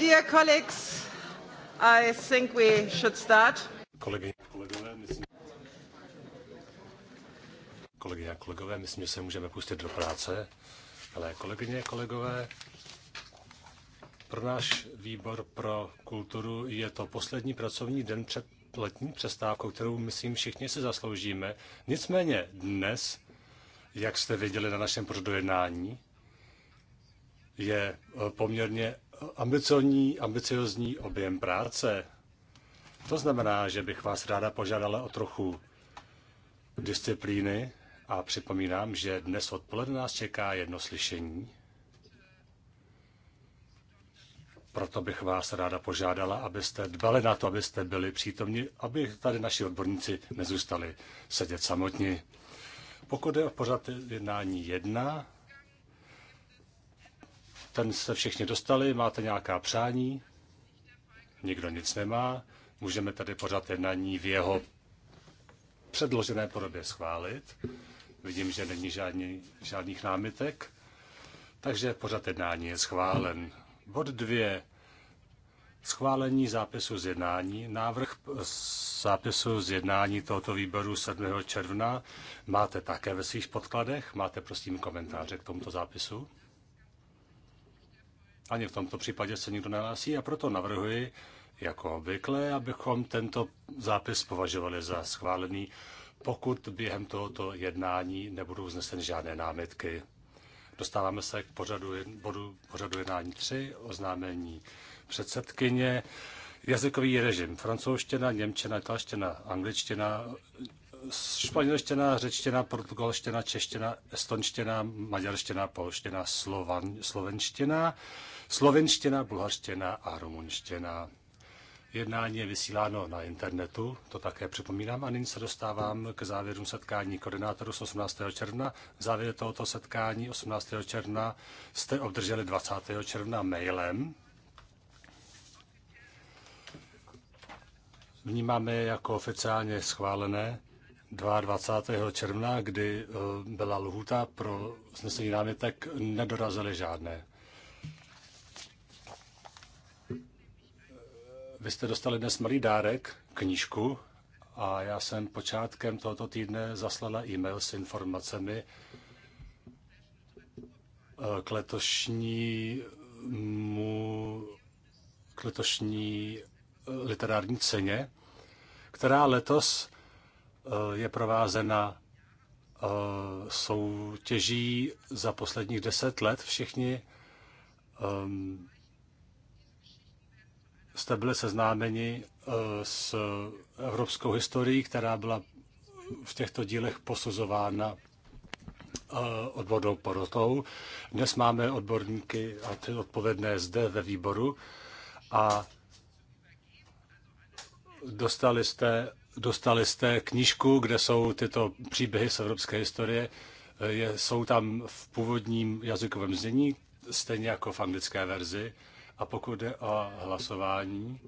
Dear colleagues, I think we should start. Kolegyně a kolegové, myslím, kolegyně a kolegové, myslím, že se můžeme pustit do práce. Ale kolegyně a kolegové, pro náš výbor pro kulturu je to poslední pracovní den před letní přestávkou, kterou, myslím, všichni si zasloužíme. Nicméně dnes, jak jste viděli na našem pořadu jednání, je eh, poměrně ambiciozní, ambiciozní objem práce. To znamená, že bych vás ráda požádala o trochu disciplíny a připomínám, že dnes odpoledne nás čeká jedno slyšení. Proto bych vás ráda požádala, abyste dbali na to, abyste byli přítomni, aby tady naši odborníci nezůstali sedět samotní. Pokud je o pořad jednání jedna. Ten se všichni dostali, máte nějaká přání? Nikdo nic nemá. Můžeme tady pořád jednání v jeho předložené podobě schválit. Vidím, že není žádný, žádných námitek. Takže pořad jednání je schválen. Bod dvě. Schválení zápisu z jednání. Návrh zápisu z jednání tohoto výboru 7. června máte také ve svých podkladech. Máte prosím komentáře k tomuto zápisu? Ani v tomto případě se nikdo nehlásí a proto navrhuji, jako obvykle, abychom tento zápis považovali za schválený, pokud během tohoto jednání nebudou vzneseny žádné námitky. Dostáváme se k pořadu, bodu pořadu jednání 3, oznámení předsedkyně. Jazykový režim. Francouzština, němčina, italština, angličtina, španělština, řečtina, portugalština, čeština, estonština, maďarština, polština, slovan, slovenština slovenština, bulharština a rumunština. Jednání je vysíláno na internetu, to také připomínám, a nyní se dostávám k závěrům setkání koordinátorů z 18. června. Závěr tohoto setkání 18. června jste obdrželi 20. června mailem. Vnímáme je jako oficiálně schválené 22. června, kdy eh, byla lhůta pro snesení námětek, nedorazily žádné. Vy jste dostali dnes malý dárek, knížku, a já jsem počátkem tohoto týdne zaslala e-mail s informacemi eh, k letošnímu, k letošní eh, literární ceně, která letos eh, je provázena soutěží za posledních deset let. Všichni ehm, jste byli seznámeni eh, s evropskou historií, která byla v těchto dílech posuzována eh, odbornou porotou. Dnes máme odborníky a ty odpovědné zde ve výboru a dostali jste, dostali jste knížku, kde jsou tyto příběhy z evropské historie. Eh, je, jsou tam v původním jazykovém znění, stejně jako v anglické verzi. A pokud jde o hlasování,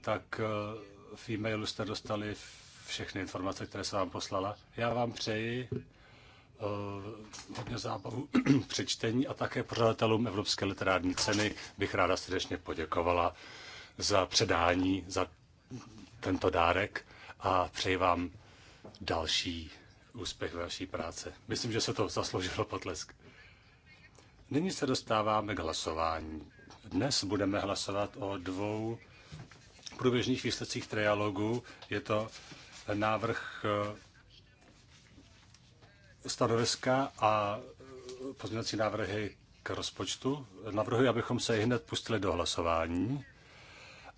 tak eh, v e-mailu jste dostali všechny informace, které se vám poslala. Já vám přeji eh, hodně zábavu při čtení a také pořadatelům Evropské literární ceny bych ráda srdečně poděkovala za předání, za tento dárek a přeji vám další úspěch ve vaší práce. Myslím, že se to zasloužilo potlesk. Nyní se dostáváme k hlasování. Dnes budeme hlasovat o dvou průběžných výsledcích trialogu. Je to návrh eh, stanoviska a eh, pozměňovací návrhy k rozpočtu. Navrhuji, abychom se hned pustili do hlasování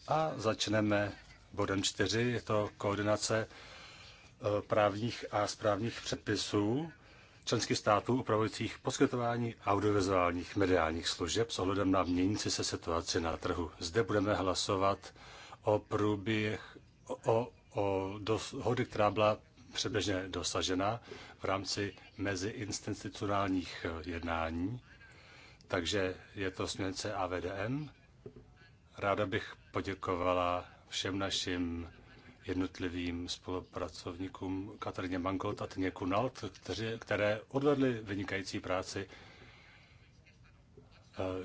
a začneme bodem 4. Je to koordinace eh, právních a správních předpisů členských států upravujících poskytování audiovizuálních mediálních služeb s ohledem na měnící se situaci na trhu. Zde budeme hlasovat o průběh, o, o dohody, která byla předběžně dosažena v rámci meziinstitucionálních eh, jednání. Takže je to směrnice AVDM. Ráda bych poděkovala všem našim jednotlivým spolupracovníkům Katrině Mangot a Tyně Kunalt, kteři, které odvedly vynikající práci.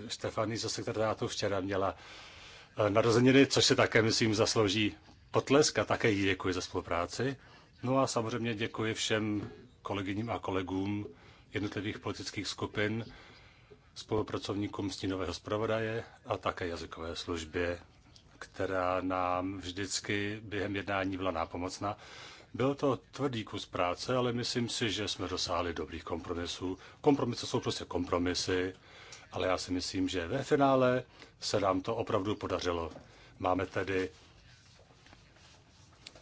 Stefany eh, ze sekretariátu včera měla eh, narozeniny, což se také, myslím, zaslouží potlesk a také jí děkuji za spolupráci. No a samozřejmě děkuji všem kolegyním a kolegům jednotlivých politických skupin, spolupracovníkům stínového zpravodaje a také jazykové službě která nám vždycky během jednání byla nápomocná. Byl to tvrdý kus práce, ale myslím si, že jsme dosáhli dobrých kompromisů. Kompromisy jsou prostě kompromisy, ale já si myslím, že ve finále se nám to opravdu podařilo. Máme tedy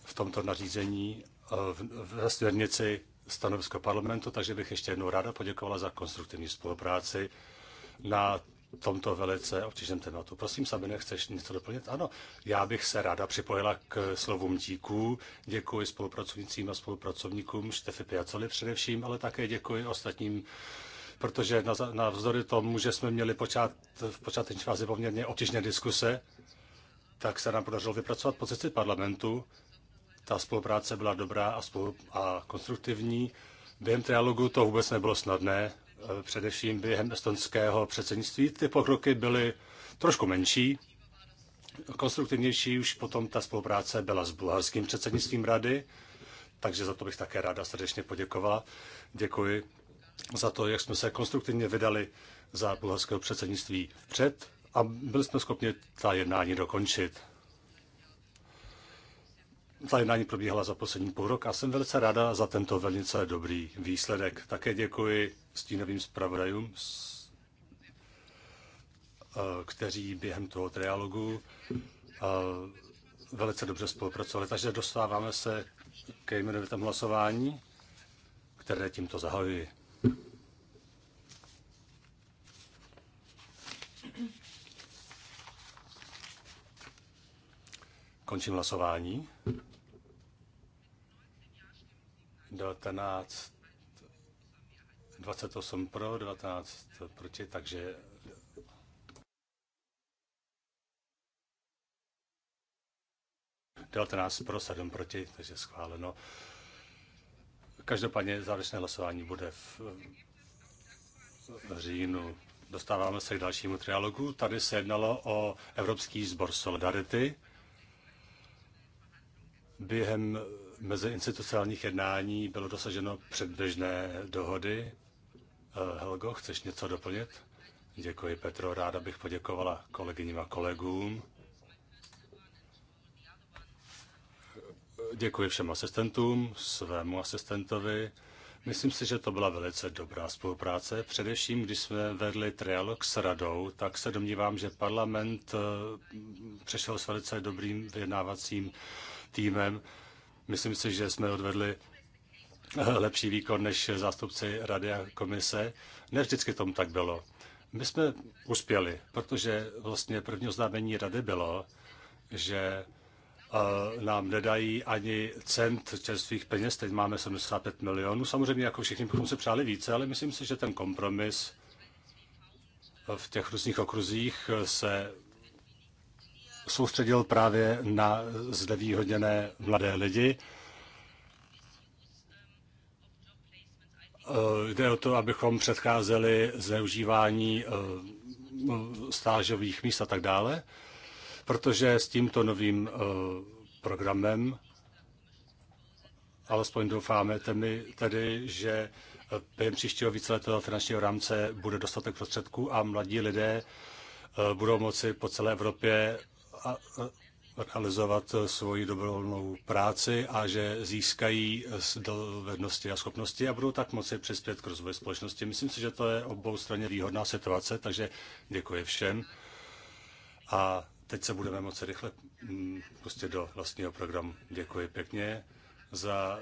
v tomto nařízení eh, ve směrnici stanovisko parlamentu, takže bych ještě jednou ráda poděkovala za konstruktivní spolupráci na tomto velice obtížném tématu. Prosím, Sabine, chceš něco doplnit? Ano, já bych se ráda připojila k slovům díků. Děkuji spolupracovnicím a spolupracovníkům Štefy Piacoli především, ale také děkuji ostatním protože na, na tomu, že jsme měli počát, v počáteční fázi poměrně obtížné diskuse, tak se nám podařilo vypracovat pozici parlamentu. Ta spolupráce byla dobrá a, spolu, a konstruktivní. Během trialogu to vůbec nebylo snadné. Eh, především během estonského předsednictví. Ty pokroky byly trošku menší, konstruktivnější už potom ta spolupráce byla s bulharským předsednictvím rady, takže za to bych také ráda srdečně poděkovala. Děkuji za to, jak jsme se konstruktivně vydali za bulharského předsednictví před a byli jsme schopni ta jednání dokončit ta jednání probíhala za poslední půl rok a jsem velice ráda za tento velice dobrý výsledek. Také děkuji stínovým zpravodajům, eh, kteří během toho trialogu eh, velice dobře spolupracovali. Takže dostáváme se ke jmenovitému hlasování, které tímto zahajuji. Končím hlasování. 19, 28 pro, 19 proti, takže nás pro, 7 proti, takže schváleno. Každopádně závěrečné hlasování bude v, v říjnu. Dostáváme se k dalšímu trialogu. Tady se jednalo o Evropský sbor Solidarity. Během meziinstitucionálních jednání bylo dosaženo předběžné dohody. Eh, Helgo, chceš něco doplnit? Děkuji, Petro. Ráda bych poděkovala kolegyním a kolegům. Děkuji všem asistentům, svému asistentovi. Myslím si, že to byla velice dobrá spolupráce. Především, když jsme vedli trialog s radou, tak se domnívám, že parlament eh, přešel s velice dobrým vyjednávacím týmem Myslím si, že jsme odvedli eh, lepší výkon než zástupci Rady a komise. Ne vždycky tomu tak bylo. My jsme uspěli, protože vlastně první oznámení Rady bylo, že eh, nám nedají ani cent čerstvých peněz. Teď máme 75 milionů. Samozřejmě jako všichni bychom se přáli více, ale myslím si, že ten kompromis eh, v těch různých okruzích se soustředil právě na zde výhodněné mladé lidi. Eh, jde o to, abychom předcházeli zneužívání eh, stážových míst a tak dále, protože s tímto novým eh, programem, alespoň doufáme tedy, tedy že během příštího víceletého finančního rámce bude dostatek prostředků a mladí lidé budou moci po celé Evropě realizovat svoji dobrovolnou práci a že získají dovednosti a schopnosti a budou tak moci přispět k rozvoji společnosti. Myslím si, že to je obou straně výhodná situace, takže děkuji všem. A teď se budeme moci rychle mm, pustit do vlastního programu. Děkuji pěkně za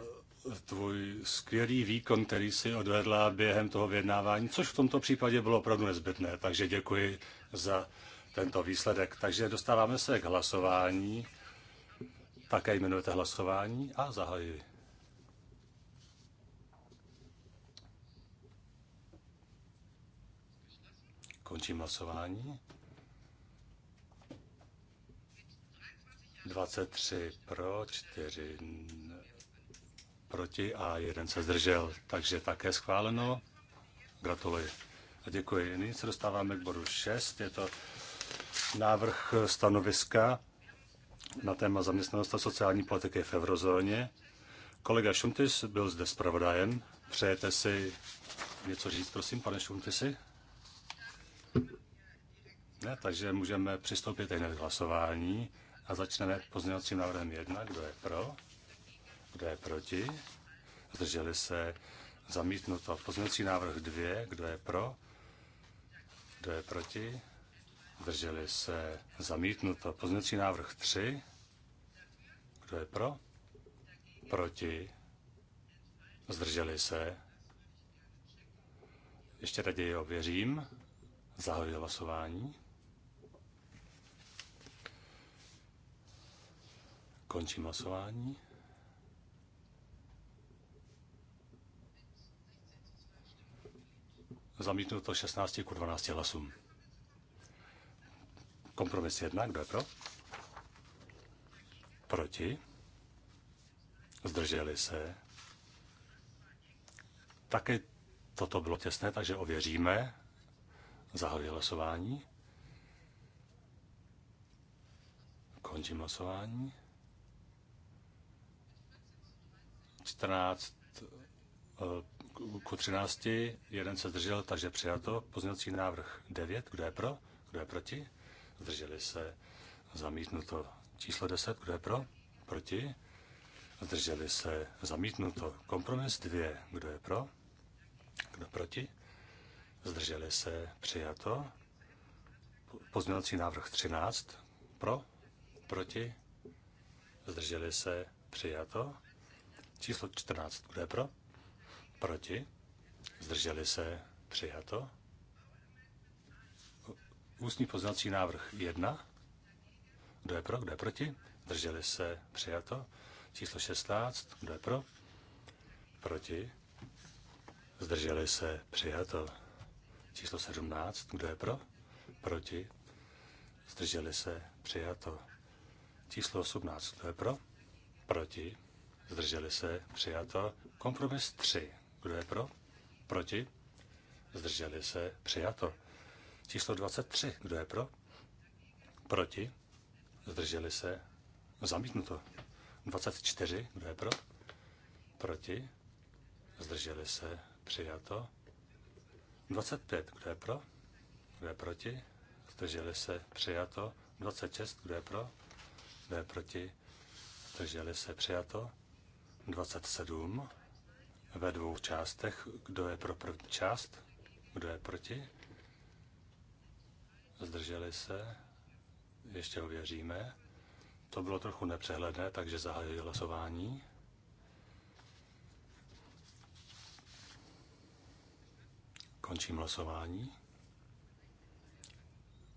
tvůj skvělý výkon, který si odvedla během toho vyjednávání, což v tomto případě bylo opravdu nezbytné. Takže děkuji za tento výsledek. Takže dostáváme se k hlasování. Také jmenujete hlasování a zahajuji. Končím hlasování. 23 pro, 4 proti a jeden se zdržel, takže také schváleno. Gratuluji a děkuji. Nyní se dostáváme k bodu 6, je to návrh stanoviska na téma zaměstnanost a sociální politiky v eurozóně. Kolega Šuntis byl zde zpravodajem. Přejete si něco říct, prosím, pane Šuntisi? Ne, takže můžeme přistoupit hned k hlasování a začneme pozměňovacím návrhem 1. Kdo je pro? Kdo je proti? Zdrželi se zamítnuto. Pozměňovací návrh 2. Kdo je pro? Kdo je proti? Zdrželi se zamítnuto. Pozměňovací návrh 3. Kdo je pro? Proti? Zdrželi se? Ještě raději ověřím. Zahajuji hlasování. Končím hlasování. Zamítnuto 16 k 12 hlasům. Kompromis jedna, kdo je pro? Proti? Zdrželi se? Taky toto bylo těsné, takže ověříme. Zahajuji hlasování. Končím hlasování. 14 eh, ku 13, jeden se zdržel, takže přijato. Pozměňovací návrh 9, kdo je pro, kdo je proti? zdrželi se, zamítnuto. Číslo 10, kdo je pro? Proti? Zdrželi se, zamítnuto. Kompromis 2, kdo je pro? Kdo proti? Zdrželi se, přijato. Pozměňovací návrh 13, pro? Proti? Zdrželi se, přijato. Číslo 14, kdo je pro? Proti? Zdrželi se, přijato. Ústní poznací návrh 1. Kdo je pro, kdo je proti? Drželi se, přijato. Číslo 16. Kdo je pro? Proti. Zdrželi se, přijato. Číslo 17. Kdo je pro? Proti. Zdrželi se, přijato. Číslo 18. Kdo je pro? Proti. Zdrželi se, přijato. Kompromis 3. Kdo je pro? Proti. Zdrželi se, přijato. Číslo 23. Kdo je pro? Proti? Zdrželi se? Zamítnuto. 24. Kdo je pro? Proti? Zdrželi se? Přijato. 25. Kdo je pro? Kdo je proti? Zdrželi se? Přijato. 26. Kdo je pro? Kdo je proti? Zdrželi se? Přijato. 27. Ve dvou částech. Kdo je pro první část? Kdo je proti? zdrželi se, ještě ověříme. To bylo trochu nepřehledné, takže zahajuji hlasování. Končím hlasování.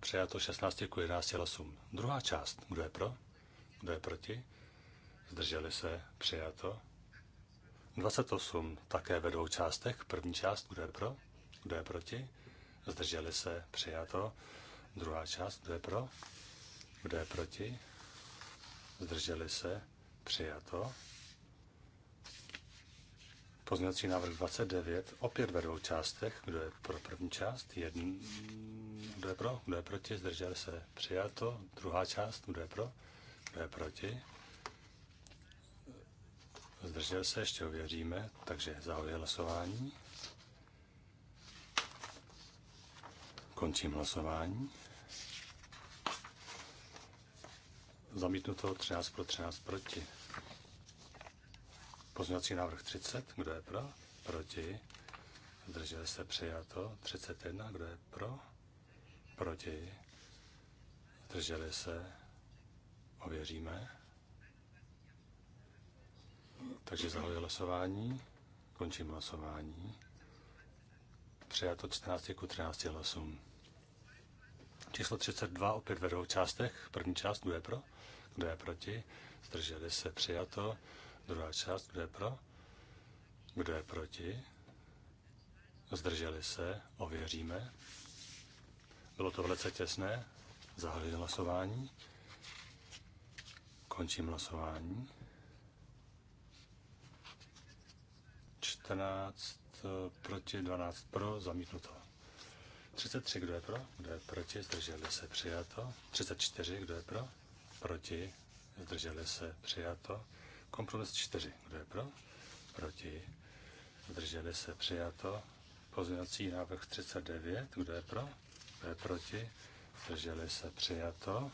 Přijato 16 k 11 hlasům. Druhá část. Kdo je pro? Kdo je proti? Zdrželi se. Přijato. 28 také ve dvou částech. První část. Kdo je pro? Kdo je proti? Zdrželi se. Přijato. Druhá část, kdo je pro? Kdo je proti? Zdrželi se? Přijato. Pozměňovací návrh 29, opět ve dvou částech. Kdo je pro první část? Jedn... Kdo je pro? Kdo je proti? Zdrželi se? Přijato. Druhá část, kdo je pro? Kdo je proti? Zdržel se, ještě ověříme, takže zahajuji hlasování. Končím hlasování. Zamítnuto 13 pro 13 proti. Pozměňovací návrh 30. Kdo je pro? Proti. Zdrželi se přijato. 31. Kdo je pro? Proti. Zdrželi se. Ověříme. Takže zahajuji hlasování. Končím hlasování. Přijato 14 ku 13 hlasům. Číslo 32 opět ve dvou částech. První část, kdo je pro? kdo je proti, zdrželi se přijato, druhá část, kdo je pro, kdo je proti, zdrželi se, ověříme. Bylo to velice těsné, zahajuji hlasování, končím hlasování. 14 proti, 12 pro, zamítnuto. 33, kdo je pro, kdo je proti, zdrželi se, přijato. 34, kdo je pro, Proti? Zdrželi se? Přijato. Kompromis 4. Kdo je pro? Proti? Zdrželi se? Přijato. Pozměňovací návrh 39. Kdo je pro? Kdo je proti? Zdrželi se? Přijato.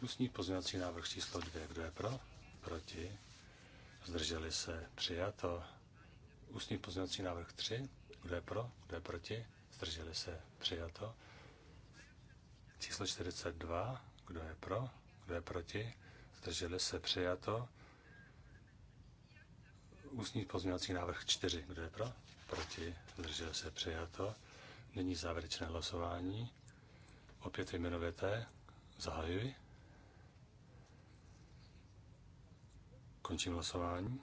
Ústní pozměňovací návrh číslo 2. Kdo je pro? Proti? Zdrželi se? Přijato. Ústní pozměňovací návrh 3. Kdo je pro? Kdo je proti? Zdrželi se? Přijato. Číslo 42. Kdo je pro? Kdo je proti? Zdrželi se přijato. Ústní pozměňovací návrh 4. Kdo je pro? Proti? Zdrželi se přijato. Nyní závěrečné hlasování. Opět jmenovité. Zahajuji. Končím hlasování.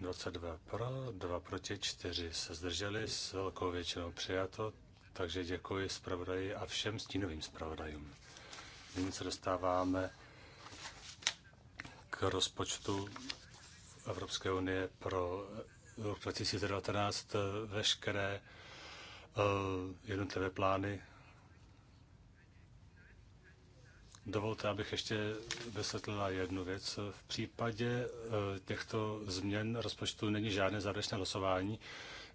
22 pro, 2 proti, 4 se zdrželi, s velkou většinou přijato. Takže děkuji zpravodaji a všem stínovým zpravodajům. Nyní se dostáváme k rozpočtu Evropské unie pro rok 2019. Veškeré eh, jednotlivé plány Dovolte, abych ještě vysvětlila jednu věc. V případě eh, těchto změn rozpočtu není žádné závěrečné hlasování.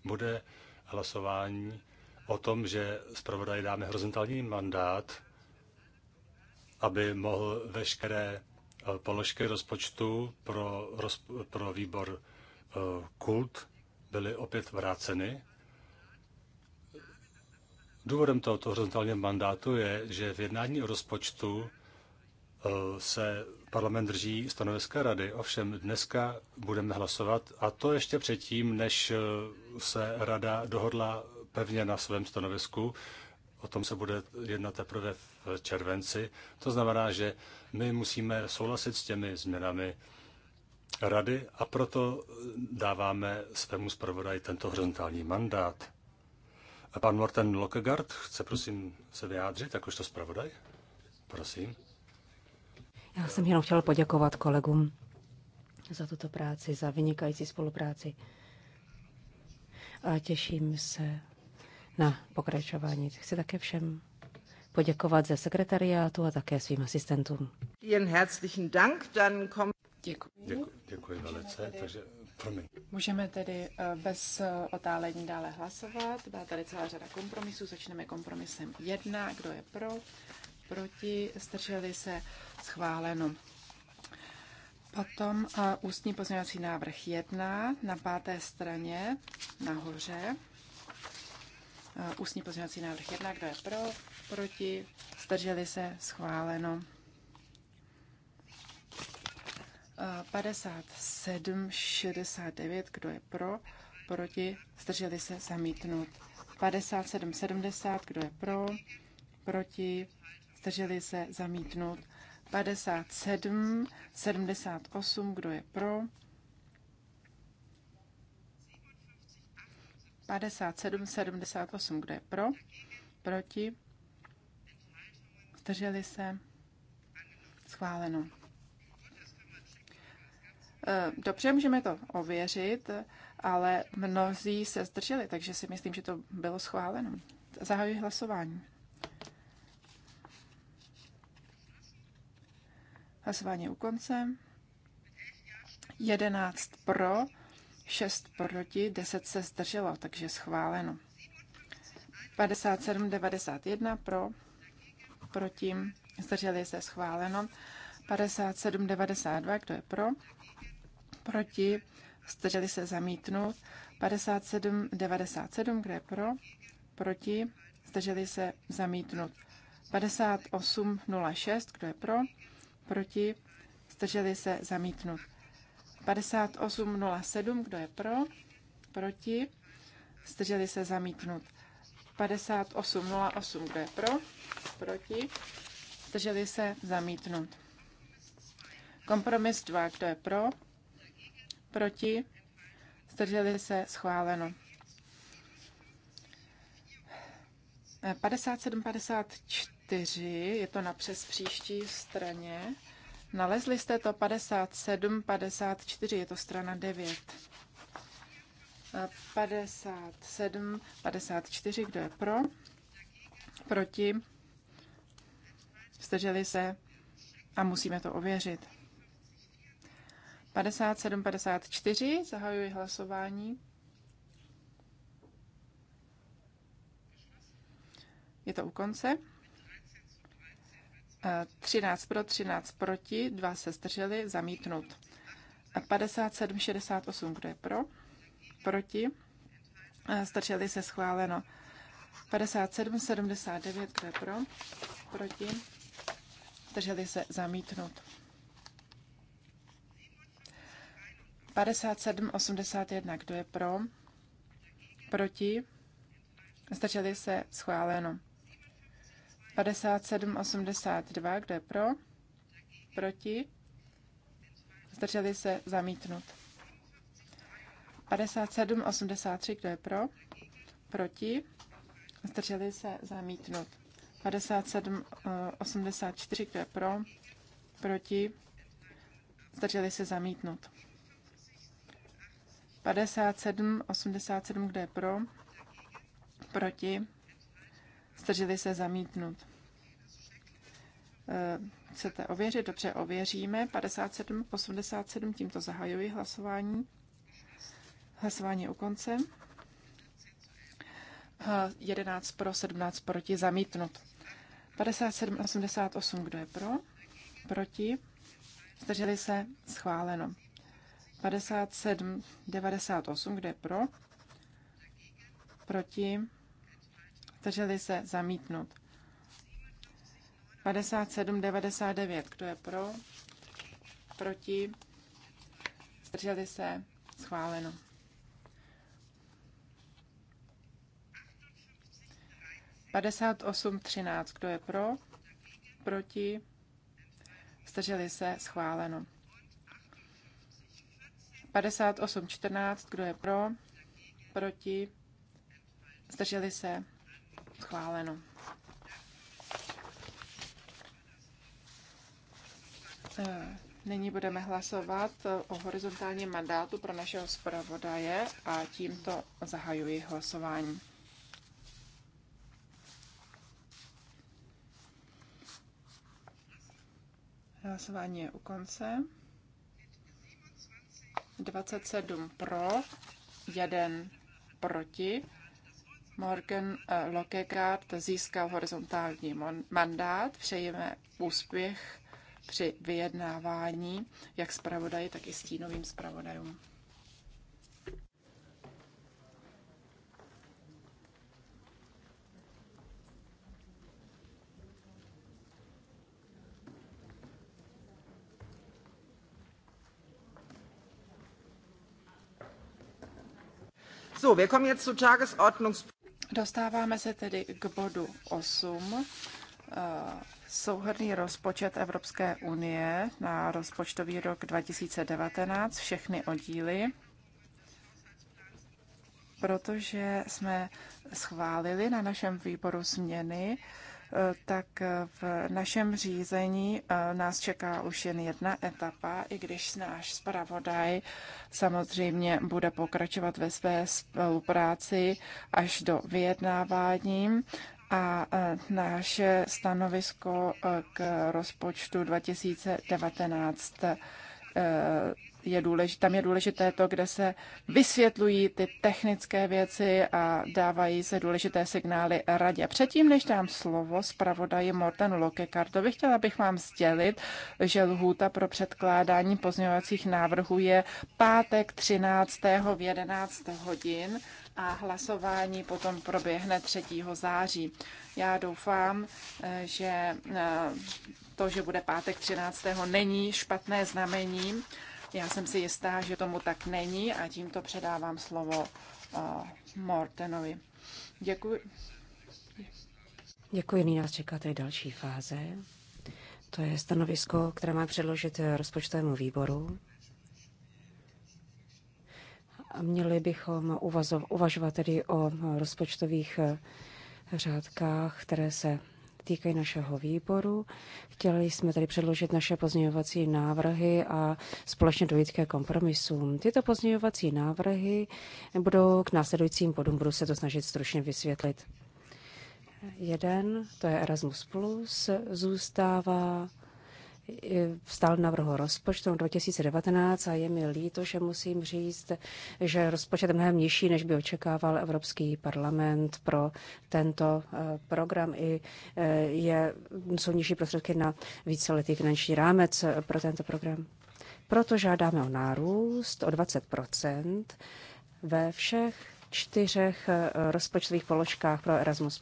Bude hlasování o tom, že zpravodaj dáme horizontální mandát, aby mohl veškeré eh, položky rozpočtu pro, pro výbor eh, kult byly opět vráceny. Důvodem tohoto horizontálního mandátu je, že v jednání o rozpočtu eh, se parlament drží stanoviska rady. Ovšem dneska budeme hlasovat a to ještě předtím, než se rada dohodla pevně na svém stanovisku. O tom se bude jednat teprve v červenci. To znamená, že my musíme souhlasit s těmi změnami rady a proto dáváme svému zpravodaji tento horizontální mandát. A pan Morten Lokegard chce prosím se vyjádřit, jakožto zpravodaj? Prosím. Já jsem jenom chtěl poděkovat kolegům za tuto práci, za vynikající spolupráci. A těším se na pokračování. Chci také všem poděkovat ze sekretariátu a také svým asistentům. Jen herzlichen Dank, dann komm... Děkuji. Děkuji, děkuji velice, takže promiň. Můžeme tedy eh, bez eh, otálení dále hlasovat. Byla tady celá řada kompromisů. Začneme kompromisem jedna. Kdo je pro? Proti? Strželi se? Schváleno. Potom eh, ústní pozměňovací návrh 1 na páté straně nahoře. Eh, ústní pozměňovací návrh 1, kdo je pro, proti, zdrželi se, schváleno. 57, eh, 69, kdo je pro, proti, zdrželi se, zamítnut. 57, 70, kdo je pro, proti, zdrželi se, zamítnut. 57, 78, kdo je pro, 57, 78, kdo je pro, proti, zdrželi se, schváleno. Eh, dobře, můžeme to ověřit, ale mnozí se zdrželi, takže si myslím, že to bylo schváleno. Zahajuji hlasování. Hlasování u konce. 11 pro, 6 proti, 10 se zdrželo, takže schváleno. 57,91 pro, proti, zdrželi se schváleno. 57,92, kdo je pro, proti, zdrželi se zamítnout. 57,97, kdo je pro, proti, zdrželi se zamítnout. 58,06, kdo je pro, proti, zdrželi se zamítnout. 5807, kdo je pro, proti, zdrželi se zamítnut. 5808, kdo je pro, proti, zdrželi se zamítnut. Kompromis 2, kdo je pro, proti, zdrželi se schváleno. 5754, je to na přes příští straně. Nalezli jste to 57, 54, je to strana 9. 57, 54, kdo je pro? Proti? Zdrželi se? A musíme to ověřit. 57, 54, zahajuji hlasování. Je to u konce. 13 pro, 13 proti, 2 se zdrželi, zamítnut. 57, 68, kdo je pro, proti, zdrželi se schváleno. 57, 79, kdo je pro, proti, zdrželi se zamítnut. 57, 81, kdo je pro, proti, zdrželi se schváleno. 5782, kdo je pro? Proti? Zdrželi se zamítnut. 5783, kdo je pro? Proti? Zdrželi se zamítnut. 5784, kdo je pro? Proti? Zdrželi se zamítnut. 5787, kdo je pro? Proti? Zdrželi se zamítnut. Eh, chcete ověřit? Dobře, ověříme. 57, 87, tímto zahajuji hlasování. Hlasování u konce. 11 eh, pro, 17 proti, zamítnut. 57, 88, kdo je pro? Proti? Zdrželi se? Schváleno. 57, 98, kdo je pro? Proti? zdrželi se, zamítnut. 57,99, kdo je pro, proti, zdrželi se, schváleno. padesát osm třináct kdo je pro, proti, zdrželi se, schváleno. padesát osm čtrnáct kdo je pro, proti, zdrželi se, Schváleno. Eh, nyní budeme hlasovat o horizontálním mandátu pro našeho zpravodaje a tímto zahajuji hlasování. Hlasování je u konce. 27 pro, 1 proti. Morgan eh, Lockegaard získal horizontální mandát. Přejeme úspěch při vyjednávání jak zpravodaji, tak i stínovým zpravodajům. So, wir kommen jetzt zu Tagesordnungs Dostáváme se tedy k bodu 8. Eh, souhrný rozpočet Evropské unie na rozpočtový rok 2019, všechny oddíly, protože jsme schválili na našem výboru změny tak v našem řízení eh, nás čeká už jen jedna etapa, i když náš zpravodaj samozřejmě bude pokračovat ve své spolupráci až do vyjednávání a eh, naše stanovisko eh, k rozpočtu 2019 je důležité, tam je důležité to, kde se vysvětlují ty technické věci a dávají se důležité signály radě. Předtím, než dám slovo zpravodaji Morten Lokekardovi, chtěla bych vám sdělit, že lhůta pro předkládání pozměňovacích návrhů je pátek 13. v 11 hodin a hlasování potom proběhne 3. září. Já doufám, že eh, to, že bude pátek 13. není špatné znamení já jsem si jistá, že tomu tak není a tímto předávám slovo uh, Mortenovi. Děkuji. Děkuji, nyní nás čeká tady další fáze. To je stanovisko, které má předložit rozpočtovému výboru. A měli bychom uvažovat tedy o rozpočtových eh, řádkách, které se týkají našeho výboru. Chtěli jsme tady předložit naše pozměňovací návrhy a společně dojít ke kompromisům. Tyto pozměňovací návrhy budou k následujícím bodům, budu se to snažit stručně vysvětlit. Jeden, to je Erasmus+, zůstává stál vrhu rozpočtu 2019 a je mi líto, že musím říct, že rozpočet je mnohem nižší, než by očekával Evropský parlament pro tento eh, program. I eh, je, jsou nižší prostředky na víceletý finanční rámec eh, pro tento program. Proto žádáme o nárůst o 20 ve všech čtyřech rozpočtových položkách pro Erasmus+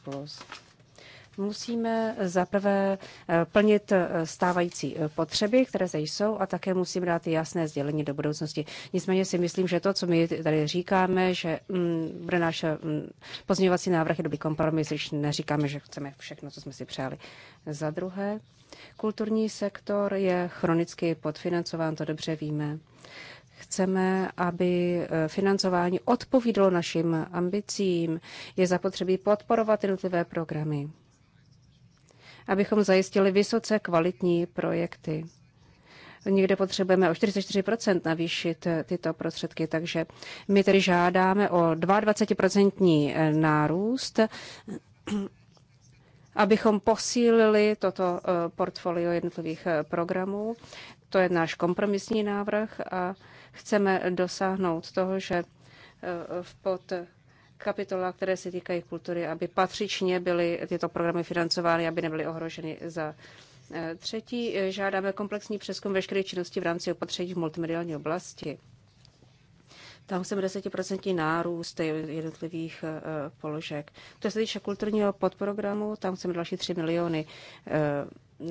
Musíme eh, zaprvé eh, plnit eh, stávající potřeby, které zde jsou, a také musíme dát jasné sdělení do budoucnosti. Nicméně si myslím, že to, co my tady říkáme, že mm, bude náš mm, pozměňovací návrh je dobrý kompromis, když neříkáme, že chceme všechno, co jsme si přáli. Za druhé, kulturní sektor je chronicky podfinancován, to dobře víme chceme, aby financování odpovídalo našim ambicím, je zapotřebí podporovat jednotlivé programy abychom zajistili vysoce kvalitní projekty. Někde potřebujeme o 44% navýšit eh, tyto prostředky, takže my tedy žádáme o 22% eh, nárůst, eh, abychom posílili toto portfolio jednotlivých programů. To je náš kompromisní návrh a chceme dosáhnout toho, že v pod kapitola, které se týkají kultury, aby patřičně byly tyto programy financovány, aby nebyly ohroženy za eh, třetí. Žádáme komplexní přeskum veškeré činnosti v rámci opatření v multimediální oblasti. Tam chceme 10% nárůst jednotlivých eh, položek. To se týče kulturního podprogramu, tam chceme další 3 miliony eh,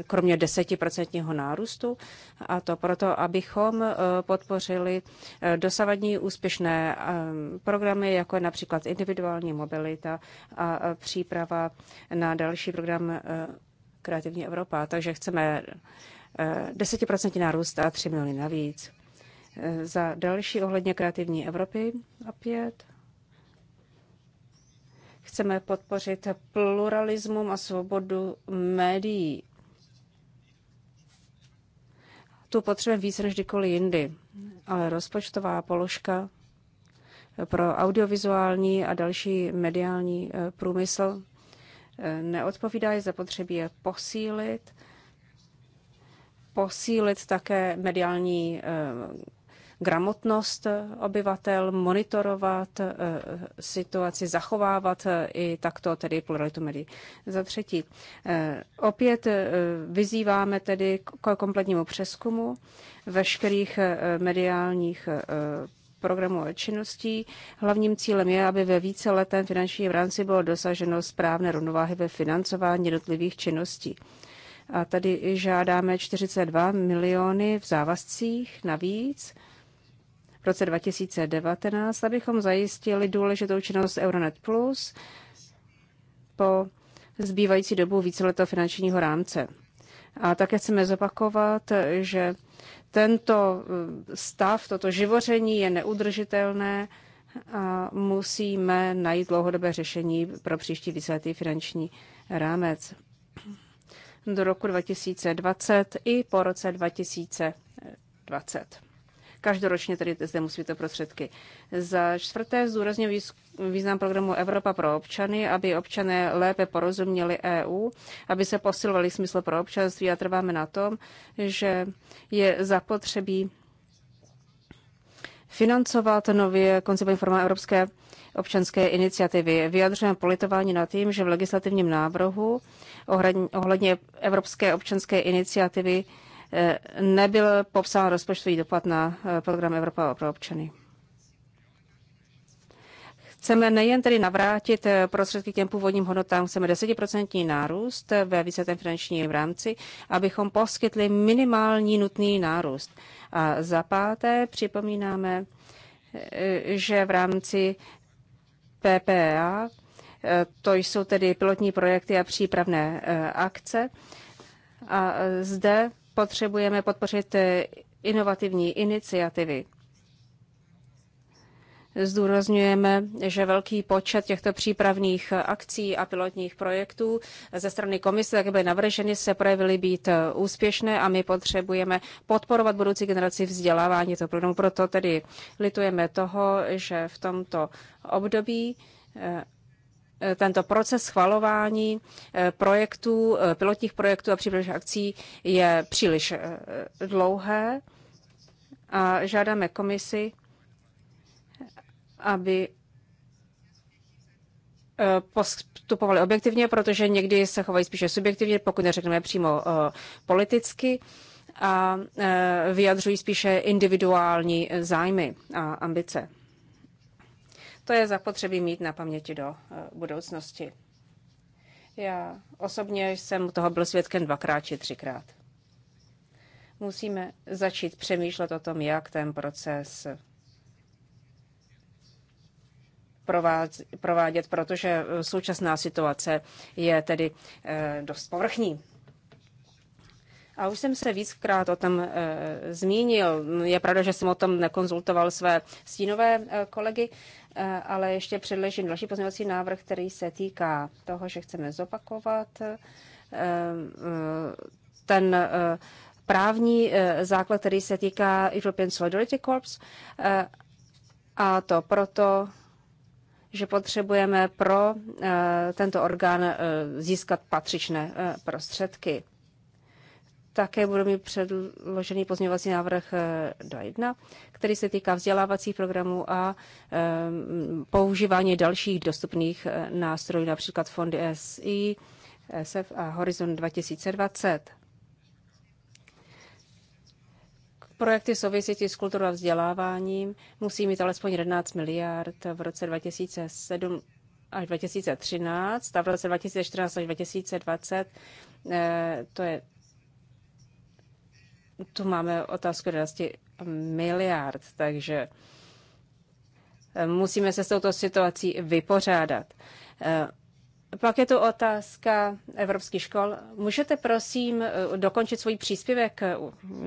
kromě desetiprocentního nárůstu, a to proto, abychom eh, podpořili eh, dosavadní úspěšné eh, programy, jako je například individuální mobilita a příprava na další program Kreativní Evropa. Takže chceme desetiprocentní nárůst a 3 miliony navíc. Za další ohledně Kreativní Evropy opět chceme podpořit pluralismus a svobodu médií tu potřebujeme víc než kdykoliv jindy. Ale rozpočtová položka pro audiovizuální a další mediální eh, průmysl eh, neodpovídá, je zapotřebí je posílit, posílit také mediální eh, gramotnost eh, obyvatel, monitorovat eh, situaci, zachovávat eh, i takto tedy pluralitu médií. Za třetí, opět vyzýváme tedy k kompletnímu přeskumu veškerých mediálních programů a činností. Hlavním cílem je, aby ve více letém finanční rámci bylo dosaženo správné rovnováhy ve financování jednotlivých činností. A tady žádáme 42 miliony v závazcích navíc v roce 2019, abychom zajistili důležitou činnost Euronet Plus po zbývající dobu víceletého finančního rámce. A také chceme zopakovat, že tento eh, stav, toto živoření je neudržitelné a musíme najít dlouhodobé řešení pro příští víceletý finanční rámec do roku 2020 i po roce 2020. Každoročně tedy zde musí to prostředky. Za čtvrté zúrazně význam programu Evropa pro občany, aby občané lépe porozuměli EU, aby se posilovali smysl pro občanství a trváme na tom, že je zapotřebí financovat nově koncipovaný forma Evropské občanské iniciativy. Vyjadřujeme politování nad tím, že v legislativním návrhu ohledně Evropské občanské iniciativy Eh, nebyl popsán rozpočtový dopad na eh, program Evropa pro občany. Chceme nejen tedy navrátit eh, prostředky k těm původním hodnotám, chceme 10% nárůst ve víceletém finančním rámci, abychom poskytli minimální nutný nárůst. A za páté připomínáme, že v rámci PPA, to jsou tedy pilotní projekty a přípravné akce, a zde Potřebujeme podpořit eh, inovativní iniciativy. Zdůrazňujeme, že velký počet těchto přípravných akcí a pilotních projektů ze strany komise, jak byly navrženy, se projevily být eh, úspěšné a my potřebujeme podporovat budoucí generaci vzdělávání. To proto tedy litujeme toho, že v tomto období eh, Eh, tento proces schvalování eh, projektů, eh, pilotních projektů a přípravných akcí je příliš dlouhé a žádáme komisi, aby postupovali objektivně, protože někdy se chovají spíše subjektivně, pokud neřekneme přímo politicky a vyjadřují spíše individuální zájmy a ambice. To je zapotřebí mít na paměti do eh, budoucnosti. Já osobně jsem toho byl svědkem dvakrát či třikrát. Musíme začít přemýšlet o tom, jak ten proces provádět, protože eh, současná situace je tedy eh, dost povrchní. A už jsem se víckrát o tom zmínil. Je pravda, že jsem o tom nekonzultoval své stínové kolegy, Eh, ale ještě předležím další pozměňovací návrh, který se týká toho, že chceme zopakovat eh, eh, ten právní základ, který se týká European Solidarity Corps, a to proto, že potřebujeme pro tento orgán získat patřičné prostředky. Také budu mít předložený pozměňovací návrh 2.1, eh, který se týká vzdělávacích programů a eh, používání dalších dostupných eh, nástrojů, například fondy SI, SF a Horizon 2020. Projekty související s kulturou a vzděláváním musí mít alespoň 11 miliard v roce 2007 až 2013 a v roce 2014 až 2020 to je tu máme otázku 11 miliard, takže eh, musíme se s touto situací vypořádat. Eh, pak je tu otázka evropských škol. Můžete prosím eh, dokončit svůj příspěvek,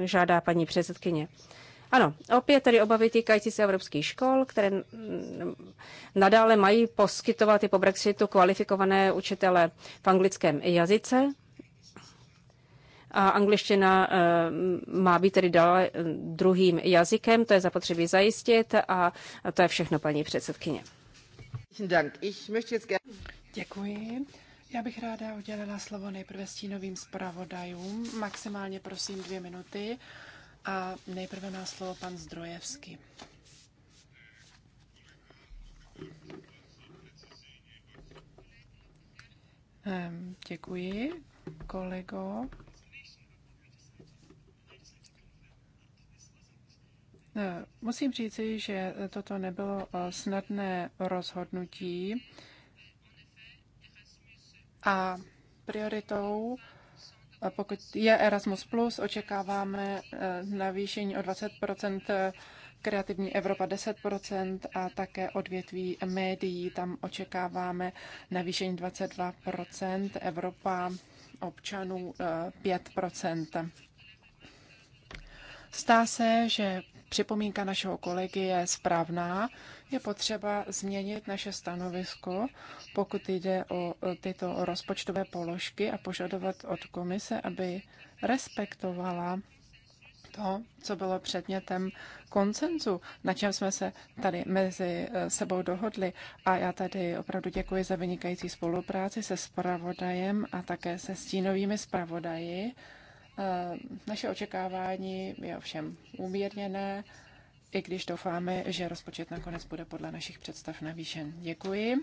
žádá paní předsedkyně. Ano, opět tedy obavy týkající se evropských škol, které mm, nadále mají poskytovat i po Brexitu kvalifikované učitele v anglickém jazyce a angličtina eh, má být tedy dále eh, druhým jazykem, to je zapotřebí zajistit a to je všechno, paní předsedkyně. Děkuji. Já bych ráda udělala slovo nejprve stínovým zpravodajům, maximálně prosím dvě minuty a nejprve má slovo pan Zdrojevský. Ehm, děkuji, kolego. Musím říci, že toto nebylo eh, snadné rozhodnutí a prioritou, eh, pokud je Erasmus+, Plus, očekáváme eh, navýšení o 20 Kreativní Evropa 10% a také odvětví médií. Tam očekáváme navýšení 22%, Evropa občanů 5%. Stá se, že Připomínka našeho kolegy je správná. Je potřeba změnit naše stanovisko, pokud jde o e, tyto rozpočtové položky a požadovat od komise, aby respektovala to, co bylo předmětem koncenzu, na čem jsme se tady mezi e, sebou dohodli. A já tady opravdu děkuji za vynikající spolupráci se spravodajem a také se stínovými spravodaji. Eh, naše očekávání je ovšem umírněné, i když doufáme, že rozpočet nakonec bude podle našich představ navýšen. Děkuji.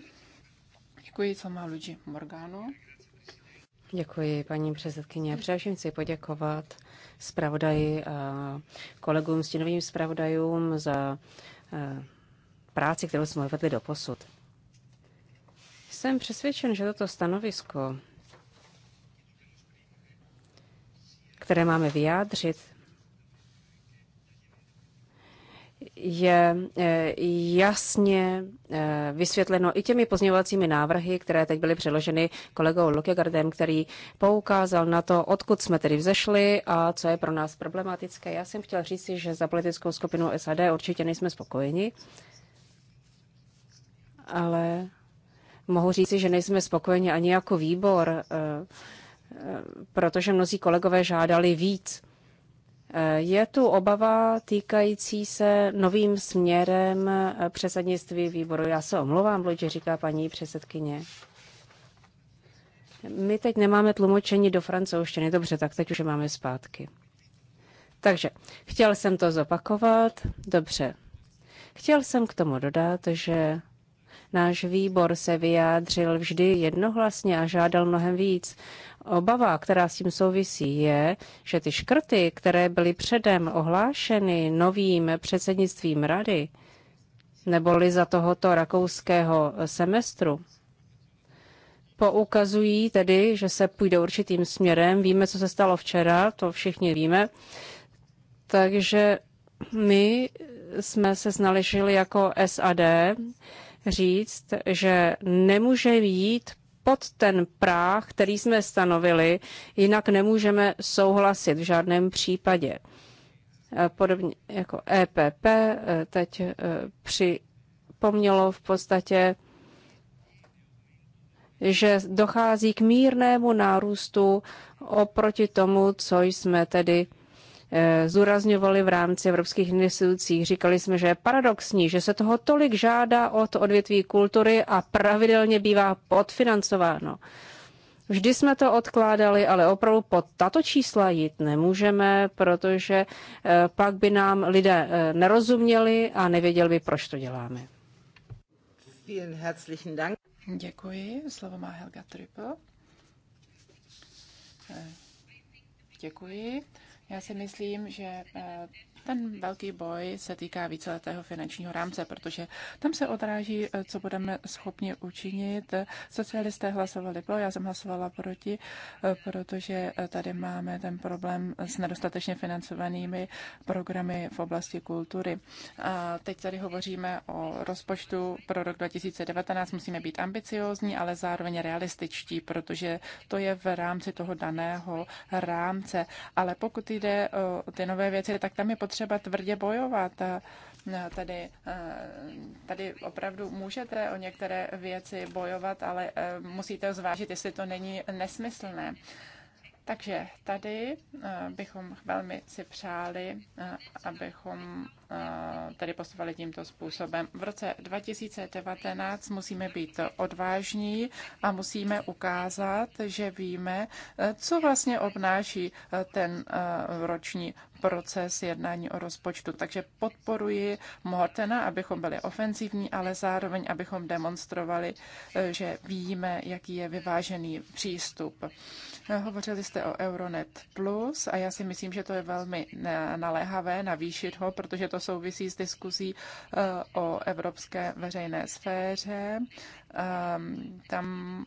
Děkuji, co má Luigi Morgano. Děkuji, paní předsedkyně. Především chci poděkovat zpravodaji a kolegům, stěnovým zpravodajům za eh, práci, kterou jsme vedli do posud. Jsem přesvědčen, že toto stanovisko které máme vyjádřit, je eh, jasně eh, vysvětleno i těmi pozměňovacími návrhy, které teď byly přeloženy kolegou Lukegardem, který poukázal na to, odkud jsme tedy vzešli a co je pro nás problematické. Já jsem chtěl říct, že za politickou skupinu SAD určitě nejsme spokojeni, ale mohu říci, že nejsme spokojeni ani jako výbor eh, protože mnozí kolegové žádali víc. Je tu obava týkající se novým směrem předsednictví výboru. Já se omlouvám, že říká paní předsedkyně. My teď nemáme tlumočení do francouzštiny. Dobře, tak teď už máme zpátky. Takže chtěl jsem to zopakovat. Dobře. Chtěl jsem k tomu dodat, že náš výbor se vyjádřil vždy jednohlasně a žádal mnohem víc. Obava, která s tím souvisí, je, že ty škrty, které byly předem ohlášeny novým předsednictvím rady, neboli za tohoto rakouského semestru, poukazují tedy, že se půjde určitým směrem. Víme, co se stalo včera, to všichni víme. Takže my jsme se snažili jako SAD říct, že nemůže jít pod ten práh, který jsme stanovili, jinak nemůžeme souhlasit v žádném případě. E, podobně jako EPP e, teď e, připomnělo v podstatě, že dochází k mírnému nárůstu oproti tomu, co jsme tedy Eh, zúrazňovali v rámci evropských institucí. Říkali jsme, že je paradoxní, že se toho tolik žádá od odvětví kultury a pravidelně bývá podfinancováno. Vždy jsme to odkládali, ale opravdu pod tato čísla jít nemůžeme, protože eh, pak by nám lidé eh, nerozuměli a nevěděli by, proč to děláme. Děkuji. Slovo má Helga Trippel. Děkuji. Já si myslím, že eh, ten velký boj se týká víceletého finančního rámce, protože tam se odráží, eh, co budeme schopni učinit. Socialisté hlasovali pro, já jsem hlasovala proti, eh, protože eh, tady máme ten problém s nedostatečně financovanými programy v oblasti kultury. A teď tady hovoříme o rozpočtu pro rok 2019. Musíme být ambiciózní, ale zároveň realističtí, protože to je v rámci toho daného rámce. Ale pokud jde o ty nové věci, tak tam je potřeba potřeba tvrdě bojovat. No, tady, tady opravdu můžete o některé věci bojovat, ale e, musíte zvážit, jestli to není nesmyslné. Takže tady e, bychom velmi si přáli, e, abychom tedy postupovali tímto způsobem. V roce 2019 musíme být odvážní a musíme ukázat, že víme, co vlastně obnáší ten roční proces jednání o rozpočtu. Takže podporuji Mortena, abychom byli ofenzivní, ale zároveň, abychom demonstrovali, e, že víme, jaký je vyvážený přístup. Hovořili jste o Euronet Plus a já si myslím, že to je velmi naléhavé navýšit ho, protože to to souvisí s diskuzí eh, o evropské veřejné sféře. Ehm, tam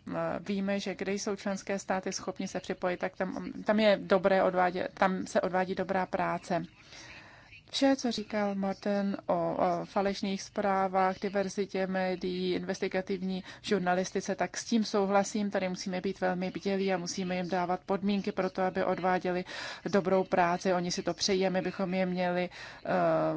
eh, víme, že kde jsou členské státy schopni se připojit, tak tam, tam je dobré odvádět, tam se odvádí dobrá práce. Vše, co říkal Martin o, o falešných zprávách, diverzitě médií, investigativní žurnalistice, tak s tím souhlasím. Tady musíme být velmi bdělí a musíme jim dávat podmínky pro to, aby odváděli dobrou práci. Oni si to přejí my bychom je měli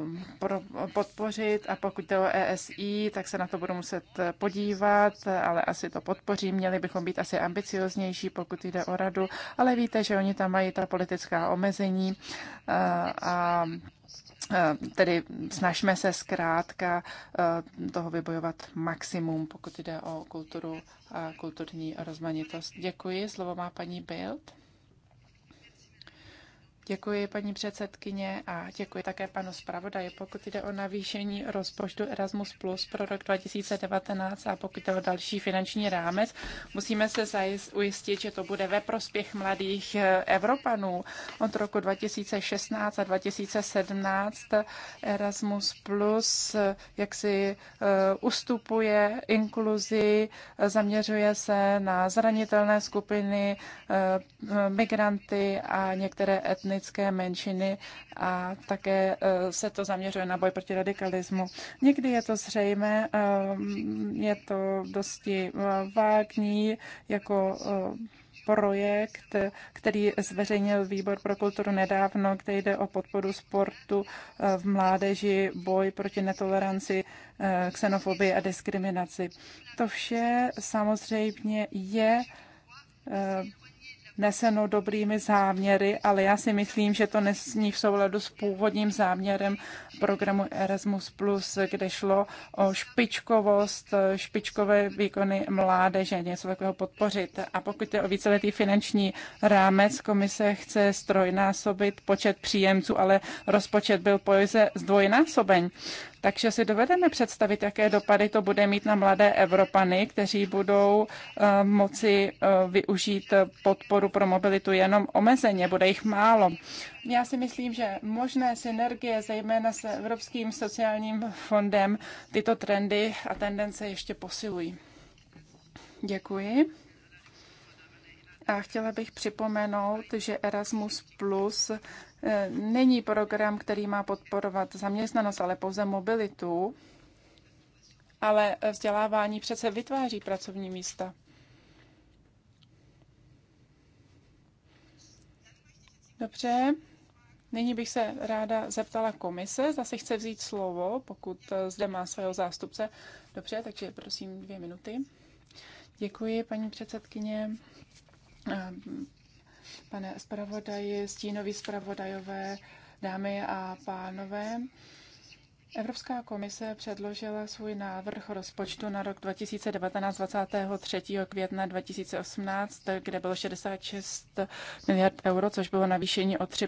uh, pro, podpořit. A pokud to o ESI, tak se na to budu muset podívat, ale asi to podpoří. Měli bychom být asi ambicioznější, pokud jde o radu, ale víte, že oni tam mají ta politická omezení uh, a Eh, tedy snažme se zkrátka eh, toho vybojovat maximum, pokud jde o kulturu a kulturní rozmanitost. Děkuji. Slovo má paní Bild. Děkuji paní předsedkyně a děkuji také panu zpravodaji. Pokud jde o navýšení rozpočtu Erasmus Plus pro rok 2019 a pokud jde o další finanční rámec, musíme se zajist, ujistit, že to bude ve prospěch mladých eh, Evropanů. Od roku 2016 a 2017 Erasmus Plus eh, jaksi eh, ustupuje inkluzi, zaměřuje se na zranitelné skupiny, migranty a některé etniky etnické menšiny a také e, se to zaměřuje na boj proti radikalismu. Někdy je to zřejmé, e, je to dosti e, vágní, jako projekt, který zveřejnil Výbor pro kulturu nedávno, kde jde o podporu sportu v mládeži, boj proti netoleranci, xenofobii a diskriminaci. To vše samozřejmě je neseno dobrými záměry, ale já si myslím, že to nesní v souladu s původním záměrem programu Erasmus+, kde šlo o špičkovost, špičkové výkony mládeže, něco takového podpořit. A pokud je o víceletý finanční rámec, komise chce strojnásobit počet příjemců, ale rozpočet byl pouze zdvojnásobeň. Takže si dovedeme představit, jaké dopady to bude mít na mladé Evropany, kteří budou eh, moci eh, využít podporu pro mobilitu jenom omezeně, bude jich málo. Já si myslím, že možné synergie, zejména s Evropským sociálním fondem, tyto trendy a tendence ještě posilují. Děkuji. A chtěla bych připomenout, že Erasmus Plus není program, který má podporovat zaměstnanost, ale pouze mobilitu. Ale vzdělávání přece vytváří pracovní místa. Dobře, nyní bych se ráda zeptala komise, zase chce vzít slovo, pokud zde má svého zástupce. Dobře, takže prosím dvě minuty. Děkuji, paní předsedkyně pane zpravodaji, stínoví zpravodajové, dámy a pánové. Evropská komise předložila svůj návrh rozpočtu na rok 2019 23. května 2018, kde bylo 66 miliard euro, což bylo navýšení o 3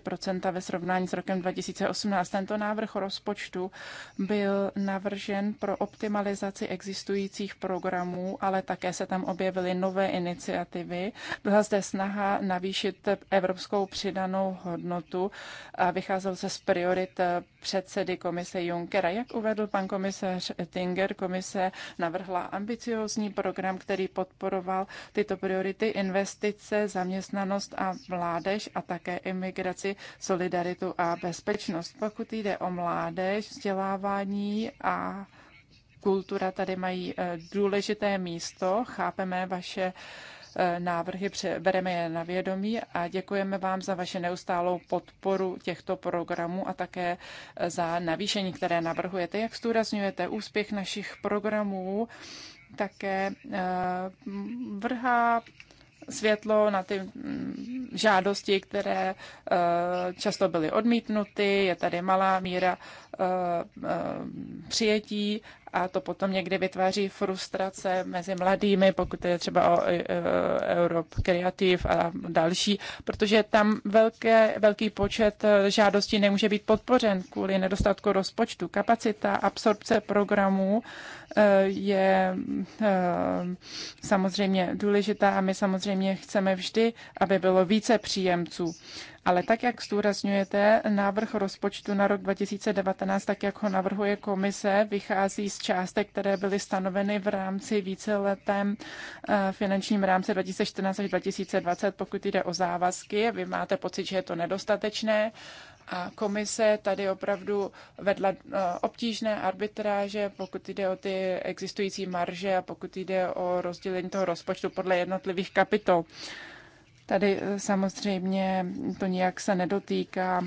ve srovnání s rokem 2018. Tento návrh rozpočtu byl navržen pro optimalizaci existujících programů, ale také se tam objevily nové iniciativy. Byla zde snaha navýšit evropskou přidanou hodnotu a vycházel se z priorit předsedy komise Juncker Junckera. Jak uvedl pan komisař Tinger, komise navrhla ambiciózní program, který podporoval tyto priority investice, zaměstnanost a mládež a také imigraci, solidaritu a bezpečnost. Pokud jde o mládež, vzdělávání a kultura tady mají eh, důležité místo. Chápeme vaše uh, návrhy, bereme je na vědomí a děkujeme vám za vaši neustálou podporu těchto programů a také e, za navýšení, které navrhujete. Jak zdůrazňujete úspěch našich programů, také e, vrhá světlo na ty žádosti, které e, často byly odmítnuty, je tady malá míra přijetí a to potom někdy vytváří frustrace mezi mladými, pokud je třeba o e, e, Europe Creative a další, protože tam velké, velký počet e, žádostí nemůže být podpořen kvůli nedostatku rozpočtu. Kapacita absorpce programů je samozřejmě důležitá a my samozřejmě chceme vždy, aby bylo více příjemců. Ale tak, jak zdůrazňujete, návrh rozpočtu na rok 2019, tak jak ho navrhuje komise, vychází z částek, které byly stanoveny v rámci víceletém eh, finančním rámci 2014 až 2020, pokud jde o závazky. Vy máte pocit, že je to nedostatečné. A komise tady opravdu vedla eh, obtížné arbitráže, pokud jde o ty existující marže a pokud jde o rozdělení toho rozpočtu podle jednotlivých kapitol. Tady eh, samozřejmě to nijak se nedotýká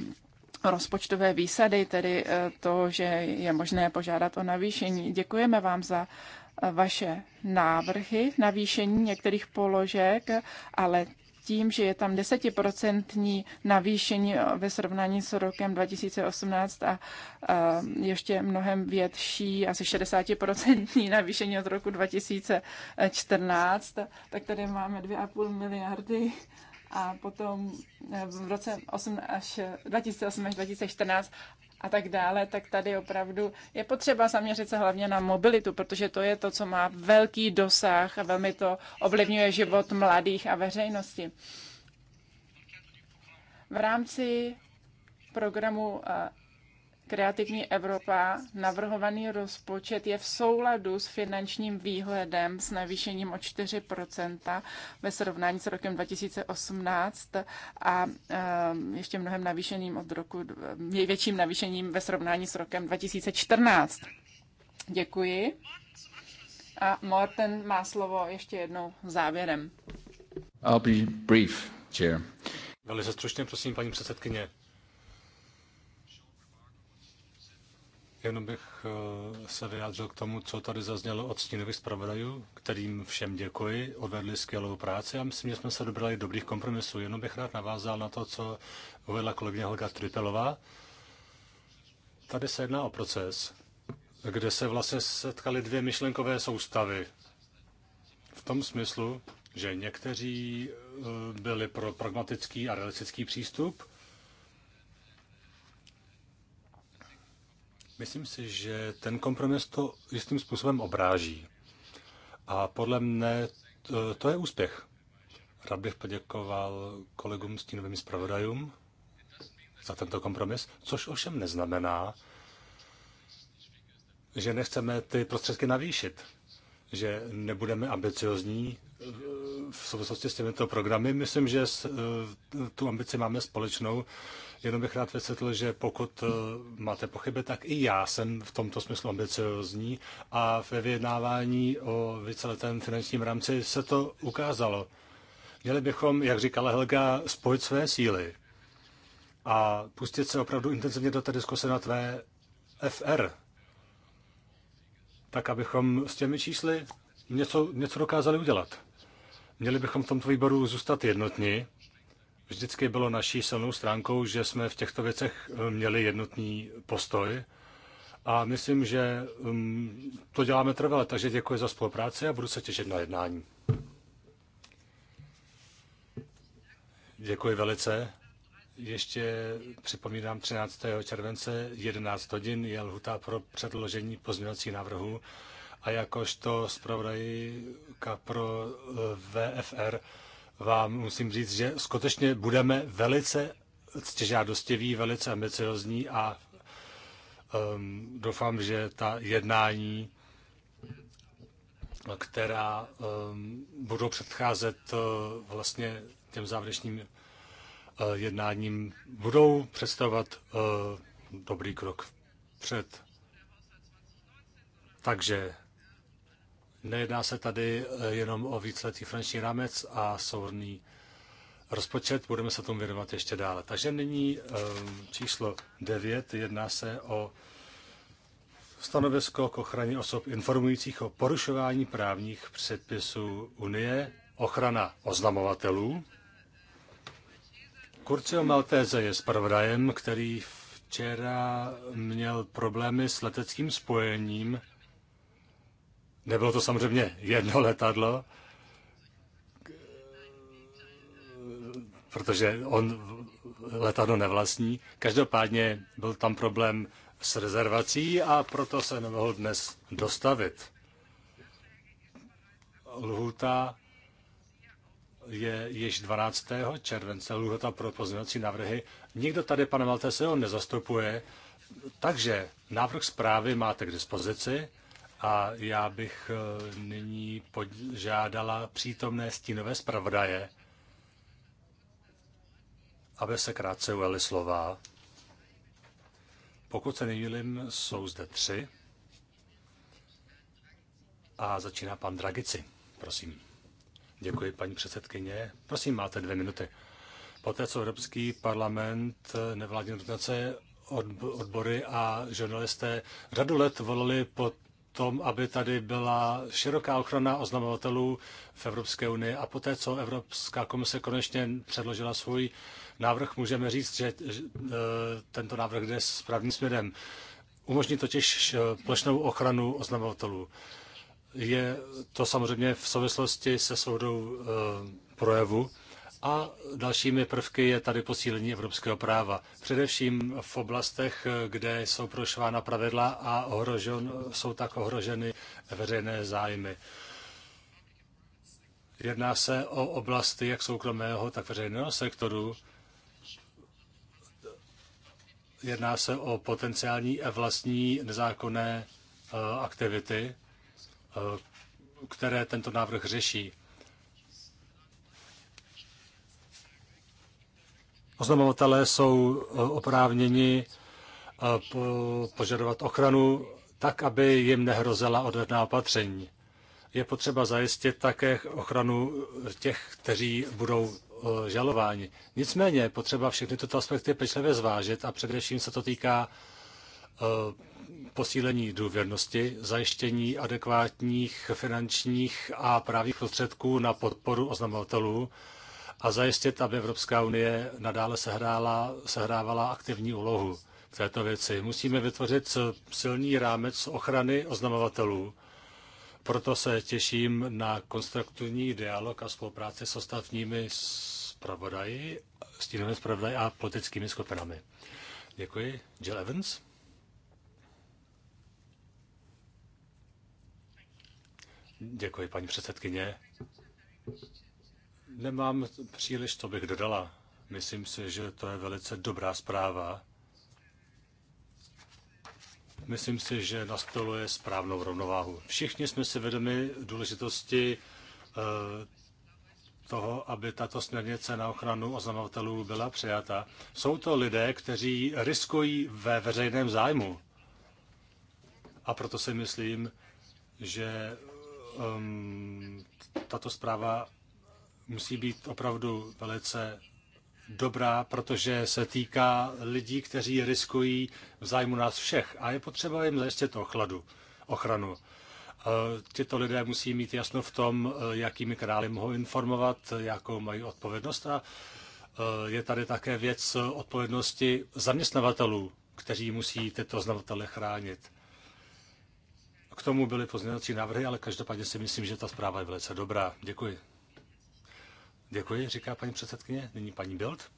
rozpočtové výsady, tedy eh, to, že je možné požádat o navýšení. Děkujeme vám za eh, vaše návrhy navýšení některých položek, ale tím, že je tam desetiprocentní navýšení eh, ve srovnání s rokem 2018 a, eh, ještě mnohem větší, asi 60% navýšení od roku 2014, tak tady máme 2,5 miliardy a potom eh, v roce 8 až 2008 až 2014 a tak dále, tak tady opravdu je potřeba zaměřit se hlavně na mobilitu, protože to je to, co má velký dosah a velmi to ovlivňuje život mladých a veřejnosti. V rámci programu eh, Kreativní Evropa, navrhovaný rozpočet je v souladu s finančním výhledem s navýšením o 4 ve srovnání s rokem 2018 a ehm, ještě mnohem navýšením od roku, větším navýšením ve srovnání s rokem 2014. Děkuji. A Morten má slovo ještě jednou závěrem. I'll be brief, chair. Velice stručně, prosím, paní předsedkyně. Jenom bych eh, se vyjádřil k tomu, co tady zaznělo od stínových zpravodajů, kterým všem děkuji, odvedli skvělou práci a myslím, že jsme se dobrali dobrých kompromisů. Jenom bych rád navázal na to, co uvedla kolegyně Helga Tritelová. Tady se jedná o proces, kde se vlastně setkaly dvě myšlenkové soustavy. V tom smyslu, že někteří eh, byli pro pragmatický a realistický přístup, Myslím si, že ten kompromis to jistým způsobem obráží. A podle mne to, to je úspěch. Rád bych poděkoval kolegům s novým zpravodajům za tento kompromis, což ovšem neznamená, že nechceme ty prostředky navýšit, že nebudeme ambiciozní v souvislosti s těmito programy. Myslím, že eh, tu ambici máme společnou. Jenom bych rád vysvětlil, že pokud eh, máte pochyby, tak i já jsem v tomto smyslu ambiciozní a ve vyjednávání o víceletém finančním rámci se to ukázalo. Měli bychom, jak říkala Helga, spojit své síly a pustit se opravdu intenzivně do té diskuse na tvé FR, tak abychom s těmi čísly něco, něco dokázali udělat. Měli bychom v tomto výboru zůstat jednotní. Vždycky bylo naší silnou stránkou, že jsme v těchto věcech eh, měli jednotný postoj a myslím, že mm, to děláme trvale, takže děkuji za spolupráci a budu se těšit na jednání. Děkuji velice. Ještě připomínám 13. července 11 hodin je lhuta pro předložení pozměňovacích návrhů a jakožto zpravodaj zpravodajka pro eh, VFR, vám musím říct, že skutečně budeme velice ctižádostiví, velice ambiciozní a um, doufám, že ta jednání, která um, budou předcházet uh, vlastně těm závěrečným uh, jednáním, budou představovat uh, dobrý krok před. Takže Nejedná se tady eh, jenom o víceletý finanční rámec a souhrný rozpočet, budeme se tomu věnovat ještě dále. Takže nyní ehm, číslo 9, jedná se o stanovisko k ochraně osob informujících o porušování právních předpisů Unie, ochrana oznamovatelů. Curcio Maltese je zpravodajem, který včera měl problémy s leteckým spojením Nebylo to samozřejmě jedno letadlo, protože on letadlo nevlastní. Každopádně byl tam problém s rezervací a proto se nemohl dnes dostavit. Lhuta je již 12. července, lhuta pro pozměňovací návrhy. Nikdo tady, pane Maltese, ho nezastupuje, takže návrh zprávy máte k dispozici. A já bych eh, nyní požádala přítomné stínové zpravodaje, aby se krátce ujeli slova. Pokud se nemýlím, jsou zde tři. A začíná pan Dragici, prosím. Děkuji, paní předsedkyně. Prosím, máte dvě minuty. Poté, co Evropský parlament, eh, nevládní organizace, odbory a žurnalisté řadu let volali pod tom, aby tady byla široká ochrana oznamovatelů v Evropské unii a poté, co Evropská komise konečně předložila svůj návrh, můžeme říct, že e, tento návrh jde správným směrem. Umožní totiž e, plošnou ochranu oznamovatelů. Je to samozřejmě v souvislosti se soudou e, projevu. A dalšími prvky je tady posílení evropského práva. Především v oblastech, kde jsou prošvána pravidla a ohrožen, jsou tak ohroženy veřejné zájmy. Jedná se o oblasti jak soukromého, tak veřejného sektoru. Jedná se o potenciální a vlastní nezákonné eh, aktivity, eh, které tento návrh řeší. oznamovatelé jsou e, oprávněni e, požadovat ochranu tak, aby jim nehrozila odvedná opatření. Je potřeba zajistit také ochranu těch, kteří budou e, žalováni. Nicméně je potřeba všechny tyto aspekty pečlivě zvážit a především se to týká posílení důvěrnosti, zajištění adekvátních finančních a právních prostředků na podporu oznamovatelů, a zajistit, aby Evropská unie nadále sehrála, sehrávala aktivní úlohu v této věci. Musíme vytvořit silný rámec ochrany oznamovatelů. Proto se těším na konstruktivní dialog a spolupráci s ostatními zpravodaji, stínovými zpravodaji a politickými skupinami. Děkuji. Jill Evans? Děkuji, paní předsedkyně. Nemám příliš, co bych dodala. Myslím si, že to je velice dobrá zpráva. Myslím si, že nastoluje správnou rovnováhu. Všichni jsme si vědomi důležitosti eh, toho, aby tato směrnice na ochranu oznamovatelů byla přijata. Jsou to lidé, kteří riskují ve veřejném zájmu. A proto si myslím, že um, tato zpráva musí být opravdu velice dobrá, protože se týká lidí, kteří riskují v zájmu nás všech a je potřeba jim zajistit ochladu, ochranu. E, tyto lidé musí mít jasno v tom, e, jakými kanály mohou informovat, jakou mají odpovědnost a e, je tady také věc odpovědnosti zaměstnavatelů, kteří musí tyto znavatele chránit. K tomu byly pozměňovací návrhy, ale každopádně si myslím, že ta zpráva je velice dobrá. Děkuji. Děkuji, říká paní předsedkyně. Nyní paní Bild.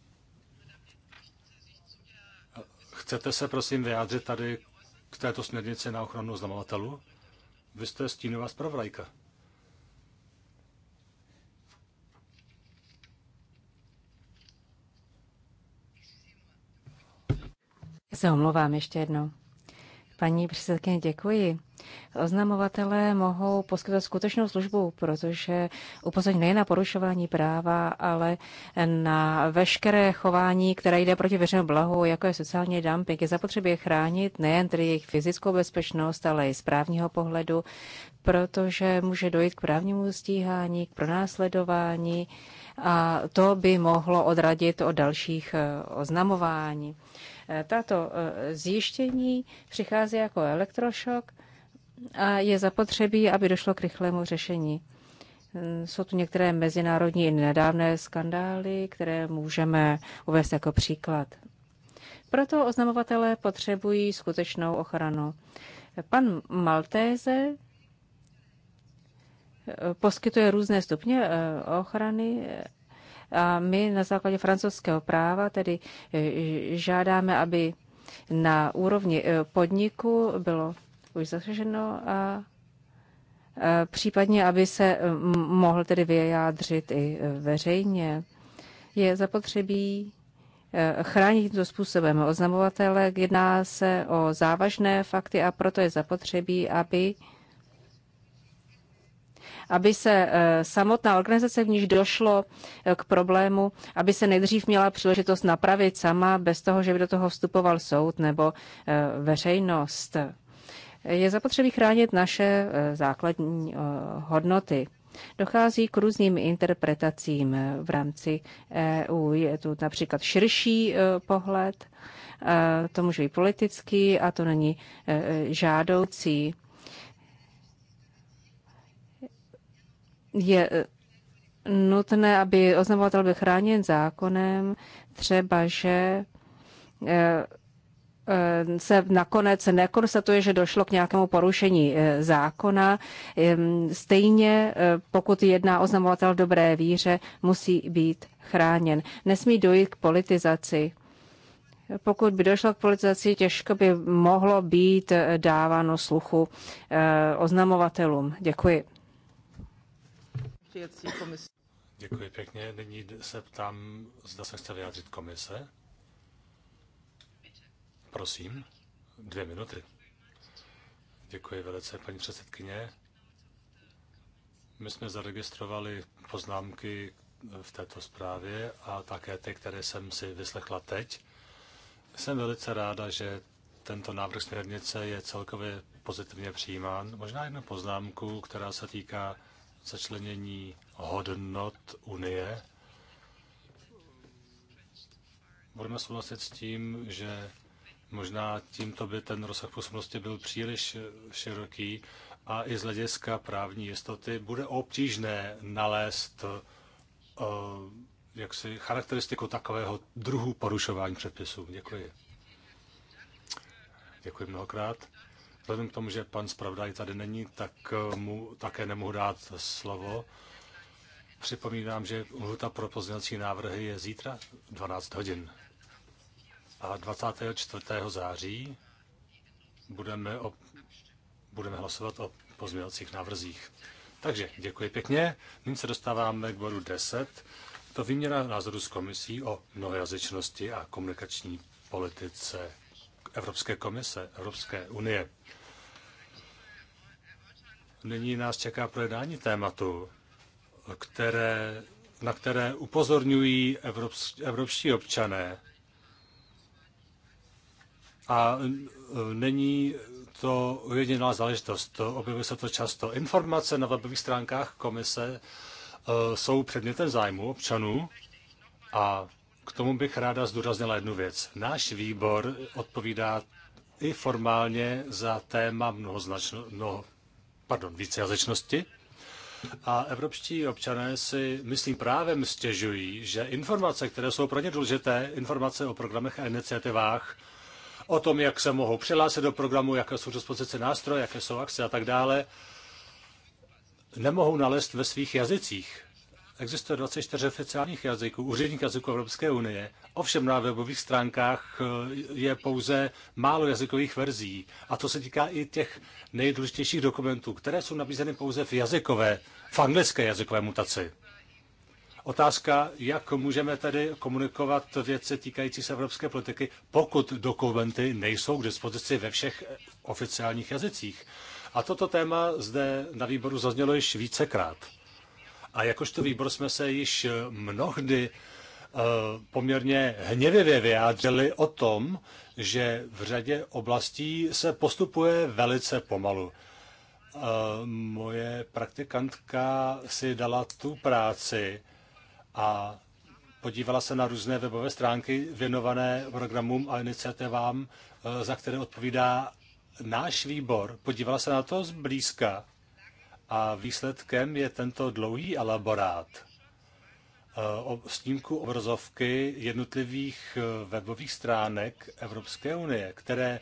Chcete se prosím vyjádřit tady k této směrnici na ochranu oznamovatelů? Vy jste stínová zpravodajka. Já se omlouvám ještě jednou. Paní předsedkyně, děkuji. Oznamovatelé mohou poskytovat skutečnou službu, protože upozorní nejen na porušování práva, ale na veškeré chování, které jde proti veřejnému blahu, jako je sociální dumping. Je zapotřebí chránit nejen tedy jejich fyzickou bezpečnost, ale i z právního pohledu, protože může dojít k právnímu stíhání, k pronásledování a to by mohlo odradit od dalších eh, oznamování. Eh, tato eh, zjištění přichází jako elektrošok a je zapotřebí, aby došlo k rychlému řešení. Eh, jsou tu některé mezinárodní i nedávné skandály, které můžeme uvést jako příklad. Proto oznamovatelé potřebují skutečnou ochranu. Pan Maltéze poskytuje různé stupně ochrany a my na základě francouzského práva tedy e, žádáme, aby na úrovni e, podniku bylo už zaseženo a případně, aby se mohl tedy vyjádřit i e, veřejně. Je zapotřebí chránit tímto způsobem oznamovatele. Jedná se o závažné fakty a proto je zapotřebí, aby aby se eh, samotná organizace, v níž došlo eh, k problému, aby se nejdřív měla příležitost napravit sama, bez toho, že by do toho vstupoval soud nebo eh, veřejnost. Je zapotřebí chránit naše základní hodnoty. Dochází k různým interpretacím v rámci EU. Je tu například širší pohled, to může být politický a to není žádoucí. je e, nutné, aby oznamovatel byl chráněn zákonem, třeba že e, e, se nakonec nekonstatuje, že došlo k nějakému porušení zákona. Stejně, pokud jedná oznamovatel v dobré víře, musí být chráněn. Nesmí dojít k politizaci. Pokud by došlo k politizaci, těžko by mohlo být dáváno sluchu oznamovatelům. Děkuji jetzt Děkuji pěkně. Nyní se ptám, zda se chce vyjádřit komise. Prosím, dvě minuty. Děkuji velice, paní předsedkyně. My jsme zaregistrovali poznámky v této zprávě a také ty, které jsem si vyslechla teď. Jsem velice ráda, že tento návrh směrnice je celkově pozitivně přijímán. Možná jednu poznámku, která se týká začlenění hodnot Unie. Budeme souhlasit s tím, že možná tímto by ten rozsah působnosti byl příliš široký a i z hlediska právní jistoty bude obtížné nalézt uh, jaksi charakteristiku takového druhu porušování předpisů. Děkuji. Děkuji mnohokrát. Vzhledem k tomu, že pan zpravodaj tady není, tak eh, mu také nemohu dát slovo. Připomínám, že lhuta pro pozměňovací návrhy je zítra 12 hodin. A 24. září budeme, o, budeme hlasovat o pozměňovacích návrzích. Takže děkuji pěkně. Nyní se dostáváme k bodu 10. To výměna názoru s komisí o mnohojazyčnosti a komunikační politice Evropské komise, Evropské unie. Nyní nás čeká projednání tématu, které, na které upozorňují evropští občané. A e, není to jediná záležitost. To objevuje se to často. Informace na webových stránkách komise e, jsou předmětem zájmu občanů a k tomu bych ráda zdůraznila jednu věc. Náš výbor odpovídá i formálně za téma mnohoznačno, mnoho, pardon, vícejazyčnosti. A evropští občané si, myslím, právem stěžují, že informace, které jsou pro ně důležité, informace o programech a iniciativách, o tom, jak se mohou přihlásit do programu, jaké jsou dispozice nástroje, jaké jsou akce a tak dále, nemohou nalézt ve svých jazycích. Existuje 24 oficiálních jazyků, úředních jazyků Evropské unie, ovšem na webových stránkách eh, je pouze málo jazykových verzí. A to se týká i těch nejdůležitějších dokumentů, které jsou nabízeny pouze v jazykové, v anglické jazykové mutaci. Otázka, jak můžeme tedy komunikovat věci týkající se evropské politiky, pokud dokumenty nejsou k dispozici ve všech eh, oficiálních jazycích. A toto téma zde na výboru zaznělo již vícekrát. A jakožto výbor jsme se již eh, mnohdy eh, poměrně hněvivě vyjádřili o tom, že v řadě oblastí se postupuje velice pomalu. Eh, moje praktikantka si dala tu práci a podívala se na různé webové stránky věnované programům a iniciativám, za které odpovídá náš výbor. Podívala se na to zblízka a výsledkem je tento dlouhý elaborát eh, snímku obrazovky jednotlivých eh, webových stránek Evropské unie, které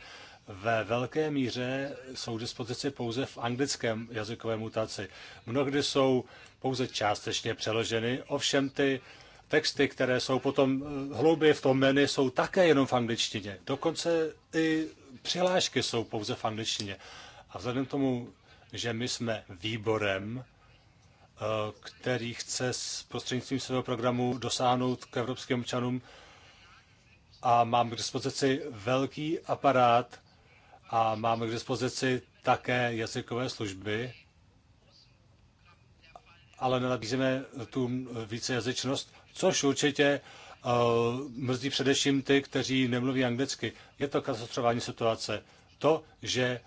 ve velké míře jsou dispozici pouze v anglickém jazykové mutaci. Mnohdy jsou pouze částečně přeloženy, ovšem ty texty, které jsou potom eh, hlouběji v tom menu, jsou také jenom v angličtině. Dokonce i přihlášky jsou pouze v angličtině. A vzhledem k tomu že my jsme výborem, eh, který chce s prostřednictvím svého programu dosáhnout k evropským občanům a máme k dispozici velký aparát a máme k dispozici také jazykové služby, ale nenabízíme tu vícejazyčnost, což určitě eh, mrzí především ty, kteří nemluví anglicky. Je to katastrofální situace. To, že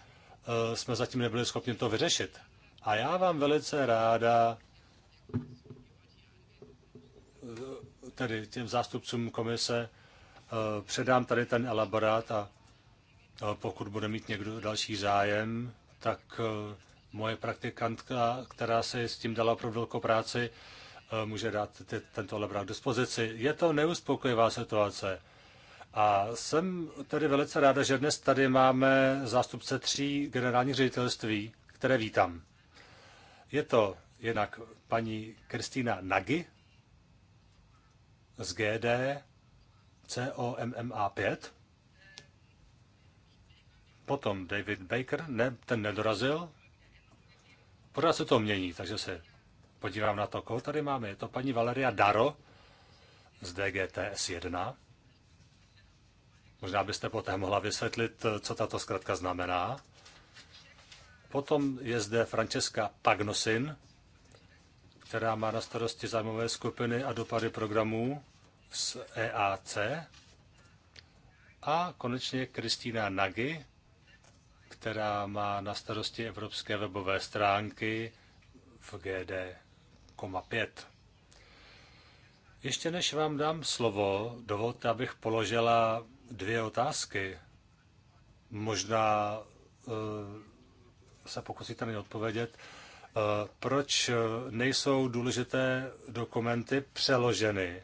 Eh, jsme zatím nebyli schopni to vyřešit. A já vám velice ráda eh, tedy těm zástupcům komise eh, předám tady ten elaborát a pokud bude mít někdo další zájem, tak moje praktikantka, která se s tím dala pro velkou práci, může dát tento elaborát k dispozici. Je to neuspokojivá situace. A jsem tedy velice ráda, že dnes tady máme zástupce tří generálních ředitelství, které vítám. Je to jednak paní Kristýna Nagy z GD COMMA5, potom David Baker, ne, ten nedorazil, pořád se to mění, takže se podívám na to, koho tady máme. Je to paní Valeria Daro z DGTS1. Možná byste poté mohla vysvětlit, eh, co tato zkratka znamená. Potom je zde Francesca Pagnosin, která má na starosti zájmové skupiny a dopady programů z EAC. A konečně Kristýna Nagy, která má na starosti evropské webové stránky v GD,5. Ještě než vám dám slovo, dovolte, abych položila dvě otázky. Možná eh, se pokusíte na ně odpovědět. Eh, proč eh, nejsou důležité dokumenty přeloženy?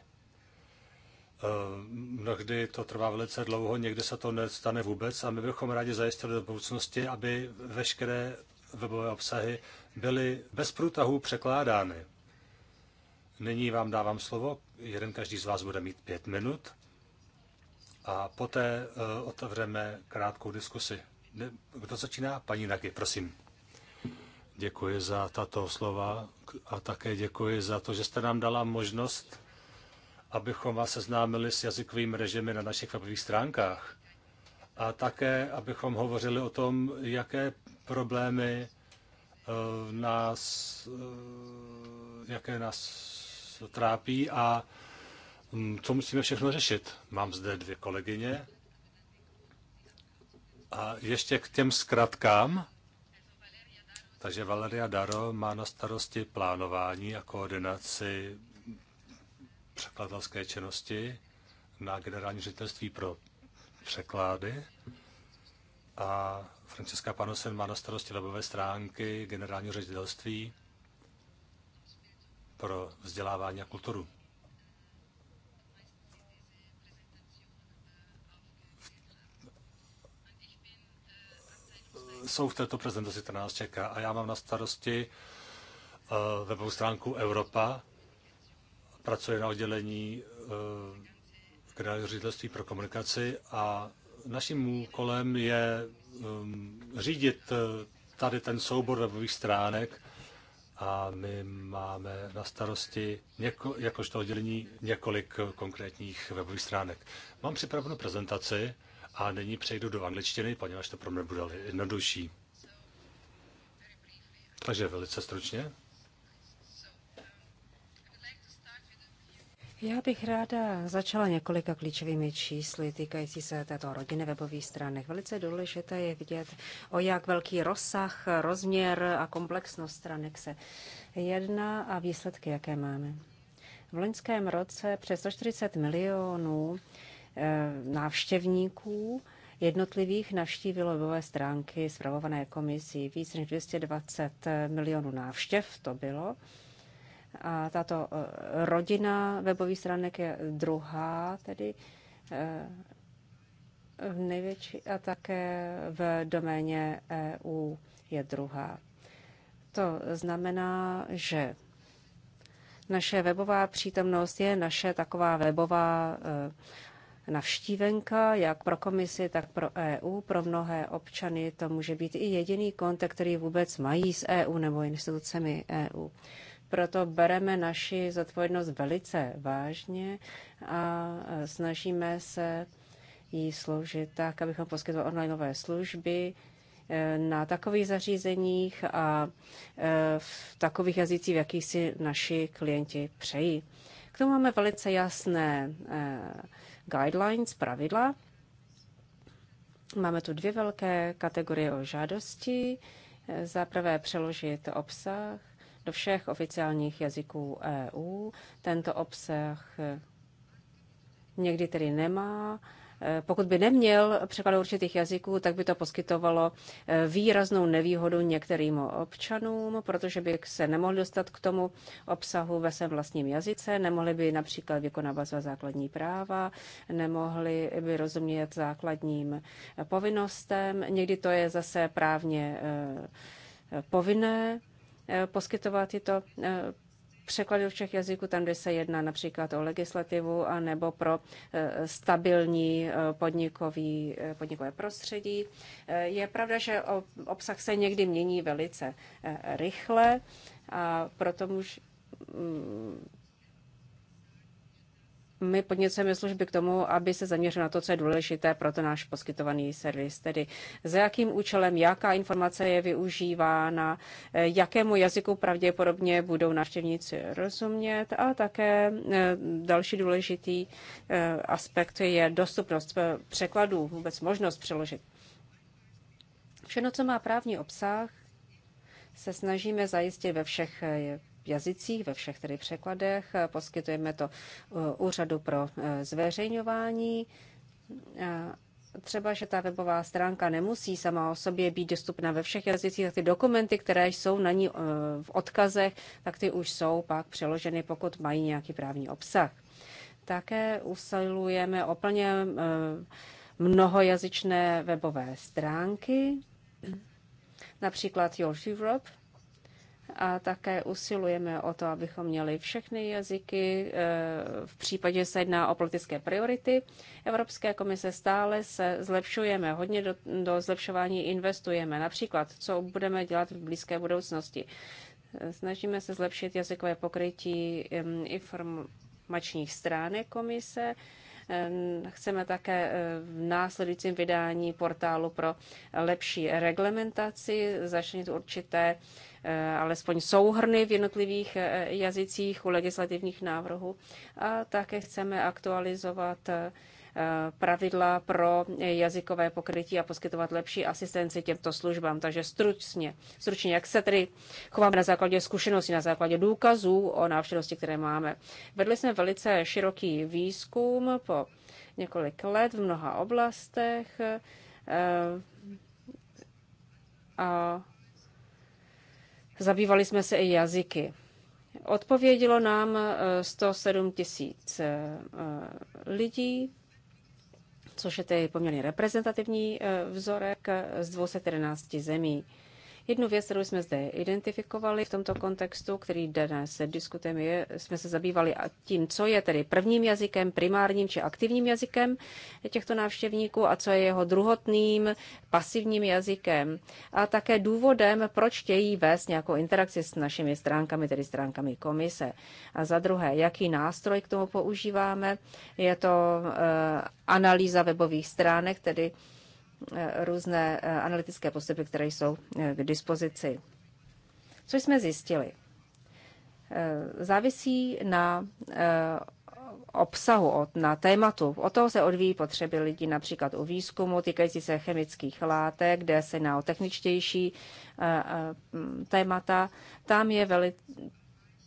Mnohdy to trvá velice dlouho, někdy se to nestane vůbec a my bychom rádi zajistili do budoucnosti, aby veškeré webové obsahy byly bez průtahů překládány. Nyní vám dávám slovo, jeden každý z vás bude mít pět minut a poté eh, otevřeme krátkou diskusi. Kdo začíná? Paní Nagy, prosím. Děkuji za tato slova a také děkuji za to, že jste nám dala možnost, abychom vás seznámili s jazykovým režimy na našich webových stránkách a také, abychom hovořili o tom, jaké problémy eh, nás, eh, jaké nás trápí a Mm, co musíme všechno řešit. Mám zde dvě kolegyně. A ještě k těm zkratkám. Takže Valeria Daro má na starosti plánování a koordinaci překladatelské činnosti na generální ředitelství pro překlády. A Francesca Panosen má na starosti webové stránky generálního ředitelství pro vzdělávání a kulturu. jsou v této prezentaci, která nás čeká. A já mám na starosti eh, webovou stránku Europa, pracuji na oddělení eh, generálního ředitelství pro komunikaci a naším úkolem je ehm, řídit eh, tady ten soubor webových stránek a my máme na starosti něko, jakožto oddělení několik konkrétních webových stránek. Mám připravenou prezentaci, a nyní přejdu do angličtiny, poněvadž to pro mě bude jednodušší. Takže velice stručně. Já bych ráda začala několika klíčovými čísly týkající se této rodiny webových stránek. Velice důležité je vidět, o jak velký rozsah, rozměr a komplexnost stránek se jedná a výsledky, jaké máme. V loňském roce přes 140 milionů Eh, návštěvníků jednotlivých navštívilo webové stránky zpravované komisí víc než 220 eh, milionů návštěv, to bylo. A tato eh, rodina webových stránek je druhá, tedy v největší a také v doméně EU je druhá. To znamená, že naše webová přítomnost je naše taková webová navštívenka, jak pro komisi, tak pro EU. Pro mnohé občany to může být i jediný kontakt, který vůbec mají s EU nebo institucemi EU. Proto bereme naši zodpovědnost velice vážně a e, snažíme se jí sloužit tak, abychom poskytovali onlineové služby e, na takových zařízeních a e, v takových jazycích, v jakých si naši klienti přejí. K tomu máme velice jasné guidelines, pravidla. Máme tu dvě velké kategorie o žádosti. Za prvé přeložit obsah do všech oficiálních jazyků EU. Tento obsah někdy tedy nemá Eh, pokud by neměl překlad určitých jazyků, tak by to poskytovalo eh, výraznou nevýhodu některým občanům, protože by se nemohli dostat k tomu obsahu ve svém vlastním jazyce, nemohli by například vykonávat své základní práva, nemohli by rozumět základním eh, povinnostem. Někdy to je zase právně povinné poskytovat tyto překlady do všech jazyků, tam, kde se jedná například o legislativu a nebo pro eh, stabilní eh, podnikový, eh, podnikové prostředí. Je pravda, že obsah se někdy mění velice rychle a proto už mm, my podněcujeme služby k tomu, aby se zaměřil na to, co je důležité pro ten náš poskytovaný servis. Tedy za jakým účelem, jaká informace je využívána, eh, jakému jazyku pravděpodobně budou návštěvníci rozumět a také eh, další důležitý eh, aspekt je dostupnost překladů, vůbec možnost přeložit. Všechno, co má právní obsah, se snažíme zajistit ve všech jazycích, ve všech tedy překladech. Poskytujeme to eh, úřadu pro eh, zveřejňování. Eh, třeba, že ta webová stránka nemusí sama o sobě být dostupná ve všech jazycích, tak ty dokumenty, které jsou na ní v odkazech, tak ty už jsou pak přeloženy, pokud mají nějaký právní obsah. Také usilujeme o plně mnohojazyčné webové stránky, například Your Europe, a také usilujeme o to, abychom měli všechny jazyky e, v případě, že se jedná o politické priority. Evropské komise stále se zlepšujeme, hodně do, do zlepšování investujeme. Například, co budeme dělat v blízké budoucnosti. Snažíme se zlepšit jazykové pokrytí informačních stránek komise, Chceme také eh, v následujícím vydání portálu pro lepší reglementaci začnit určité eh, alespoň souhrny v jednotlivých eh, jazycích u legislativních návrhů. A také chceme aktualizovat pravidla pro jazykové pokrytí a poskytovat lepší asistenci těmto službám. Takže stručně, stručně jak se tedy chováme na základě zkušeností, na základě důkazů o návštěvnosti, které máme. Vedli jsme velice široký výzkum po několik let v mnoha oblastech eh, a zabývali jsme se i jazyky. Odpovědělo nám 107 eh, tisíc eh, lidí což je tedy poměrně reprezentativní eh, vzorek eh, z 211 zemí. Jednu věc, kterou jsme zde identifikovali v tomto kontextu, který dnes diskutujeme, je, jsme se zabývali tím, co je tedy prvním jazykem, primárním či aktivním jazykem těchto návštěvníků a co je jeho druhotným pasivním jazykem. A také důvodem, proč chtějí vést nějakou interakci s našimi stránkami, tedy stránkami komise. A za druhé, jaký nástroj k tomu používáme. Je to eh, analýza webových stránek, tedy Eh, různé eh, analytické postupy, které jsou eh, k dispozici. Co jsme zjistili? Závisí na obsahu, na tématu. O toho se odvíjí potřeby lidí například u výzkumu týkající se chemických látek, kde se na techničtější témata. Tam je veli,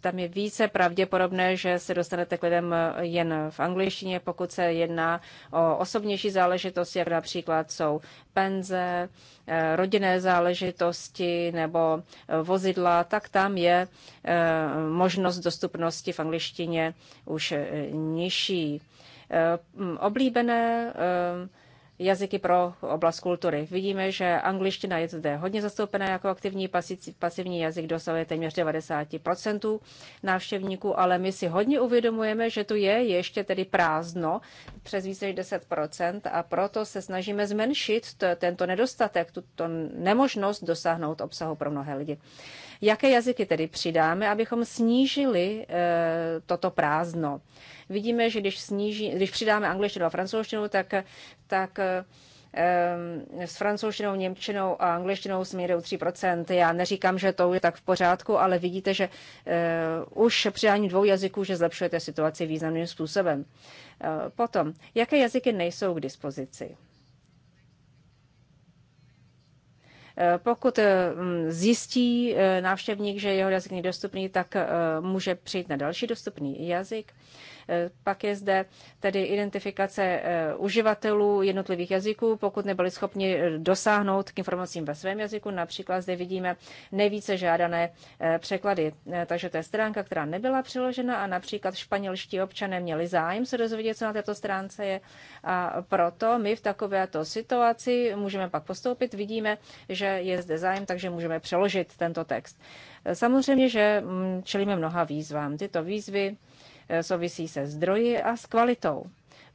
tam je více pravděpodobné, že se dostanete k lidem jen v angličtině, pokud se jedná o osobnější záležitosti, jak například jsou penze, eh, rodinné záležitosti nebo eh, vozidla, tak tam je eh, možnost dostupnosti v angličtině už nižší. Oblíbené jazyky pro oblast kultury. Vidíme, že angličtina je zde hodně zastoupená jako aktivní pasivní jazyk, dosahuje téměř 90% návštěvníků, ale my si hodně uvědomujeme, že tu je ještě tedy prázdno přes více než 10% a proto se snažíme zmenšit tento nedostatek, tuto nemožnost dosáhnout obsahu pro mnohé lidi. Jaké jazyky tedy přidáme, abychom snížili eh, toto prázdno? Vidíme, že když, sníží, když přidáme angličtinu a francouzštinu, tak, tak eh, eh, s francouzštinou, němčinou a angličtinou jsme 3%. Já neříkám, že to je tak v pořádku, ale vidíte, že už přidání dvou jazyků, že zlepšujete situaci významným způsobem. Potom, jaké jazyky nejsou k dispozici? Eh, pokud eh, mm, zjistí eh, návštěvník, že jeho jazyk není dostupný, tak může přijít na další dostupný jazyk. Eh, pak je zde tedy identifikace eh, uživatelů jednotlivých jazyků, pokud nebyli schopni eh, dosáhnout k informacím ve svém jazyku. Například zde vidíme nejvíce žádané překlady. Takže to je stránka, která nebyla přiložena a například španělští občané měli zájem se dozvědět, co na této stránce je. A proto my v takovéto situaci můžeme pak postoupit. Vidíme, že je zde zájem, takže můžeme přeložit tento text. Samozřejmě, že mm, čelíme mnoha výzvám. Tyto výzvy Eh, souvisí se zdroji a s kvalitou.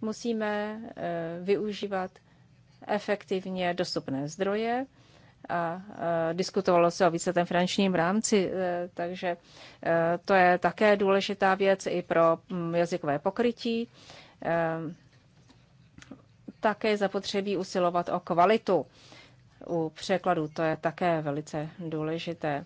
Musíme eh, využívat efektivně dostupné zdroje a eh, diskutovalo se o víceletém finančním rámci, takže to je také důležitá věc i pro mm, jazykové pokrytí. Také zapotřebí usilovat o kvalitu u překladu, to je také velice důležité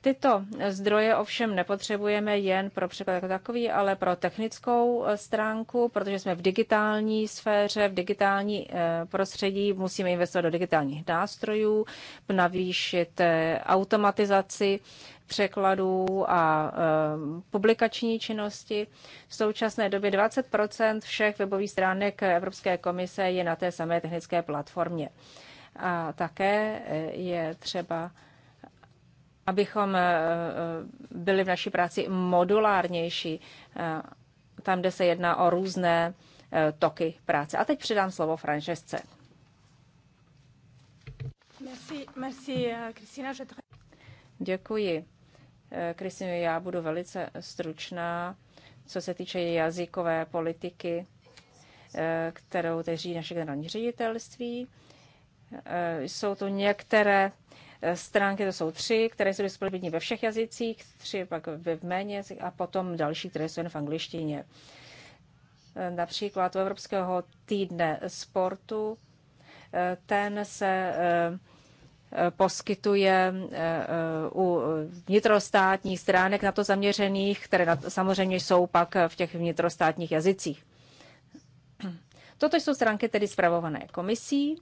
Tyto zdroje ovšem nepotřebujeme jen pro překlad jako takový, ale pro technickou eh, stránku, protože jsme v digitální sféře, v digitální eh, prostředí, musíme investovat do digitálních nástrojů, navýšit eh, automatizaci překladů a publikační činnosti. V současné době 20 všech webových stránek Evropské komise je na té samé technické platformě. A také je třeba abychom eh, eh, byli v naší práci modulárnější, eh, tam, kde se jedná o různé toky práce. A teď předám slovo Francesce. Merci, merci, Christina. Děkuji. Kristina. já budu velice stručná, co se týče jazykové politiky, kterou teď řídí naše generální ředitelství. Jsou tu některé Eh, stránky, to jsou tři, které jsou disponibilní ve všech jazycích, tři pak ve méně a potom další, které jsou jen v angličtině. Eh, například u Evropského týdne sportu, eh, ten se poskytuje u vnitrostátních stránek na to zaměřených, které samozřejmě jsou pak v těch vnitrostátních jazycích. Toto jsou stránky tedy zpravované komisí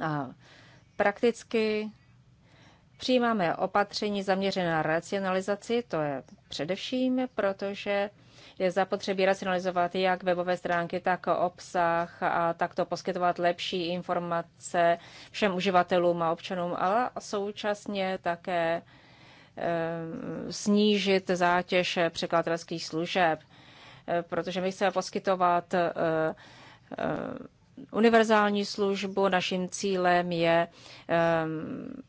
A prakticky přijímáme opatření zaměřená na racionalizaci, to je především, protože je zapotřebí racionalizovat jak webové stránky, tak obsah a takto poskytovat lepší informace všem uživatelům a občanům, ale současně také eh, snížit zátěž překladatelských služeb, eh, protože my chceme poskytovat eh, univerzální službu. Naším cílem je ehm,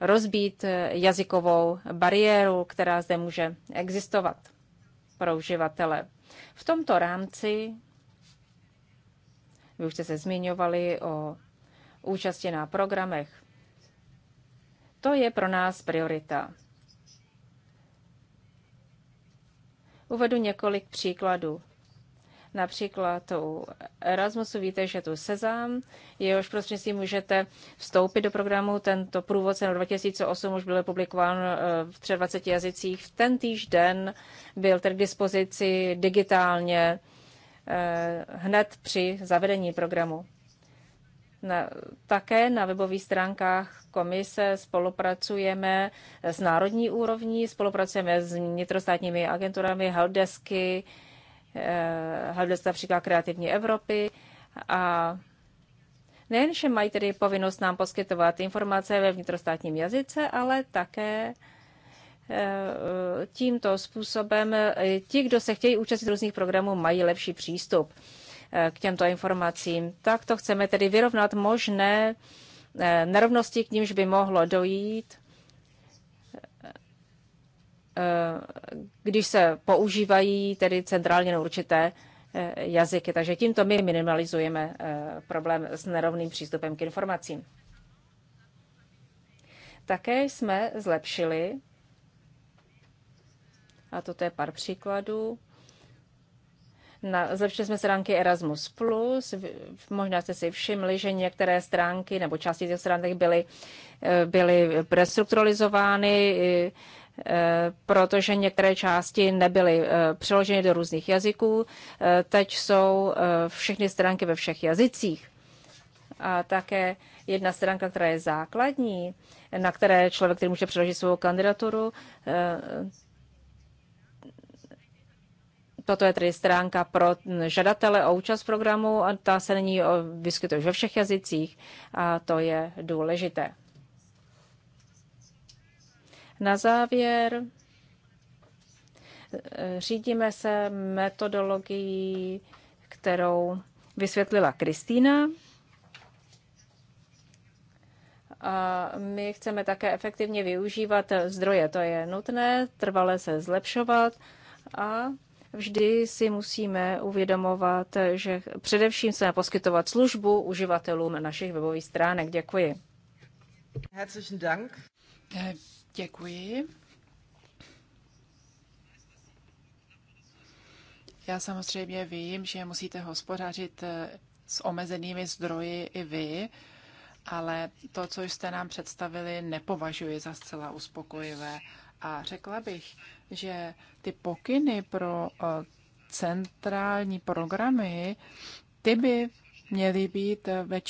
rozbít jazykovou bariéru, která zde může existovat pro uživatele. V tomto rámci, vy už jste se zmiňovali o účasti na programech, to je pro nás priorita. Uvedu několik příkladů například tou Erasmusu, víte, že tu Sezam, jehož prostřednictvím můžete vstoupit do programu. Tento průvodce na 2008 už byl publikován eh, v 23 jazycích. V ten týžden byl tedy k dispozici digitálně eh, hned při zavedení programu. Na, také na webových stránkách komise spolupracujeme s národní úrovní, spolupracujeme s vnitrostátními agenturami, helpdesky, Eh, hledat například kreativní Evropy a nejenže mají tedy povinnost nám poskytovat informace ve vnitrostátním jazyce, ale také eh, tímto způsobem eh, ti, kdo se chtějí účastnit různých programů, mají lepší přístup k těmto informacím. Tak to chceme tedy vyrovnat možné nerovnosti, k nímž by mohlo dojít Eh, když se používají tedy centrálně na určité eh, jazyky. Takže tímto my minimalizujeme eh, problém s nerovným přístupem k informacím. Také jsme zlepšili, a toto je pár příkladů, na, zlepšili jsme stránky Erasmus+, Plus. možná jste si všimli, že některé stránky nebo části těch stránek byly, byly restrukturalizovány, Eh, protože některé části nebyly eh, přeloženy do různých jazyků. Eh, teď jsou všechny stránky ve všech jazycích. A také jedna stránka, která je základní, na které člověk, který může přeložit svou kandidaturu, Toto je tedy stránka pro hm, žadatele o účast programu a ta se nyní vyskytuje ve všech jazycích a to je důležité. Na závěr eh, řídíme se metodologií, kterou vysvětlila Kristýna. A my chceme také efektivně využívat zdroje, to je nutné, trvale se zlepšovat a vždy si musíme uvědomovat, že především se poskytovat službu uživatelům našich webových stránek. Děkuji. Herzlichen Dank. Eh, Děkuji. Já samozřejmě vím, že musíte hospodařit eh, s omezenými zdroji i vy, ale to, co jste nám představili, nepovažuji za zcela uspokojivé. A řekla bych, že ty pokyny pro eh, centrální programy, ty by měly být ve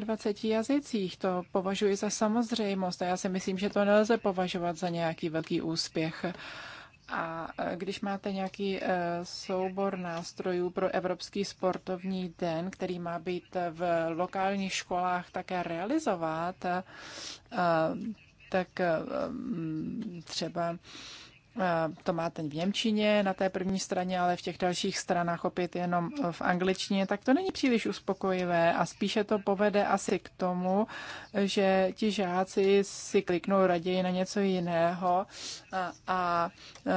24 jazycích. To považuji za samozřejmost a já si myslím, že to nelze považovat za nějaký velký úspěch. A e, když máte nějaký e, soubor nástrojů pro Evropský sportovní den, který má být v lokálních školách také realizovat, e, tak třeba Eh, to má ten v Němčině na té první straně, ale v těch dalších stranách opět jenom eh, v angličtině, tak to není příliš uspokojivé a spíše to povede asi k tomu, že ti žáci si kliknou raději na něco jiného a, a eh,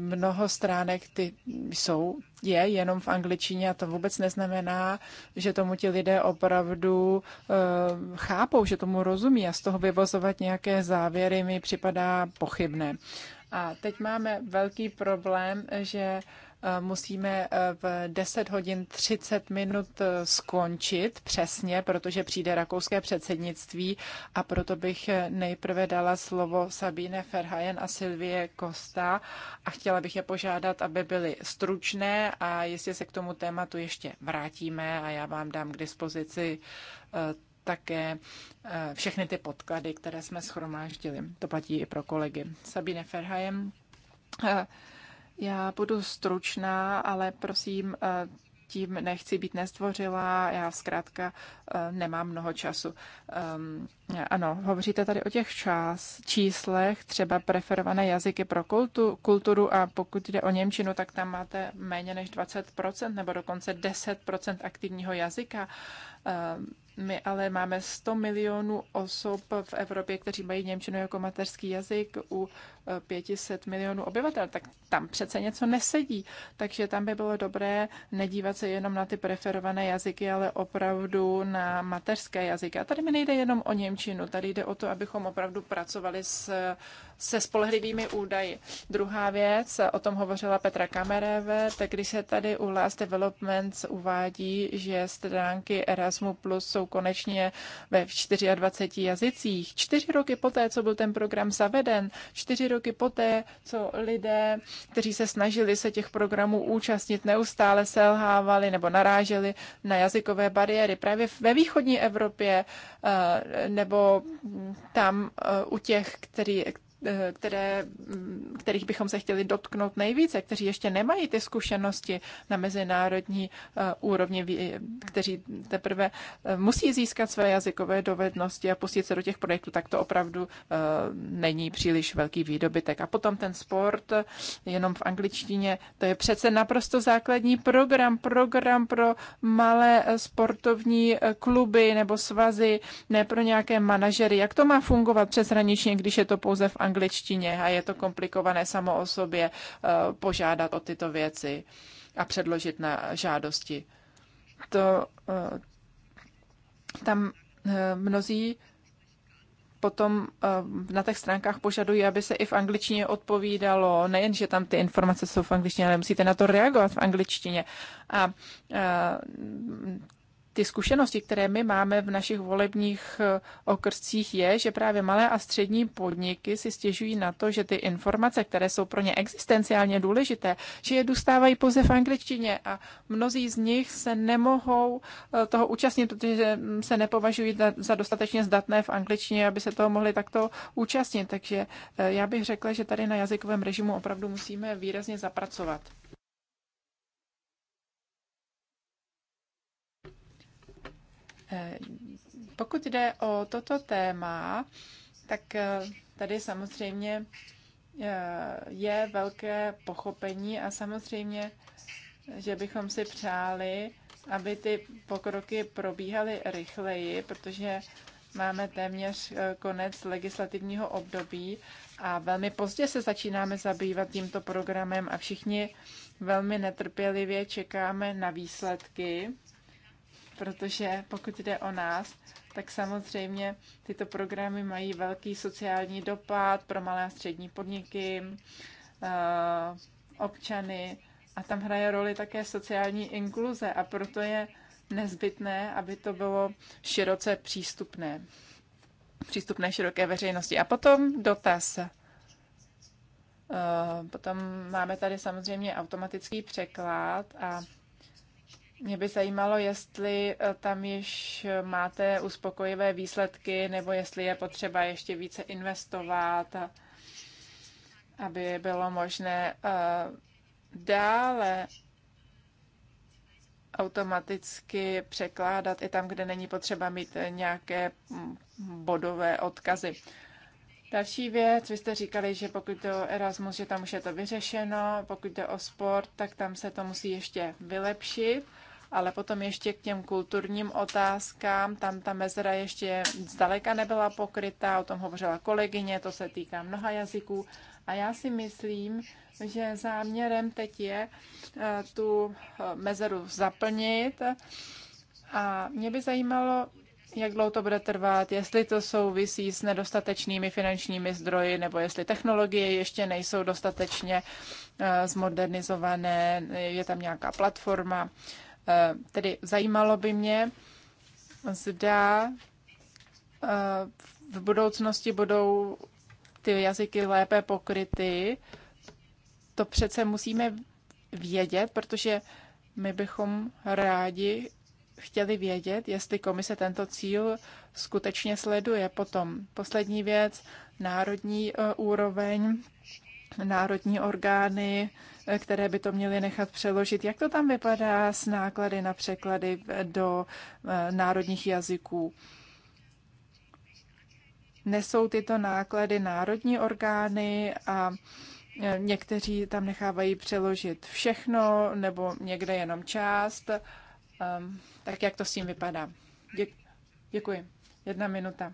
mnoho stránek ty jsou je jenom v angličtině a to vůbec neznamená, že tomu ti lidé opravdu uh, chápou, že tomu rozumí a z toho vyvozovat nějaké závěry mi připadá pochybné. A teď máme velký problém, že Eh, musíme eh, v 10 hodin 30 minut eh, skončit přesně, protože přijde rakouské předsednictví a proto bych nejprve dala slovo Sabine Ferhajen a Silvie Kosta a chtěla bych je požádat, aby byly stručné a jestli se k tomu tématu ještě vrátíme a já vám dám k dispozici také všechny ty podklady, které jsme schromáždili. To platí i pro kolegy. Sabine Ferhajen. Já budu stručná, ale prosím, eh, tím nechci být nestvořila, já zkrátka eh, nemám mnoho času. Um, ano, hovoříte tady o těch čas, číslech, třeba preferované jazyky pro kultu, kulturu a pokud jde o Němčinu, tak tam máte méně než 20% nebo dokonce 10% aktivního jazyka. Um, my ale máme 100 milionů osob v Evropě, kteří mají Němčinu jako mateřský jazyk. U 500 milionů obyvatel, tak tam přece něco nesedí. Takže tam by bylo dobré nedívat se jenom na ty preferované jazyky, ale opravdu na mateřské jazyky. A tady mi nejde jenom o Němčinu, tady jde o to, abychom opravdu pracovali s, se spolehlivými údaji. Druhá věc, o tom hovořila Petra Kamereve, tak když se tady u Last Developments uvádí, že stránky Erasmus Plus jsou konečně ve 24 jazycích. Čtyři roky poté, co byl ten program zaveden, čtyři roky poté, co lidé, kteří se snažili se těch programů účastnit, neustále selhávali nebo naráželi na jazykové bariéry. Právě ve východní Evropě eh, nebo tam eh, u těch, který, Eh, které, mm, kterých bychom se chtěli dotknout nejvíce, kteří ještě nemají ty zkušenosti na mezinárodní eh, úrovni, kteří teprve eh, musí získat své jazykové dovednosti a pustit se do těch projektů, tak to opravdu není příliš velký výdobytek. A potom ten sport, jenom v angličtině, to je přece naprosto základní program, program pro malé sportovní kluby nebo svazy, ne pro nějaké manažery. Jak to má fungovat přeshraničně, když je to pouze v angličtině? angličtině a je to komplikované samo o sobě eh, požádat o tyto věci a předložit na žádosti. To eh, tam eh, mnozí potom na těch stránkách požadují, aby se i v angličtině odpovídalo. Nejen, že tam ty informace jsou v angličtině, ale musíte na to reagovat v angličtině. A ty zkušenosti, které my máme v našich volebních eh, okrscích, je, že právě malé a střední podniky si stěžují na to, že ty informace, které jsou pro ně existenciálně důležité, že je dostávají pouze v angličtině a mnozí z nich se nemohou eh, toho účastnit, protože mm, se nepovažují za dostatečně zdatné v angličtině, aby se toho mohli takto účastnit. Takže eh, já bych řekla, že tady na jazykovém režimu opravdu musíme výrazně zapracovat. Eh, pokud jde o toto téma, tak eh, tady samozřejmě eh, je velké pochopení a samozřejmě, že bychom si přáli, aby ty pokroky probíhaly rychleji, protože máme téměř konec legislativního období a velmi pozdě se začínáme zabývat tímto programem a všichni velmi netrpělivě čekáme na výsledky protože pokud jde o nás, tak samozřejmě tyto programy mají velký sociální dopad pro malé a střední podniky, eh, občany a tam hraje roli také sociální inkluze a proto je nezbytné, aby to bylo široce přístupné. Přístupné široké veřejnosti. A potom dotaz. Eh, potom máme tady samozřejmě automatický překlad a mě by zajímalo, jestli eh, tam již máte uspokojivé výsledky, nebo jestli je potřeba ještě více investovat, aby bylo možné eh, dále automaticky překládat i tam, kde není potřeba mít nějaké mm, bodové odkazy. Další věc, vy jste říkali, že pokud o Erasmus, že tam už je to vyřešeno, pokud jde o sport, tak tam se to musí ještě vylepšit ale potom ještě k těm kulturním otázkám, tam ta mezera ještě zdaleka nebyla pokrytá, o tom hovořila kolegyně, to se týká mnoha jazyků. A já si myslím, že záměrem teď je eh, tu eh, mezeru zaplnit. A mě by zajímalo, jak dlouho to bude trvat, jestli to souvisí s nedostatečnými finančními zdroji, nebo jestli technologie ještě nejsou dostatečně eh, zmodernizované, je tam nějaká platforma. Eh, tedy zajímalo by mě, zda eh, v budoucnosti budou ty jazyky lépe pokryty. To přece musíme vědět, protože my bychom rádi chtěli vědět, jestli komise tento cíl skutečně sleduje. Potom poslední věc, národní eh, úroveň, národní orgány, které by to měly nechat přeložit. Jak to tam vypadá s náklady na překlady do eh, národních jazyků? Nesou tyto náklady národní orgány a eh, někteří tam nechávají přeložit všechno nebo někde jenom část. Ehm, tak jak to s tím vypadá? Děkuji. Jedna minuta.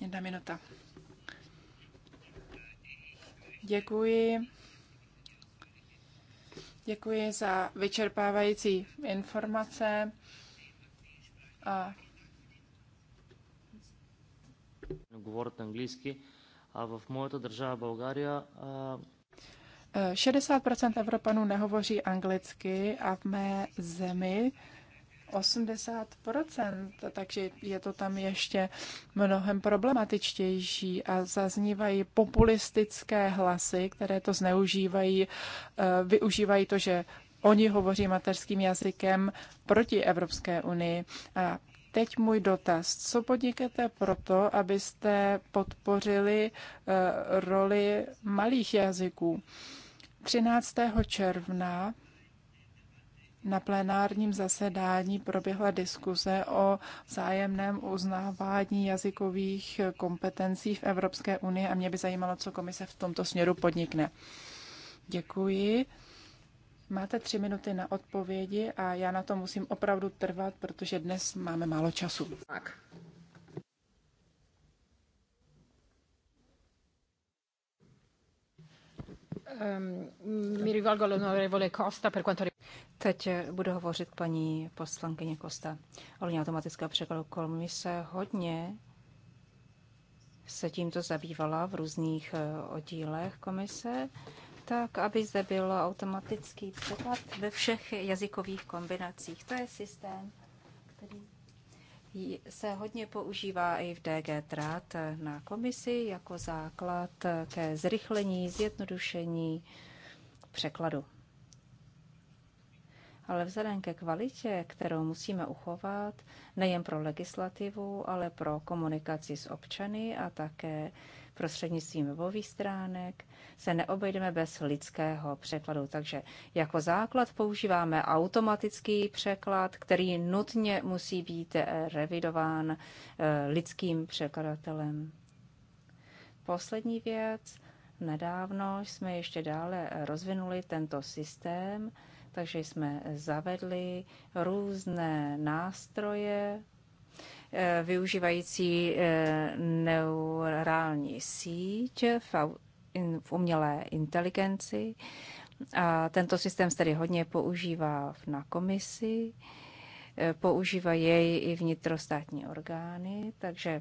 Jedna minuta. Děkuji. Děkuji za vyčerpávající informace. A... Говорят английски. А в моята държава България 60 Evropanů nehovoří anglicky a v mé zemi 80%, takže je to tam ještě mnohem problematičtější a zaznívají populistické hlasy, které to zneužívají, eh, využívají to, že oni hovoří mateřským jazykem proti Evropské unii. A teď můj dotaz. Co podnikete proto, abyste podpořili eh, roli malých jazyků? 13. června na plenárním zasedání proběhla diskuze o zájemném uznávání jazykových kompetencí v Evropské unii a mě by zajímalo, co komise v tomto směru podnikne. Děkuji. Máte tři minuty na odpovědi a já na to musím opravdu trvat, protože dnes máme málo času. Tak. Ehm, Teď eh, budu hovořit paní poslankyně Costa. Ohledně automatického překladu komise hodně se tímto zabývala v různých eh, oddílech komise, tak aby zde byl automatický překlad ve všech jazykových kombinacích. To je systém, který se hodně používá i v DG Trat na komisi jako základ ke zrychlení, zjednodušení překladu. Ale vzhledem ke kvalitě, kterou musíme uchovat, nejen pro legislativu, ale pro komunikaci s občany a také prostřednictvím webových stránek, se neobejdeme bez lidského překladu. Takže jako základ používáme automatický překlad, který nutně musí být eh, revidován eh, lidským překladatelem. Poslední věc. Nedávno jsme ještě dále rozvinuli tento systém, takže jsme zavedli různé nástroje Eh, využívající eh, neurální síť v umělé inteligenci. A tento systém se tedy hodně používá na komisi, eh, používají jej i vnitrostátní orgány, takže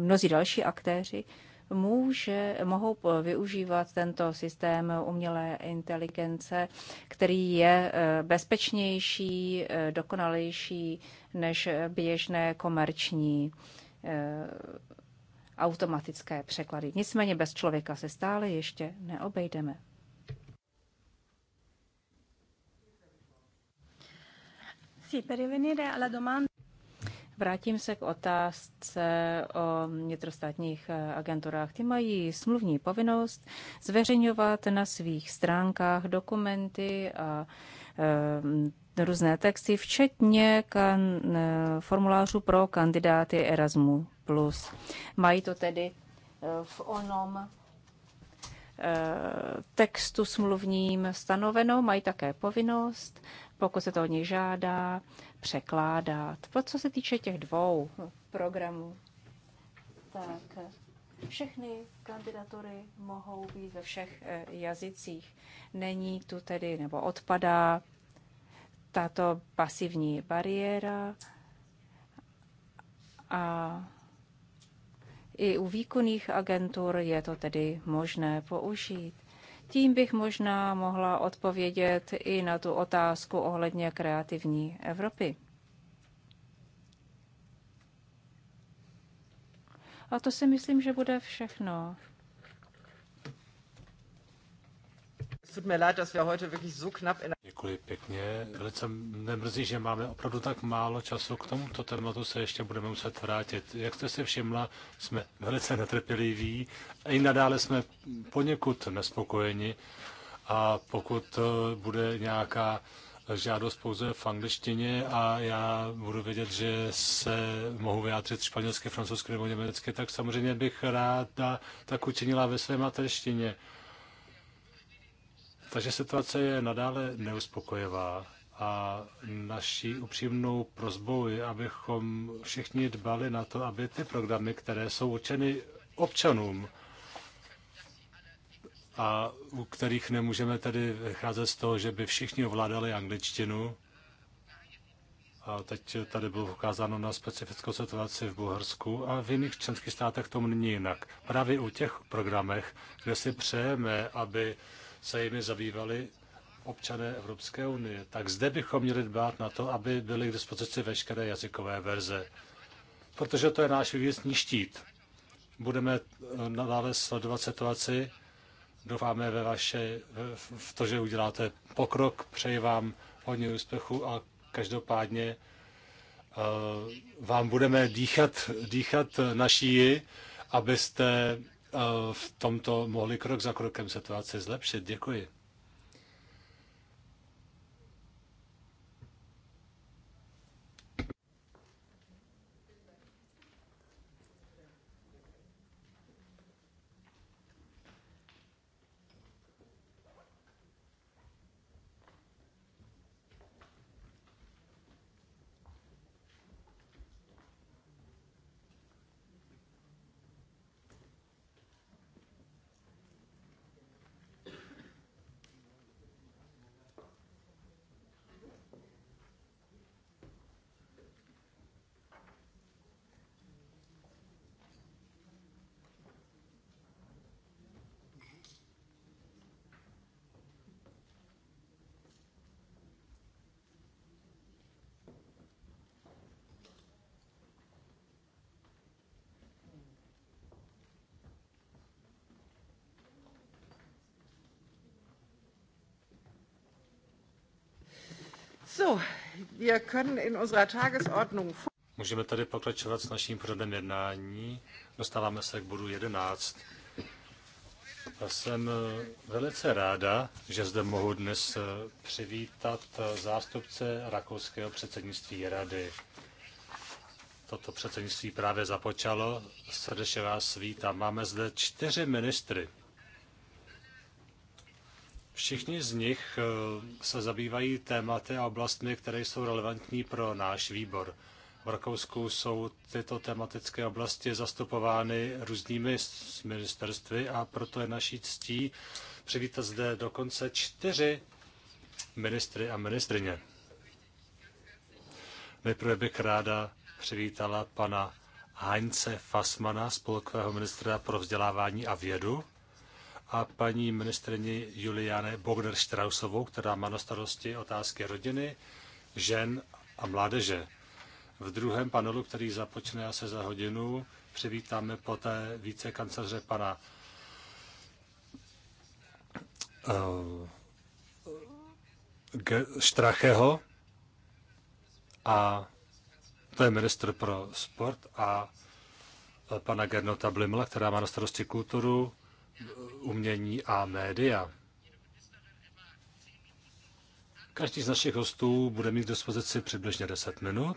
mnozí další aktéři může, mohou využívat tento systém umělé inteligence, který je eh, bezpečnější, eh, dokonalejší než běžné komerční eh, automatické překlady. Nicméně bez člověka se stále ještě neobejdeme. Sì, per rivenire alla domanda Vrátím se k otázce o vnitrostátních eh, agenturách. Ty mají smluvní povinnost zveřejňovat na svých stránkách dokumenty a eh, různé texty, včetně kan, eh, formulářů pro kandidáty Erasmu+. Mají to tedy v onom textu smluvním stanoveno, mají také povinnost, pokud se to od nich žádá, překládat. Po co se týče těch dvou programů, tak všechny kandidatury mohou být ve všech eh, jazycích. Není tu tedy, nebo odpadá tato pasivní bariéra a i u výkonných agentur je to tedy možné použít. Tím bych možná mohla odpovědět i na tu otázku ohledně kreativní Evropy. A to si myslím, že bude všechno. Děkuji pěkně. Velice mě mrzí, že máme opravdu tak málo času. K tomuto tématu se ještě budeme muset vrátit. Jak jste si všimla, jsme velice netrpěliví. I nadále jsme poněkud nespokojeni. A pokud eh, bude nějaká žádost pouze v angličtině a já budu vědět, že se mohu vyjádřit španělsky, francouzsky nebo německy, tak samozřejmě bych ráda tak učinila ve své mateřštině. Takže situace je nadále neuspokojivá a naší upřímnou prozbou je, abychom všichni dbali na to, aby ty programy, které jsou určeny občanům a u kterých nemůžeme tedy vycházet z toho, že by všichni ovládali angličtinu, a teď tady bylo ukázáno na specifickou situaci v Bulharsku a v jiných členských státech tomu není jinak. Právě u těch programech, kde si přejeme, aby se jimi zabývali občané Evropské unie. Tak zde bychom měli dbát na to, aby byly k dispozici veškeré jazykové verze. Protože to je náš vývěstní štít. Budeme eh, nadále sledovat situaci. Doufáme ve vaše, v to, že uděláte pokrok. Přeji vám hodně úspěchu a každopádně eh, vám budeme dýchat, dýchat naší, abyste Eh, v tomto mohli krok za krokem situaci zlepšit. Děkuji. Můžeme tady pokračovat s naším pořadem jednání. Dostáváme se k bodu 11. A jsem eh, velice ráda, že zde mohu dnes eh, přivítat eh, zástupce rakouského předsednictví rady. Toto předsednictví právě započalo. Srdečně vás vítám. Máme zde čtyři ministry. Všichni z nich eh, se zabývají tématy a oblastmi, které jsou relevantní pro náš výbor. V Rakousku jsou tyto tematické oblasti zastupovány různými ministerstvy a proto je naší ctí přivítat zde dokonce čtyři ministry a ministrině. Nejprve bych ráda přivítala pana Heinze Fasmana, spolkového ministra pro vzdělávání a vědu a paní ministrině Juliane Bogner Strausovou, která má na starosti otázky rodiny, žen a mládeže. V druhém panelu, který započne asi za hodinu, přivítáme poté vícekanceře pana uh, Štracheho a to je ministr pro sport a eh, pana Gernota Blimla, která má na starosti kulturu, umění a média. Každý z našich hostů bude mít k dispozici přibližně 10 minut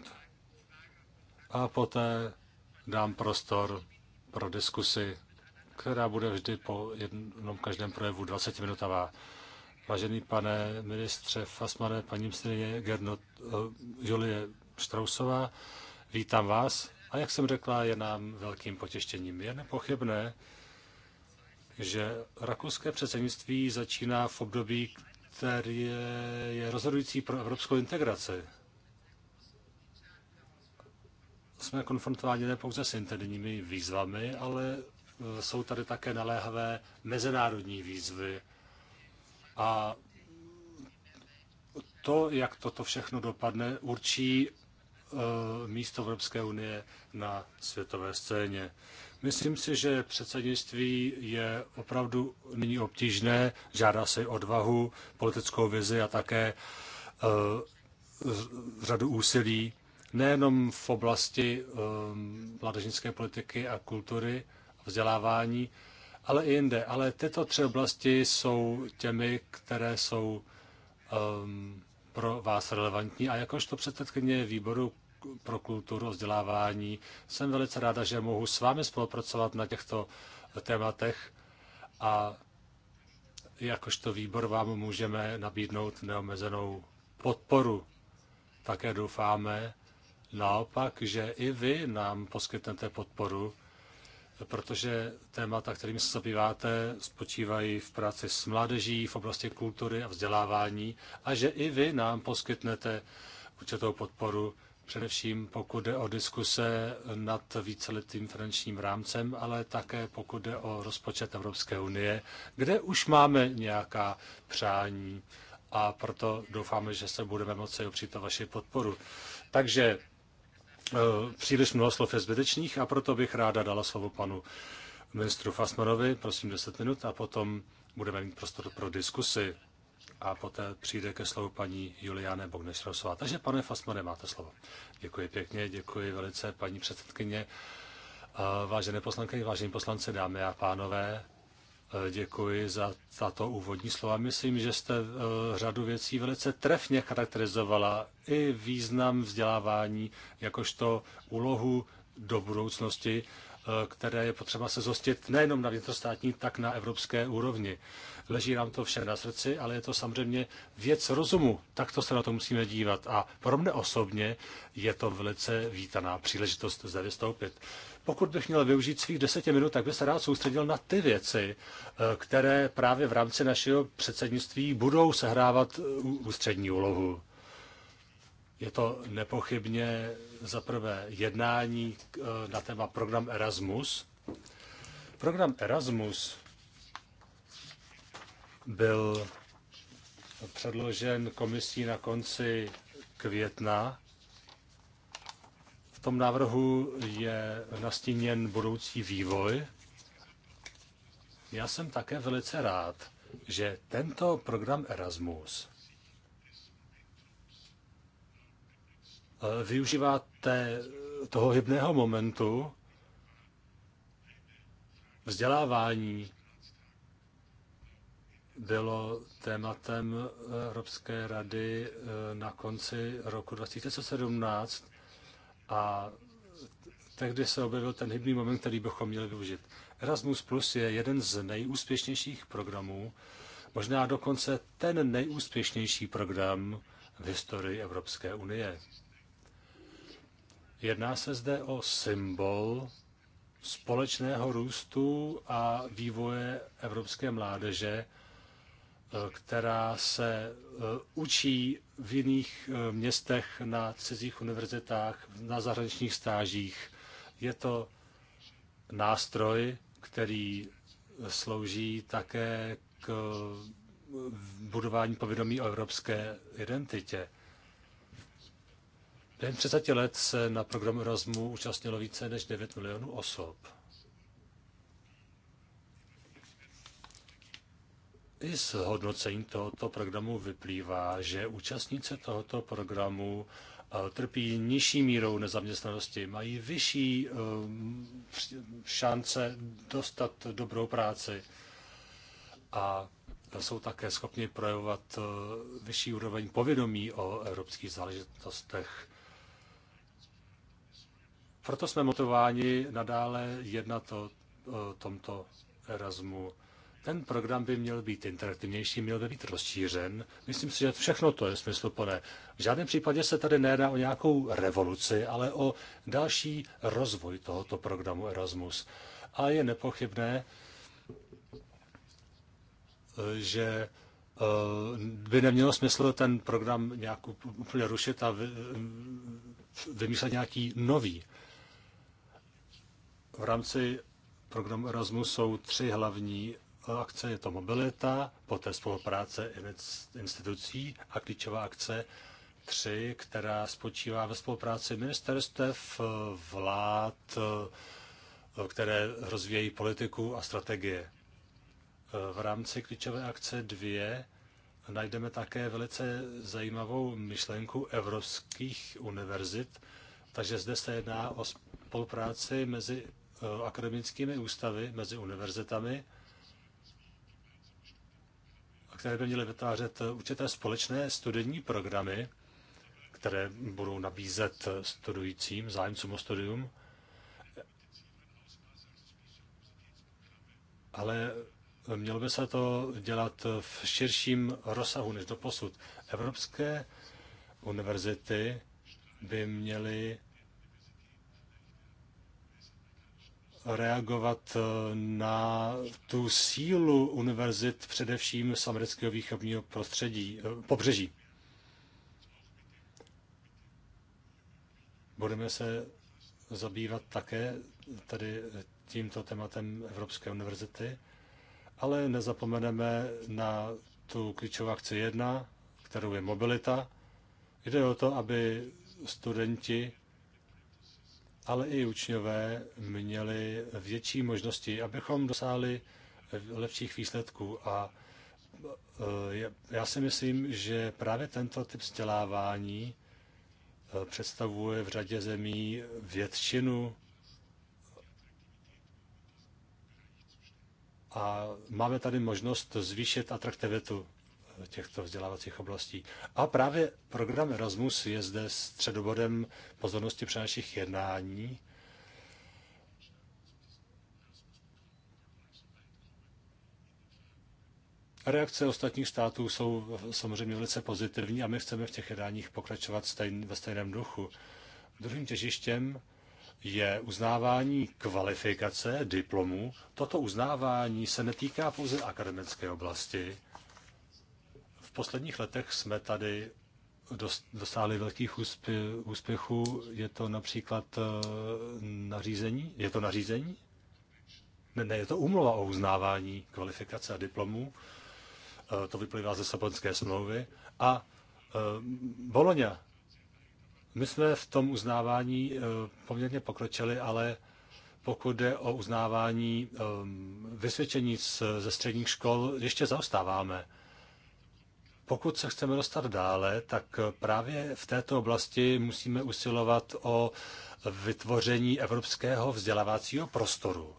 a poté dám prostor pro diskusi, která bude vždy po jednom každém projevu 20-minutová. Vážený pane ministře Fasmane, paní ministrině Gernot, eh, Julie Štrausová, vítám vás a jak jsem řekla, je nám velkým potěštěním. Je nepochybné, že rakouské předsednictví začíná v období, které je rozhodující pro evropskou integraci. Jsme konfrontováni ne pouze s interními výzvami, ale e, jsou tady také naléhavé mezinárodní výzvy. A to, jak toto všechno dopadne, určí e, místo Evropské unie na světové scéně. Myslím si, že předsednictví je opravdu nyní obtížné, žádá se odvahu, politickou vizi a také uh, řadu úsilí, nejenom v oblasti uh, mládežnické politiky a kultury, vzdělávání, ale i jinde. Ale tyto tři oblasti jsou těmi, které jsou um, pro vás relevantní. A jakožto předsedkyně výboru pro kulturu a vzdělávání. Jsem velice ráda, že mohu s vámi spolupracovat na těchto tématech a jakožto výbor vám můžeme nabídnout neomezenou podporu. Také doufáme naopak, že i vy nám poskytnete podporu, protože témata, kterými se zabýváte, spočívají v práci s mládeží, v oblasti kultury a vzdělávání a že i vy nám poskytnete určitou podporu Především pokud jde o diskuse nad víceletým finančním rámcem, ale také pokud jde o rozpočet Evropské unie, kde už máme nějaká přání a proto doufáme, že se budeme moci opřít o vaši podporu. Takže eh, příliš mnoho slov je zbytečných a proto bych ráda dala slovo panu ministru Fasmanovi, prosím 10 minut a potom budeme mít prostor pro diskusi a poté přijde ke slovu paní Juliane Bognešrosová. Takže pane Fasmane, máte slovo. Děkuji pěkně, děkuji velice paní předsedkyně. Vážené poslankyně, vážení poslanci, dámy a pánové, e, děkuji za tato úvodní slova. Myslím, že jste e, řadu věcí velice trefně charakterizovala i význam vzdělávání jakožto úlohu do budoucnosti, e, které je potřeba se zostit nejenom na vnitrostátní, tak na evropské úrovni. Leží nám to všem na srdci, ale je to samozřejmě věc rozumu. Takto se na to musíme dívat. A pro mne osobně je to velice vítaná příležitost zde vystoupit. Pokud bych měl využít svých deseti minut, tak bych se rád soustředil na ty věci, eh, které právě v rámci našeho předsednictví budou sehrávat eh, ústřední úlohu. Je to nepochybně za prvé jednání eh, na téma program Erasmus. Program Erasmus byl předložen komisí na konci května. V tom návrhu je nastíněn budoucí vývoj. Já jsem také velice rád, že tento program Erasmus eh, využívá té, toho hybného momentu vzdělávání bylo tématem eh, Evropské rady eh, na konci roku 2017 a tehdy se objevil ten hybný moment, který bychom měli využít. Erasmus Plus je jeden z nejúspěšnějších programů, možná dokonce ten nejúspěšnější program v historii Evropské unie. Jedná se zde o symbol společného růstu a vývoje evropské mládeže, Eh, která se eh, učí v jiných eh, městech na cizích univerzitách, na zahraničních stážích. Je to nástroj, který slouží také k budování povědomí o evropské identitě. Během 30 let se na programu Erasmu účastnilo více než 9 milionů osob. I z hodnocení tohoto programu vyplývá, že účastníci tohoto programu eh, trpí nižší mírou nezaměstnanosti, mají vyšší eh, šance dostat dobrou práci a jsou také schopni projevovat eh, vyšší úroveň povědomí o evropských záležitostech. Proto jsme motiváni nadále jednat o tomto Erasmu. Ten program by měl být interaktivnější, měl by být rozšířen. Myslím si, že všechno to je smysluplné. V žádném případě se tady nejedná o nějakou revoluci, ale o další rozvoj tohoto programu Erasmus. A je nepochybné, že eh, by nemělo smysl ten program nějak úplně rušit a vymýšlet nějaký nový. V rámci programu Erasmus jsou tři hlavní akce je to mobilita, poté spolupráce institucí a klíčová akce tři, která spočívá ve spolupráci ministerstev, vlád, eh, které rozvíjejí politiku a strategie. Eh, v rámci klíčové akce dvě najdeme také velice zajímavou myšlenku evropských univerzit, takže zde se jedná o spolupráci mezi eh, akademickými ústavy, mezi univerzitami, které by měly vytvářet eh, určité společné studijní programy, které budou nabízet studujícím, zájemcům o studium, ale mělo by se to dělat v širším rozsahu než doposud. Evropské univerzity by měly reagovat eh, na tu sílu univerzit především z amerického východního prostředí, eh, pobřeží. Budeme se zabývat také tady tímto tématem Evropské univerzity, ale nezapomeneme na tu klíčovou akci 1, kterou je mobilita. Jde o to, aby studenti ale i učňové měli větší možnosti, abychom dosáhli lepších výsledků. A eh, já si myslím, že právě tento typ vzdělávání eh, představuje v řadě zemí většinu a máme tady možnost zvýšit atraktivitu těchto vzdělávacích oblastí. A právě program Erasmus je zde středobodem pozornosti při našich jednání. Reakce ostatních států jsou samozřejmě velice pozitivní a my chceme v těch jednáních pokračovat stejn, ve stejném duchu. Druhým těžištěm je uznávání kvalifikace, diplomů. Toto uznávání se netýká pouze akademické oblasti, v posledních letech jsme tady dosáhli velkých úspěchů. Je to například eh, nařízení? Je to nařízení? Ne, ne, je to umlova o uznávání kvalifikace a diplomů. Eh, to vyplývá ze Sabonské smlouvy. A eh, Boloňa. My jsme v tom uznávání poměrně pokročili, ale pokud jde o uznávání ehm, vysvědčení ze středních škol, ještě zaostáváme. Pokud se chceme dostat dále, tak právě v této oblasti musíme usilovat o vytvoření evropského vzdělávacího prostoru.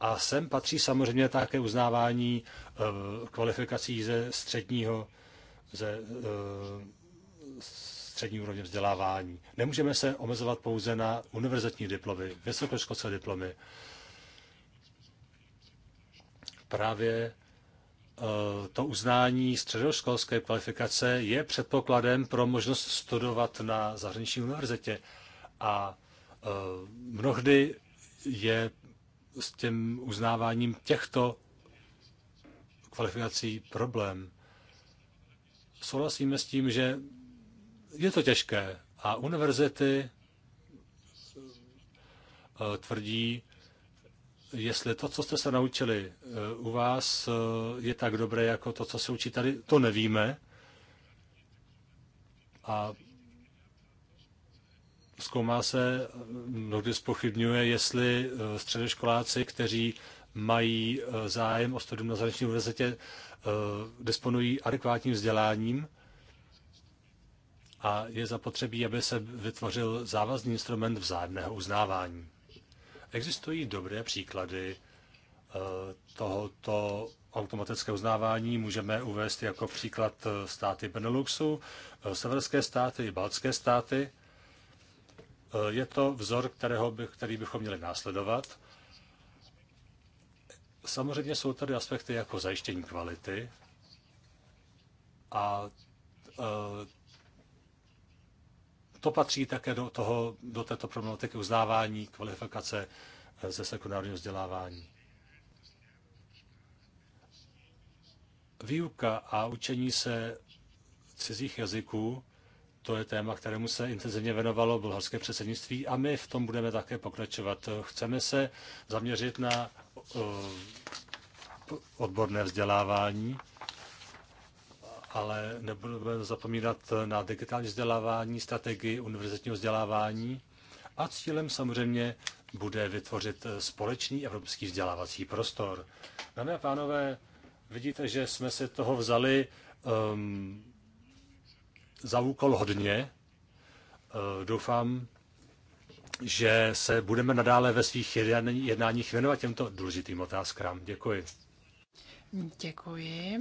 A sem patří samozřejmě také uznávání e, kvalifikací ze středního, ze e, střední úrovně vzdělávání. Nemůžeme se omezovat pouze na univerzitní diplomy, vysokoškolské diplomy. Právě Eh, to uznání středoškolské kvalifikace je předpokladem pro možnost studovat na zahraniční univerzitě. A eh, mnohdy je s tím uznáváním těchto kvalifikací problém. Souhlasíme s tím, že je to těžké a univerzity eh, tvrdí, jestli to, co jste se naučili eh, u vás, eh, je tak dobré jako to, co se učí tady, to nevíme. A zkoumá se, mnohdy spochybňuje, jestli eh, středoškoláci, kteří mají zájem o studium na zahraniční univerzitě, disponují adekvátním vzděláním a je zapotřebí, aby se vytvořil závazný instrument vzájemného uznávání. Existují dobré příklady eh, tohoto automatického uznávání. Můžeme uvést jako příklad eh, státy Beneluxu, eh, severské státy, baltské státy. Je to vzor, kterého by, který bychom měli následovat. Samozřejmě jsou tady aspekty jako zajištění kvality a to patří také do, toho, do této problematiky uznávání kvalifikace eh, ze sekundárního vzdělávání. Výuka a učení se cizích jazyků, to je téma, kterému se intenzivně věnovalo bulharské předsednictví a my v tom budeme také pokračovat. Chceme se zaměřit na eh, odborné vzdělávání ale nebudeme zapomínat na digitální vzdělávání, strategii univerzitního vzdělávání a cílem samozřejmě bude vytvořit společný evropský vzdělávací prostor. Dámy a pánové, vidíte, že jsme se toho vzali um, za úkol hodně. Uh, doufám, že se budeme nadále ve svých jednáních věnovat těmto důležitým otázkám. Děkuji. Děkuji.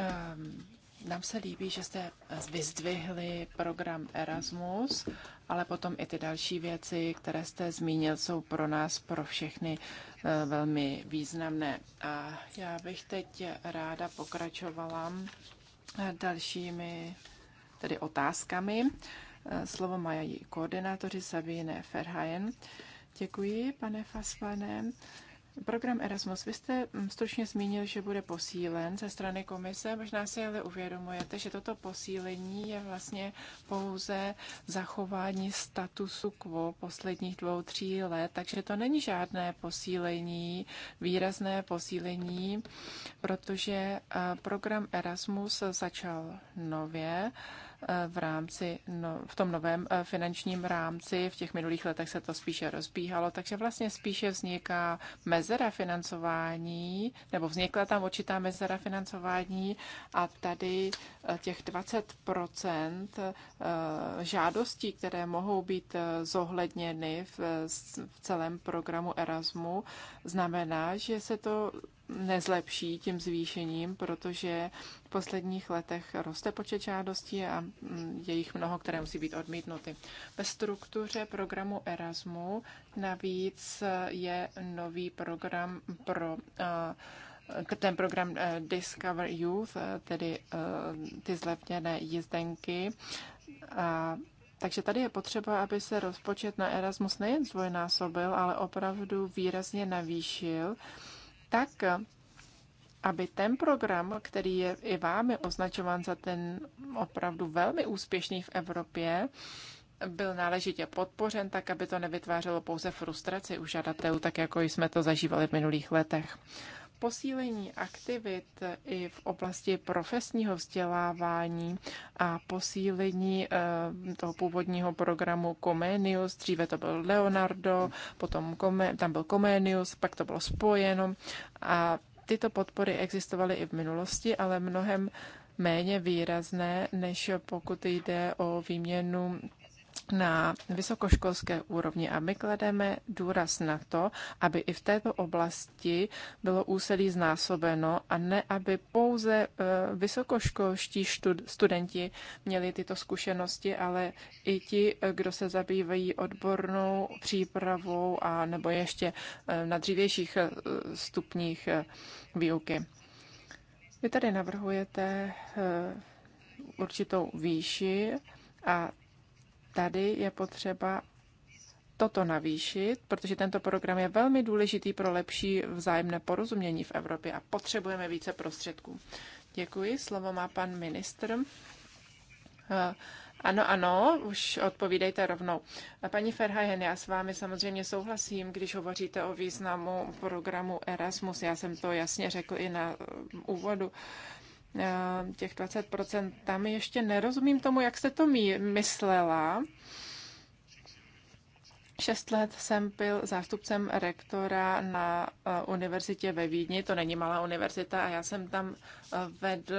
Um, nám se líbí, že jste vyzdvihli program Erasmus, ale potom i ty další věci, které jste zmínil, jsou pro nás, pro všechny eh, velmi významné. A já bych teď ráda pokračovala eh, dalšími tedy otázkami. Eh, slovo mají koordinátoři Sabine Ferhajen. Děkuji, pane Fasvanem. Program Erasmus, vy jste mm, stručně zmínil, že bude posílen ze strany komise. Možná si ale uvědomujete, že toto posílení je vlastně pouze zachování statusu quo posledních dvou, tří let, takže to není žádné posílení, výrazné posílení, protože eh, program Erasmus začal nově v rámci, no, v tom novém eh, finančním rámci, v těch minulých letech se to spíše rozbíhalo, takže vlastně spíše vzniká mezera financování, nebo vznikla tam určitá mezera financování a tady eh, těch 20% eh, žádostí, které mohou být zohledněny v, v celém programu Erasmu, znamená, že se to nezlepší tím zvýšením, protože v posledních letech roste počet žádostí a mm, je jich mnoho, které musí být odmítnuty. Ve struktuře programu Erasmu navíc je nový program pro ten program e, Discover Youth, e, tedy e, ty zlevněné jízdenky. A takže tady je potřeba, aby se rozpočet na Erasmus nejen zdvojnásobil, ale opravdu výrazně navýšil tak, aby ten program, který je i vámi označován za ten opravdu velmi úspěšný v Evropě, byl náležitě podpořen, tak aby to nevytvářelo pouze frustraci u žadatelů, tak jako jsme to zažívali v minulých letech. Posílení aktivit i v oblasti profesního vzdělávání a posílení eh, toho původního programu Comenius, dříve to byl Leonardo, potom tam byl Comenius, pak to bylo spojeno a tyto podpory existovaly i v minulosti, ale mnohem méně výrazné, než pokud jde o výměnu na vysokoškolské úrovni a my klademe důraz na to, aby i v této oblasti bylo úsilí znásobeno a ne, aby pouze eh, vysokoškolští studenti měli tyto zkušenosti, ale i ti, eh, kdo se zabývají odbornou přípravou a nebo ještě eh, na dřívějších stupních výuky. Vy tady navrhujete určitou výši a tady je potřeba toto navýšit, protože tento program je velmi důležitý pro lepší vzájemné porozumění v Evropě a potřebujeme více prostředků. Děkuji, slovo má pan ministr. Eh, ano, ano, už odpovídejte rovnou. Paní Ferhajen, já s vámi samozřejmě souhlasím, když hovoříte o významu programu Erasmus. Já jsem to jasně řekl i na úvodu. Eh, těch 20%, tam ještě nerozumím tomu, jak jste to myslela. Šest let jsem byl zástupcem rektora na eh, univerzitě ve Vídni, to není malá univerzita, a já jsem tam eh, vedl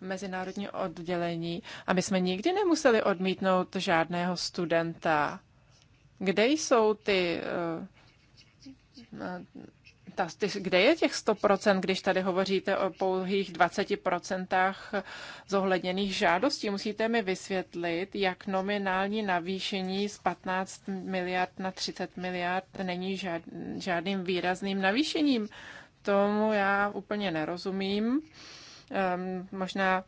mezinárodní oddělení a my jsme nikdy nemuseli odmítnout žádného studenta. Kde jsou ty ta, ty, kde je těch 100%, když tady hovoříte o pouhých 20% zohledněných žádostí? Musíte mi vysvětlit, jak nominální navýšení z 15 miliard na 30 miliard není žád, žádným výrazným navýšením. Tomu já úplně nerozumím. Um, možná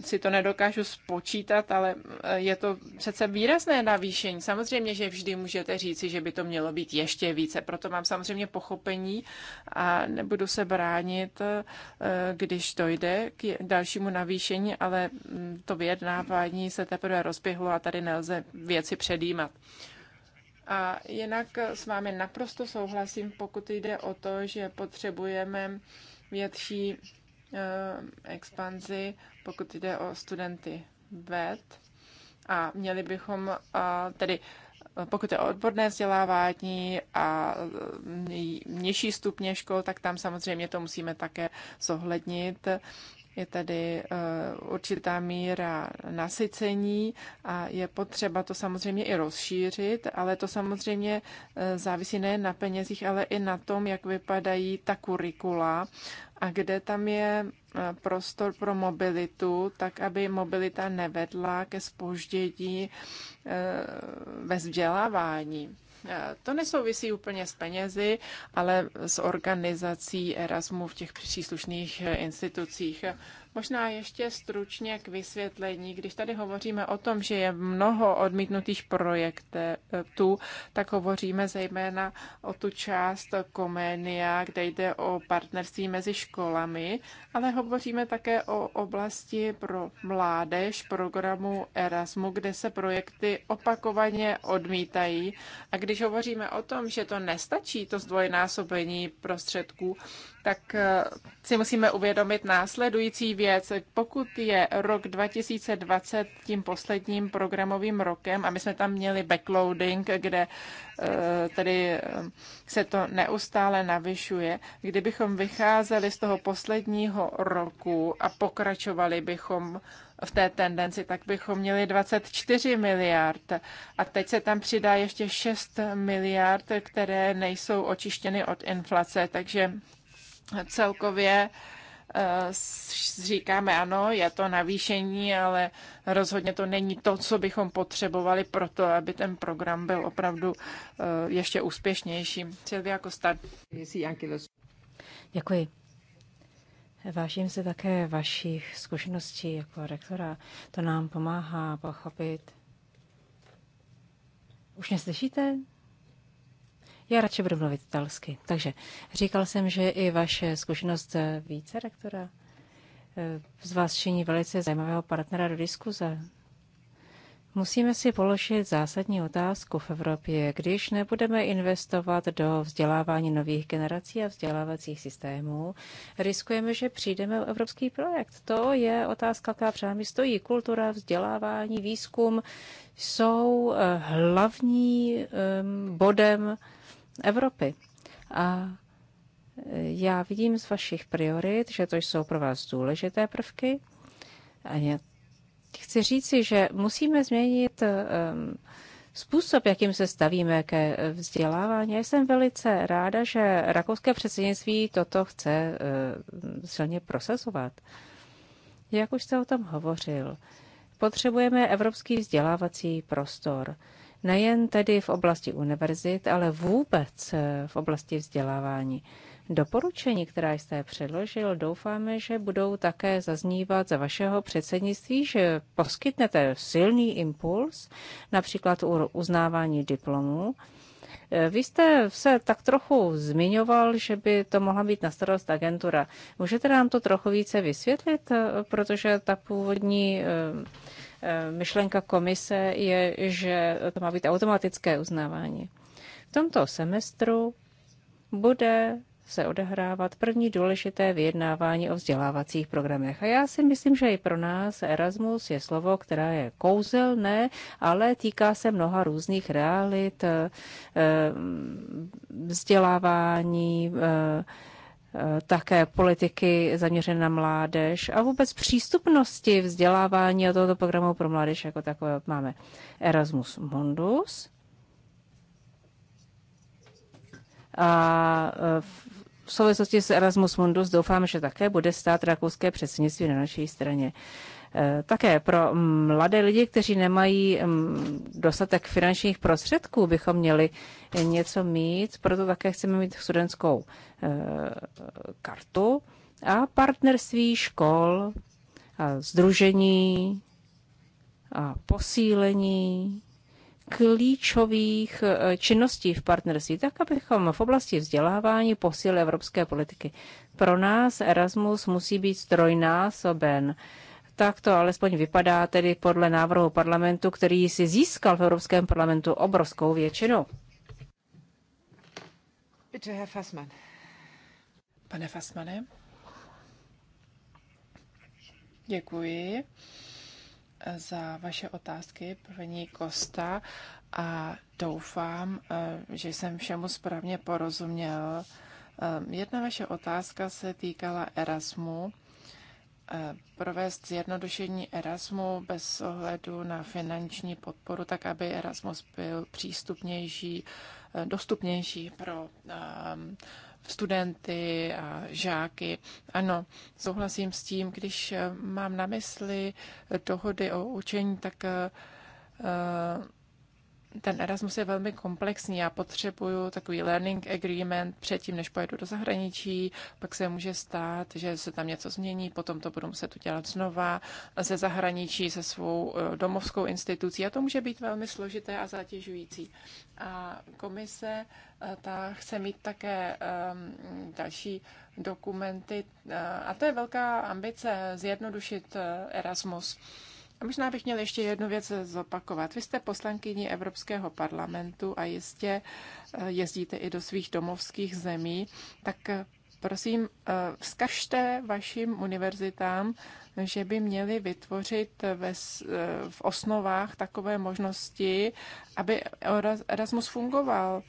si to nedokážu spočítat, ale eh, je to přece výrazné navýšení. Samozřejmě, že vždy můžete říci, že by to mělo být ještě více, proto mám samozřejmě pochopení a nebudu se bránit, eh, když dojde k dalšímu navýšení, ale mm, to vyjednávání se teprve rozběhlo a tady nelze věci předjímat. A jinak eh, s vámi naprosto souhlasím, pokud jde o to, že potřebujeme větší Eh, expanzi, pokud jde o studenty ved. A měli bychom tedy eh, pokud je o odborné vzdělávání a eh, nižší stupně škol, tak tam samozřejmě to musíme také zohlednit je tady eh, určitá míra nasycení a je potřeba to samozřejmě i rozšířit, ale to samozřejmě eh, závisí nejen na penězích, ale i na tom, jak vypadají ta kurikula a kde tam je eh, prostor pro mobilitu, tak aby mobilita nevedla ke spoždění ve vzdělávání. Eh, to nesouvisí úplně s penězi, ale s organizací Erasmu v těch příslušných eh, institucích. Možná ještě stručně k vysvětlení. Když tady hovoříme o tom, že je mnoho odmítnutých projektů, tak hovoříme zejména o tu část Koménia, kde jde o partnerství mezi školami, ale hovoříme také o oblasti pro mládež programu Erasmu, kde se projekty opakovaně odmítají. A když hovoříme o tom, že to nestačí, to zdvojnásobení prostředků, tak eh, si musíme uvědomit následující věc. Pokud je rok 2020 tím posledním programovým rokem a my jsme tam měli backloading, kde eh, tedy eh, se to neustále navyšuje, kdybychom vycházeli z toho posledního roku a pokračovali bychom v té tendenci, tak bychom měli 24 miliard. A teď se tam přidá ještě 6 miliard, které nejsou očištěny od inflace. Takže celkově eh, říkáme ano, je to navýšení, ale rozhodně to není to, co bychom potřebovali pro to, aby ten program byl opravdu eh, ještě úspěšnější. Silvia start. Děkuji. Vážím se také vašich zkušeností jako rektora. To nám pomáhá pochopit. Už mě slyšíte? Já radši budu mluvit italsky. Takže říkal jsem, že i vaše zkušenost eh, více rektora eh, z vás činí velice zajímavého partnera do diskuze. Musíme si položit zásadní otázku v Evropě, když nebudeme investovat do vzdělávání nových generací a vzdělávacích systémů, riskujeme, že přijdeme o evropský projekt. To je otázka, která před námi stojí. Kultura, vzdělávání, výzkum jsou eh, hlavní bodem Evropy. A e, já vidím z vašich priorit, že to jsou pro vás důležité prvky. A já chci říci, že musíme změnit e, e, způsob, jakým se stavíme ke vzdělávání. Já jsem velice ráda, že rakouské předsednictví toto chce silně prosazovat. Jak už jste o tom hovořil, potřebujeme evropský vzdělávací prostor nejen tedy v oblasti univerzit, ale vůbec eh, v oblasti vzdělávání. Doporučení, která jste předložil, doufáme, že budou také zaznívat za vašeho předsednictví, že poskytnete silný impuls, například u uznávání diplomů. Eh, vy jste se tak trochu zmiňoval, že by to mohla být na starost agentura. Můžete nám to trochu více vysvětlit, eh, protože ta původní Eh, myšlenka komise je, že to má být automatické uznávání. V tomto semestru bude se odehrávat první důležité vyjednávání o vzdělávacích programech. A já si myslím, že i pro nás Erasmus je slovo, které je kouzelné, ale týká se mnoha různých realit, eh, vzdělávání, eh, Eh, také politiky zaměřené na mládež a vůbec přístupnosti vzdělávání a tohoto programu pro mládež jako takové máme Erasmus Mundus. A eh, v souvislosti s Erasmus Mundus doufám, že také bude stát rakouské předsednictví na naší straně. Eh, také pro mladé lidi, kteří nemají mm, dostatek finančních prostředků, bychom měli něco mít, proto také chceme mít studentskou eh, kartu a partnerství škol, a združení a posílení klíčových eh, činností v partnerství, tak abychom v oblasti vzdělávání posílili evropské politiky. Pro nás Erasmus musí být strojnásoben tak to alespoň vypadá tedy podle návrhu parlamentu, který si získal v Evropském parlamentu obrovskou většinu. Bitte, Herr Fassmann. Pane Fassmane. Děkuji za vaše otázky, první Kosta, a doufám, eh, že jsem všemu správně porozuměl. Eh, jedna vaše otázka se týkala Erasmu Eh, provést zjednodušení Erasmu bez ohledu na finanční podporu, tak aby Erasmus byl přístupnější, eh, dostupnější pro eh, studenty a žáky. Ano, souhlasím s tím, když mám na mysli dohody o učení, tak ten Erasmus je velmi komplexní. Já potřebuju takový learning agreement předtím, než pojedu do zahraničí, pak se může stát, že se tam něco změní, potom to budu muset udělat znova ze zahraničí, se svou eh, domovskou institucí a to může být velmi složité a zatěžující. A komise eh, ta chce mít také ehm, další dokumenty eh, a to je velká ambice zjednodušit Erasmus. A možná bych měl ještě jednu věc zopakovat. Vy jste poslankyní Evropského parlamentu a jistě eh, jezdíte i do svých domovských zemí, tak eh, prosím, eh, vzkažte vašim univerzitám, že by měli vytvořit ve, v osnovách takové možnosti, aby Erasmus fungoval.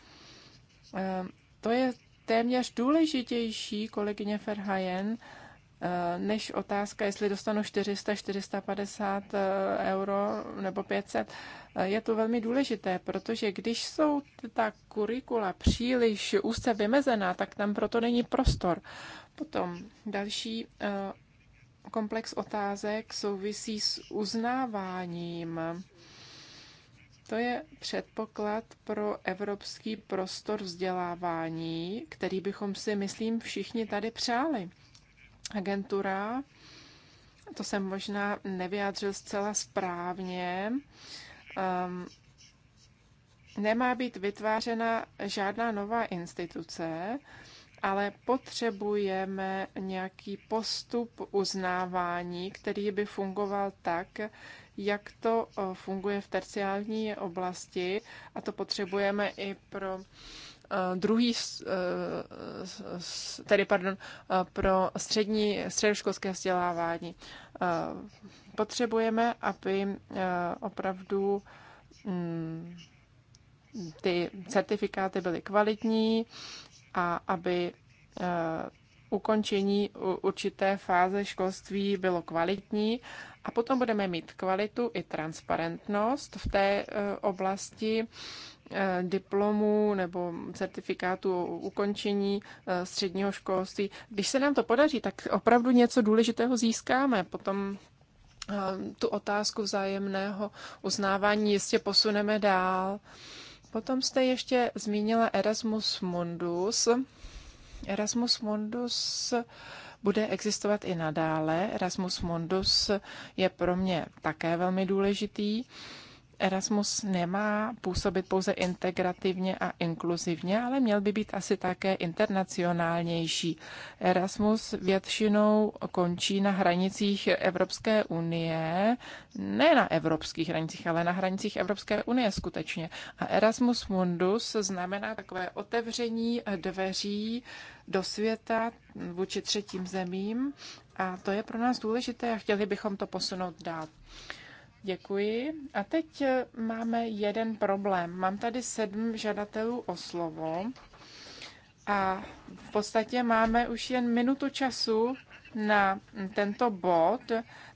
To je téměř důležitější, kolegyně Ferhajen, Eh, než otázka, jestli dostanu 400, 450 eh, euro nebo 500. Eh, je to velmi důležité, protože když jsou ta kurikula příliš úzce vymezená, tak tam proto není prostor. Potom další komplex otázek souvisí s uznáváním. To je předpoklad pro evropský prostor vzdělávání, který bychom si, myslím, všichni tady přáli agentura. To jsem možná nevyjádřil zcela správně. Um, nemá být vytvářena žádná nová instituce, ale potřebujeme nějaký postup uznávání, který by fungoval tak, jak to uh, funguje v terciální oblasti a to potřebujeme i pro Eh, druhý, eh, tedy pardon, eh, pro střední, středoškolské vzdělávání. Potřebujeme, aby opravdu mm, ty certifikáty byly kvalitní a aby ukončení určité fáze školství bylo kvalitní a potom budeme mít kvalitu i transparentnost v té oblasti Eh, diplomu nebo certifikátu o ukončení eh, středního školství. Když se nám to podaří, tak opravdu něco důležitého získáme. Potom eh, tu otázku vzájemného uznávání jistě posuneme dál. Potom jste ještě zmínila Erasmus Mundus. Erasmus Mundus bude existovat i nadále. Erasmus Mundus je pro mě také velmi důležitý. Erasmus nemá působit pouze integrativně a inkluzivně, ale měl by být asi také internacionálnější. Erasmus většinou končí na hranicích Evropské unie, ne na evropských hranicích, ale na hranicích Evropské unie skutečně. A Erasmus Mundus znamená takové otevření dveří do světa vůči třetím zemím a to je pro nás důležité a chtěli bychom to posunout dál. Děkuji. A teď eh, máme jeden problém. Mám tady sedm žadatelů o slovo a v podstatě máme už jen minutu času na tento bod,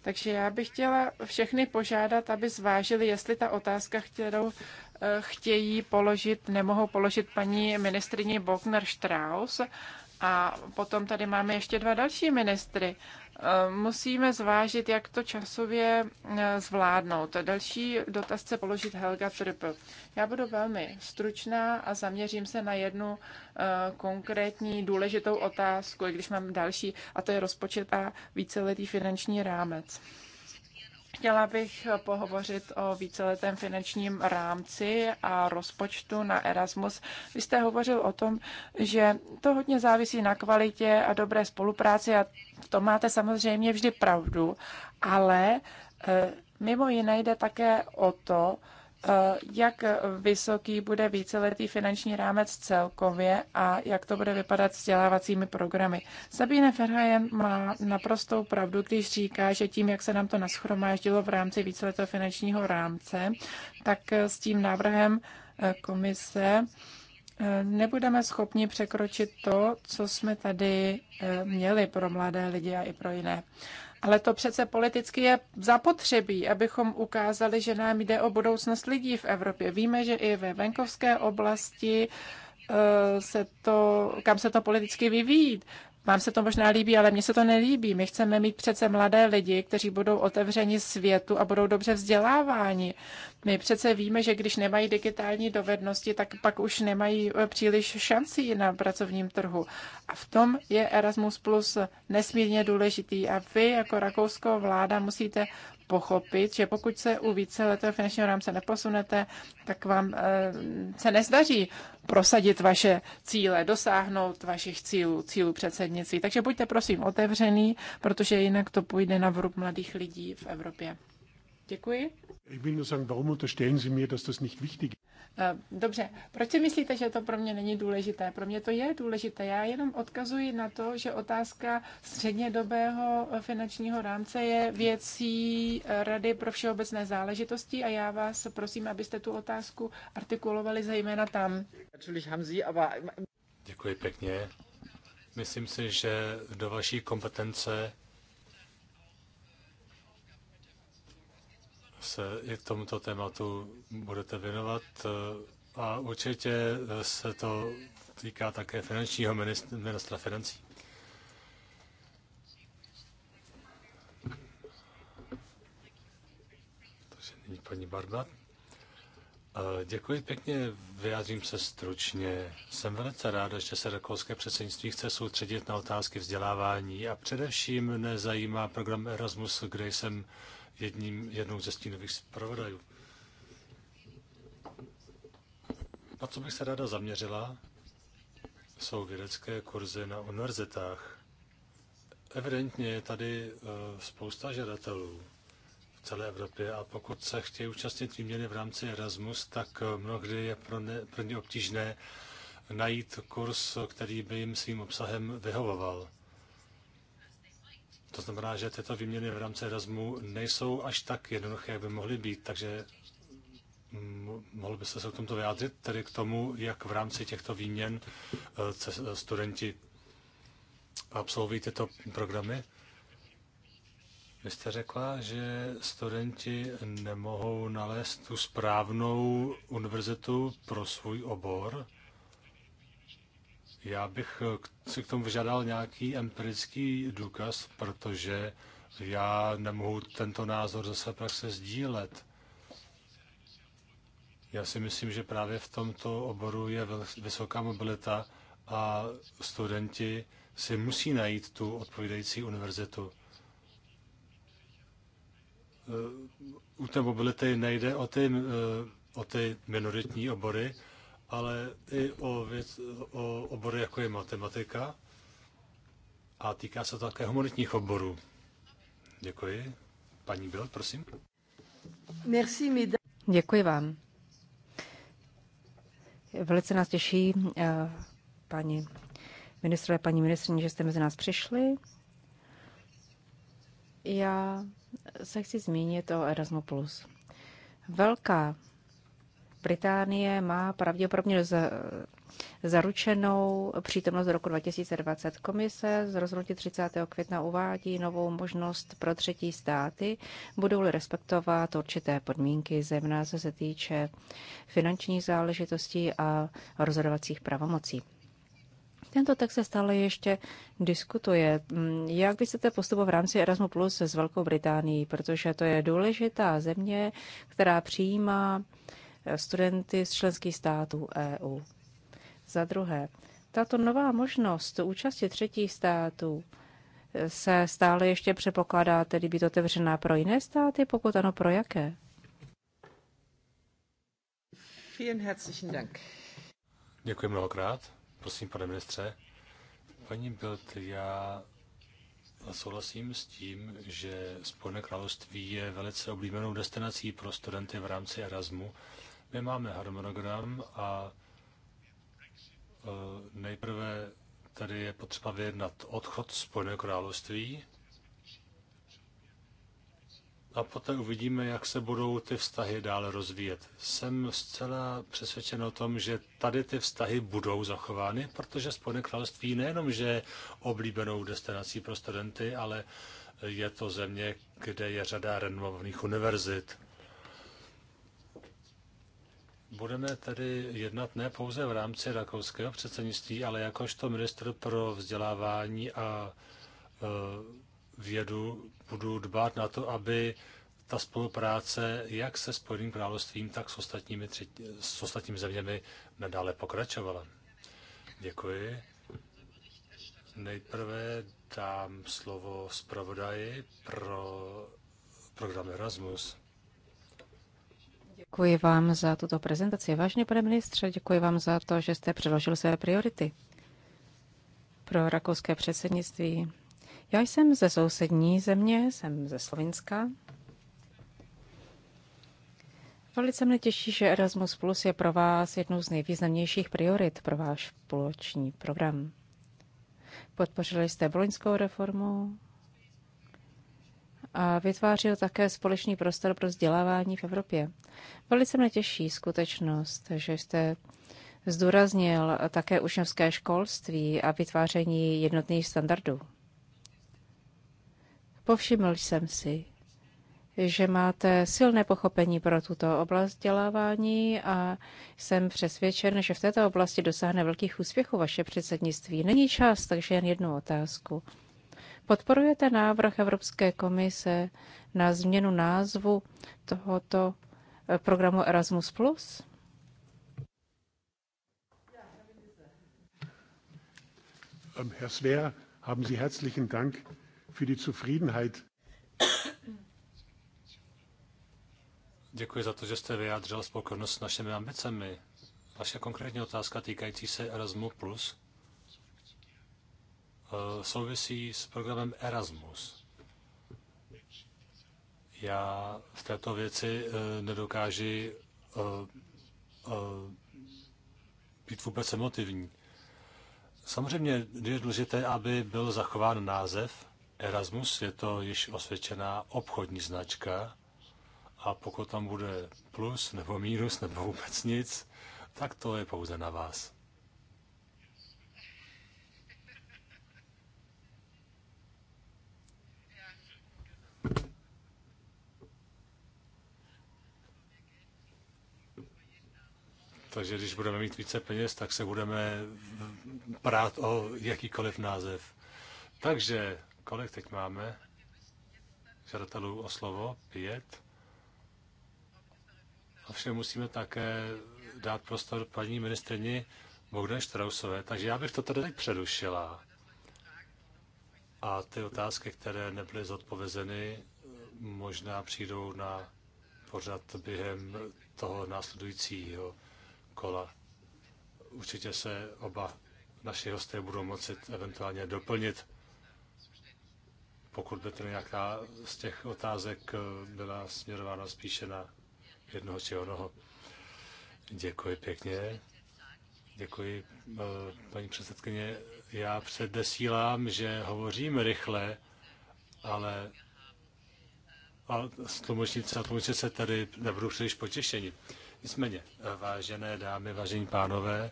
takže já bych chtěla všechny požádat, aby zvážili, jestli ta otázka, kterou eh, chtějí položit, nemohou položit paní ministrině Bogner Strauss, a potom tady máme ještě dva další ministry. E, musíme zvážit, jak to časově e, zvládnout. Další dotaz chce položit Helga Trippel. Já budu velmi stručná a zaměřím se na jednu e, konkrétní důležitou otázku, i když mám další, a to je rozpočet a víceletý finanční rámec. Chtěla bych pohovořit o víceletém finančním rámci a rozpočtu na Erasmus. Vy jste hovořil o tom, že to hodně závisí na kvalitě a dobré spolupráci a to máte samozřejmě vždy pravdu, ale eh, mimo jiné jde také o to, Eh, jak vysoký bude víceletý finanční rámec celkově a jak to bude vypadat s vzdělávacími programy. Sabine Ferhajen má naprostou pravdu, když říká, že tím, jak se nám to naschromáždilo v rámci víceletého finančního rámce, tak s tím návrhem eh, komise eh, nebudeme schopni překročit to, co jsme tady měli pro mladé lidi a i pro jiné. Ale to přece politicky je zapotřebí, abychom ukázali, že nám jde o budoucnost lidí v Evropě. Víme, že i ve venkovské oblasti eh, se to, kam se to politicky vyvíjí. Vám se to možná líbí, ale mně se to nelíbí. My chceme mít přece mladé lidi, kteří budou otevřeni světu a budou dobře vzděláváni. My přece víme, že když nemají digitální dovednosti, tak pak už nemají eh, příliš šancí na pracovním trhu. A v tom je Erasmus Plus nesmírně důležitý. A vy jako rakouská vláda musíte pochopit, že pokud se u letého finančního rámce neposunete, tak vám eh, se nezdaří prosadit vaše cíle, dosáhnout vašich cílů, cílů předsednictví. Takže buďte prosím otevřený, protože jinak to půjde na vrub mladých lidí v Evropě. Děkuji. Eh, dobře, proč si myslíte, že to pro mě není důležité? Pro mě to je důležité. Já jenom odkazuji na to, že otázka střednědobého finančního rámce je věcí eh, Rady pro všeobecné záležitosti a já vás prosím, abyste tu otázku artikulovali zejména tam. Děkuji pěkně. Myslím si, že do vaší kompetence se i tomuto tématu budete věnovat eh, a určitě eh, se to týká také finančního ministra financí. Takže nyní paní Barba. Eh, děkuji pěkně, vyjádřím se stručně. Jsem velice ráda, že se rakouské předsednictví chce soustředit na otázky vzdělávání a především nezajímá program Erasmus, kde jsem jedním, jednou ze stínových zpravodajů. Na co bych se ráda zaměřila, jsou vědecké kurzy na univerzitách. Evidentně je tady e, spousta žadatelů v celé Evropě a pokud se chtějí účastnit výměny v rámci Erasmus, tak e, mnohdy je pro, ne, pro ně obtížné najít kurz, který by jim svým obsahem vyhovoval. To znamená, že tyto výměny v rámci Erasmu nejsou až tak jednoduché, jak by mohly být, takže mohl byste se k tomu vyjádřit, tedy k tomu, jak v rámci těchto výměn eh, studenti absolvují tyto programy? Vy jste řekla, že studenti nemohou nalézt tu správnou univerzitu pro svůj obor. Já bych eh, si k tomu vyžádal nějaký empirický důkaz, protože já nemohu tento názor ze své praxe sdílet. Já si myslím, že právě v tomto oboru je vysoká mobilita a studenti si musí najít tu odpovídající univerzitu. Eh, u té mobility nejde o ty, eh, o ty minoritní obory, ale i o, věc, o obory, jako je matematika. A týká se to také humanitních oborů. Děkuji. Paní Bill, prosím. Merci, Děkuji vám. Velice nás těší, eh, paní ministr a paní ministrině, že jste mezi nás přišli. Já se chci zmínit o Erasmus+. Velká Británie má pravděpodobně z, zaručenou přítomnost do roku 2020. Komise z rozhodnutí 30. května uvádí novou možnost pro třetí státy, budou-li respektovat určité podmínky, zejména co se týče finančních záležitostí a rozhodovacích pravomocí. Tento text se stále ještě diskutuje. Jak byste chcete postupovat v rámci Erasmus Plus s Velkou Británií, protože to je důležitá země, která přijímá studenty z členských států EU. Za druhé, tato nová možnost účasti třetích států e, se stále ještě předpokládá tedy být otevřená pro jiné státy, pokud ano, pro jaké? Děkuji mnohokrát. Prosím, pane ministře. Paní Bild, já souhlasím s tím, že Spojené království je velice oblíbenou destinací pro studenty v rámci Erasmu my máme harmonogram a e, nejprve tady je potřeba vyjednat odchod Spojeného království a poté uvidíme, jak se budou ty vztahy dále rozvíjet. Jsem zcela přesvědčen o tom, že tady ty vztahy budou zachovány, protože Spojené království nejenom, že je oblíbenou destinací pro studenty, ale je to země, kde je řada renovovaných univerzit. Budeme tedy jednat ne pouze v rámci rakouského předsednictví, ale jakožto ministr pro vzdělávání a e, vědu budu dbát na to, aby ta spolupráce jak se Spojeným královstvím, tak s ostatními, třetí, s ostatními zeměmi nadále pokračovala. Děkuji. Nejprve dám slovo zpravodaji pro program Erasmus. Děkuji vám za tuto prezentaci. Vážně, pane ministře, děkuji vám za to, že jste předložil své priority pro rakouské předsednictví. Já jsem ze sousední země, jsem ze Slovinska. Velice mne těší, že Erasmus Plus je pro vás jednou z nejvýznamnějších priorit pro váš společný program. Podpořili jste boloňskou reformu, a vytvářil také společný prostor pro vzdělávání v Evropě. Velice mě těší skutečnost, že jste zdůraznil také učňovské školství a vytváření jednotných standardů. Povšiml jsem si, že máte silné pochopení pro tuto oblast vzdělávání a jsem přesvědčen, že v této oblasti dosáhne velkých úspěchů vaše předsednictví. Není čas, takže jen jednu otázku. Podporujete návrh Evropské komise na změnu názvu tohoto eh, programu Erasmus+. Ähm, Herr Sver, haben Sie herzlichen Dank für die Zufriedenheit. Děkuji za to, že jste vyjádřil spokojenost s našimi ambicemi. Vaše konkrétní otázka týkající se Erasmus Plus Eh, souvisí s programem Erasmus. Já v této věci eh, nedokáži eh, být vůbec emotivní. Samozřejmě je důležité, aby byl zachován název Erasmus, je to již osvědčená obchodní značka a pokud tam bude plus nebo mínus nebo vůbec nic, tak to je pouze na vás. takže když budeme mít více peněz, tak se budeme prát o jakýkoliv název. Takže, kolik teď máme žadatelů o slovo? Pět. Ovšem musíme také dát prostor paní ministrině Bogdan Štrausové, takže já bych to tady teď přerušila. A ty otázky, které nebyly zodpovězeny, možná přijdou na pořad během toho následujícího kola. Určitě se oba naši hosté budou moci eventuálně doplnit. Pokud by tedy nějaká z těch otázek byla směrována spíše na jednoho či onoho. Děkuji pěkně. Děkuji, eh, paní předsedkyně. Já předesílám, že hovořím rychle, ale a tlumočnice a tlumočnice tady nebudou příliš potěšení. Nicméně, vážené dámy, vážení pánové,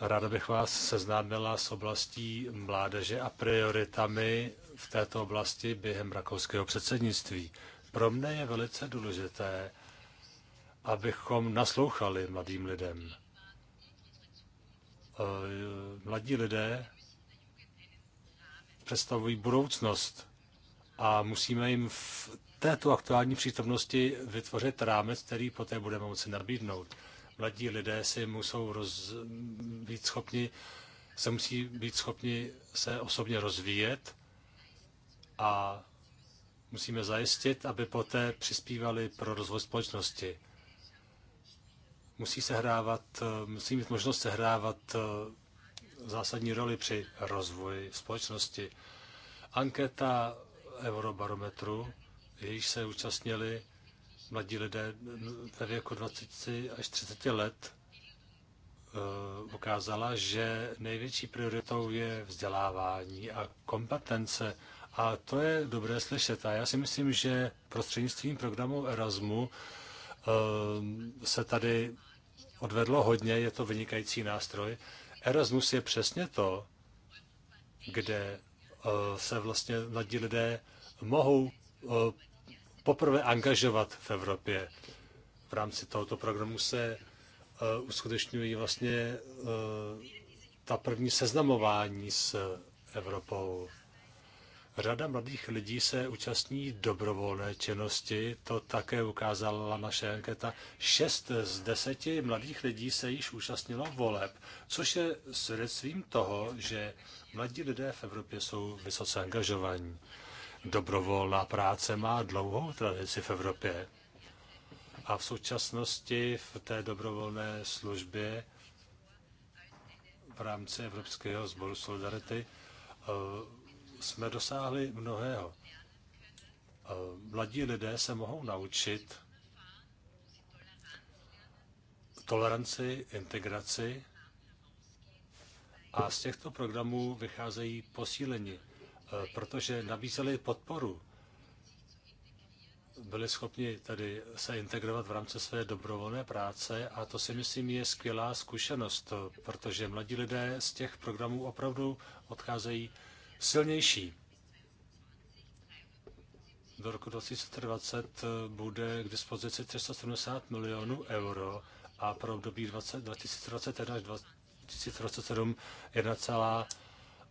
ráda bych vás seznámila s oblastí mládeže a prioritami v této oblasti během rakouského předsednictví. Pro mne je velice důležité, abychom naslouchali mladým lidem. Eh, mladí lidé představují budoucnost a musíme jim v této aktuální přítomnosti vytvořit rámec, který poté budeme moci nabídnout. Mladí lidé si musou roz, být schopni, se musí být schopni se osobně rozvíjet a musíme zajistit, aby poté přispívali pro rozvoj společnosti. Musí se hrávat, musí mít možnost sehrávat eh, zásadní roli při rozvoji společnosti. Anketa Eurobarometru jejíž se účastnili mladí lidé ve věku 20 až 30 let, eh, ukázala, že největší prioritou je vzdělávání a kompetence. A to je dobré slyšet. A já si myslím, že prostřednictvím programu Erasmu eh, se tady odvedlo hodně, je to vynikající nástroj. Erasmus je přesně to, kde eh, se vlastně mladí lidé mohou Eh, poprvé angažovat v Evropě. V rámci tohoto programu se eh, uskutečňují vlastně eh, ta první seznamování s Evropou. Řada mladých lidí se účastní dobrovolné činnosti, to také ukázala naše anketa. Šest z deseti mladých lidí se již účastnilo voleb, což je svědectvím toho, že mladí lidé v Evropě jsou vysoce angažovaní. Dobrovolná práce má dlouhou tradici v Evropě. A v současnosti v té dobrovolné službě v rámci Evropského sboru Solidarity eh, jsme dosáhli mnohého. Eh, mladí lidé se mohou naučit toleranci, integraci a z těchto programů vycházejí posílení. Eh, protože nabízeli podporu. Byli schopni tady se integrovat v rámci své dobrovolné práce a to si myslím je skvělá zkušenost, protože mladí lidé z těch programů opravdu odcházejí silnější. Do roku 2020 eh, bude k dispozici 370 milionů euro a pro období 2021 až 2027 1,5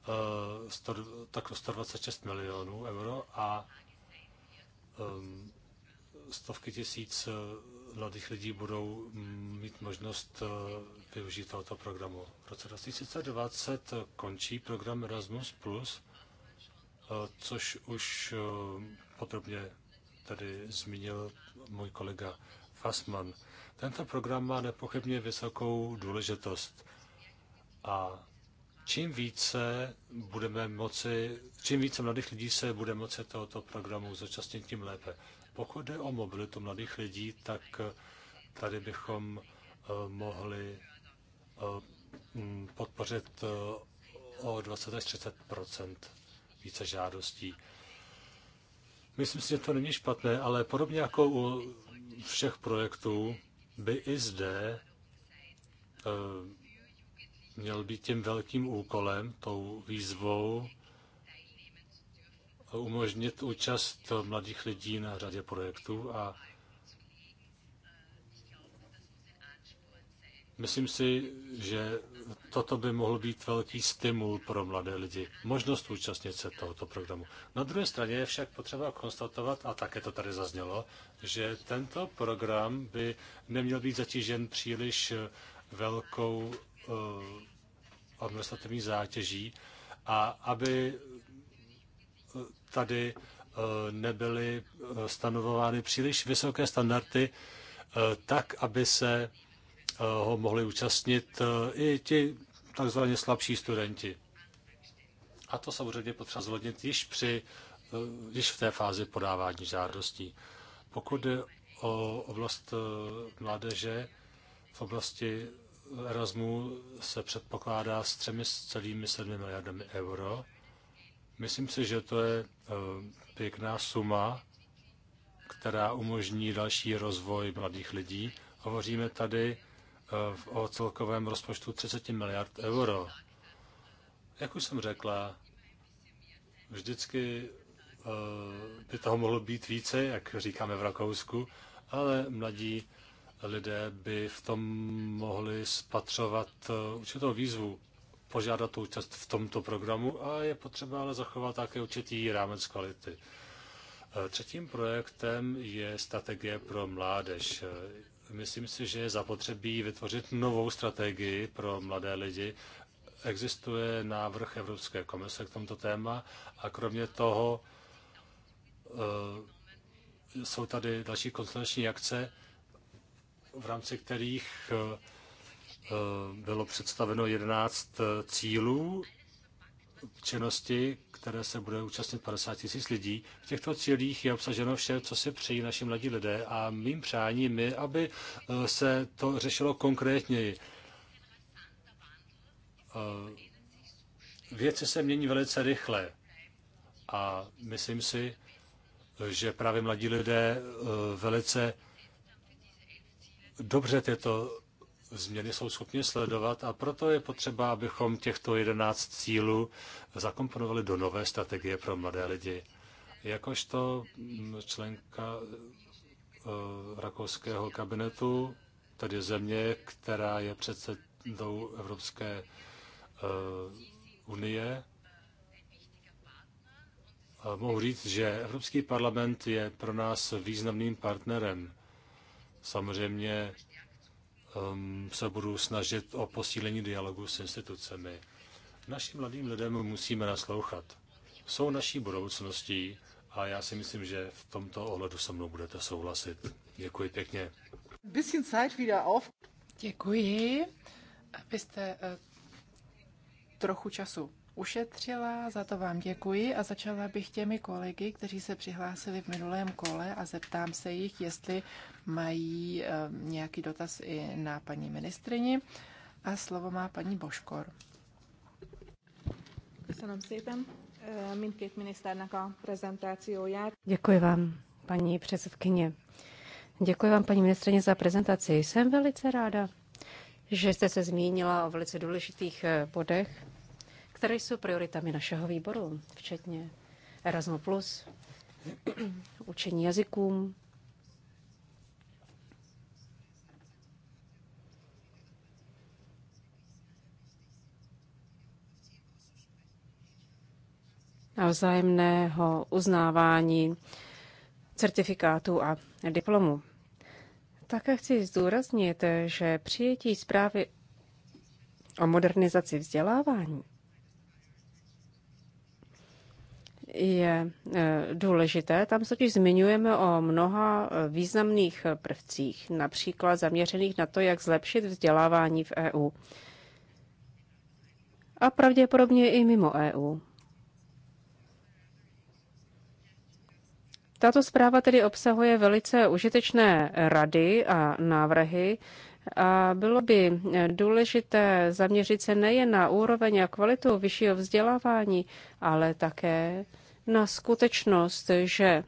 Eh, tak 126 milionů euro a ehm, stovky tisíc eh, mladých lidí budou mít možnost eh, využít tohoto programu. V roce 2020 končí program Erasmus+, Plus, což už podrobně tady zmínil můj kolega Fassman. Tento program má nepochybně vysokou důležitost a Čím více budeme moci, čím více mladých lidí se bude moci tohoto programu zúčastnit, tím lépe. Pokud jde o mobilitu mladých lidí, tak eh, tady bychom eh, mohli eh, mm, podpořit o 20 až 30 více žádostí. Myslím si, že to není špatné, ale podobně jako u všech projektů by i zde měl být tím velkým úkolem, tou výzvou umožnit účast mladých lidí na řadě projektů a myslím si, že toto by mohl být velký stimul pro mladé lidi, možnost účastnit se tohoto programu. Na druhé straně je však potřeba konstatovat, a také to tady zaznělo, že tento program by neměl být zatížen příliš velkou Eh, administrativní zátěží a aby eh, tady eh, nebyly stanovovány příliš vysoké standardy, tak, aby se ho mohli účastnit i ti takzvaně slabší studenti. A to samozřejmě potřeba zvodnit již, při, již v té fázi podávání žádostí. Pokud o oblast mládeže, v oblasti Erasmu se předpokládá s 3,7 miliardami euro. Myslím si, že to je eh, pěkná suma, která umožní další rozvoj mladých lidí. Hovoříme tady eh, o celkovém rozpočtu 30 miliard euro. Jak už jsem řekla, vždycky eh, by toho mohlo být více, jak říkáme v Rakousku, ale mladí lidé by v tom mohli spatřovat eh, určitou výzvu požádat o účast v tomto programu a je potřeba ale zachovat také určitý rámec kvality. Eh, třetím projektem je strategie pro mládež. Eh, myslím si, že je zapotřebí vytvořit novou strategii pro mladé lidi. Existuje návrh Evropské komise k tomto téma a kromě toho jsou tady další konstanční akce, v rámci kterých eh, eh, bylo představeno 11 eh, cílů činnosti, které se bude účastnit 50 tisíc lidí. V těchto cílích je obsaženo vše, co si přejí naši mladí lidé a mým přáním je, aby se to řešilo konkrétněji. Věci se mění velice rychle a myslím si, že právě mladí lidé velice dobře tyto změny jsou schopni sledovat a proto je potřeba, abychom těchto 11 cílů zakomponovali do nové strategie pro mladé lidi. Jakožto členka eh, rakouského kabinetu, tedy země, která je předsedou Evropské eh, unie, eh, mohu říct, že Evropský parlament je pro nás významným partnerem. Samozřejmě um, se budu snažit o posílení dialogu s institucemi. Našim mladým lidem musíme naslouchat. Jsou naší budoucností a já si myslím, že v tomto ohledu se mnou budete souhlasit. Děkuji pěkně. Děkuji. Vy jste eh, trochu času ušetřila, za to vám děkuji a začala bych těmi kolegy, kteří se přihlásili v minulém kole a zeptám se jich, jestli mají eh, nějaký dotaz i na paní ministrini. A slovo má paní Boškor. Köszönöm szépen eh, mindkét miniszternek a prezentációját. Děkuji vám, paní předsedkyně. Děkuji vám, paní ministrině, za prezentaci. Jsem velice ráda, že jste se zmínila o velice důležitých eh, bodech které jsou prioritami našeho výboru, včetně Erasmus+, plus, učení jazykům, a vzájemného uznávání certifikátů a diplomů. Také chci zdůraznit, že přijetí zprávy o modernizaci vzdělávání je eh, důležité. Tam se totiž zmiňujeme o mnoha eh, významných prvcích, například zaměřených na to, jak zlepšit vzdělávání v EU. A pravděpodobně i mimo EU. Tato zpráva tedy obsahuje velice užitečné rady a návrhy, a bylo by eh, důležité zaměřit se nejen na úroveň a kvalitu vyššího vzdělávání, ale také na skutečnost, že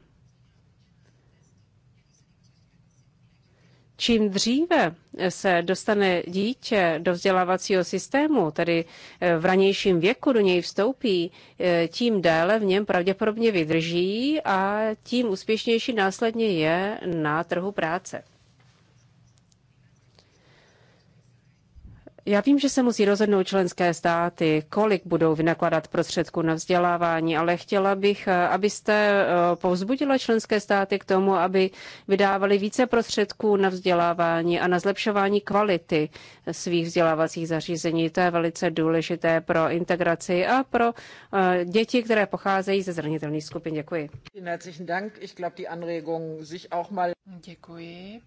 čím dříve se dostane dítě do vzdělávacího systému, tedy v ranějším věku do něj vstoupí, tím déle v něm pravděpodobně vydrží a tím úspěšnější následně je na trhu práce. Já vím, že se musí rozhodnout členské státy, kolik budou vynakladat prostředků na vzdělávání, ale chtěla bych, eh, abyste eh, povzbudila členské státy k tomu, aby vydávali více prostředků na vzdělávání a na zlepšování kvality svých vzdělávacích zařízení. To je velice důležité pro integraci a pro eh, děti, které pocházejí ze zranitelných skupin. Děkuji. Děkuji.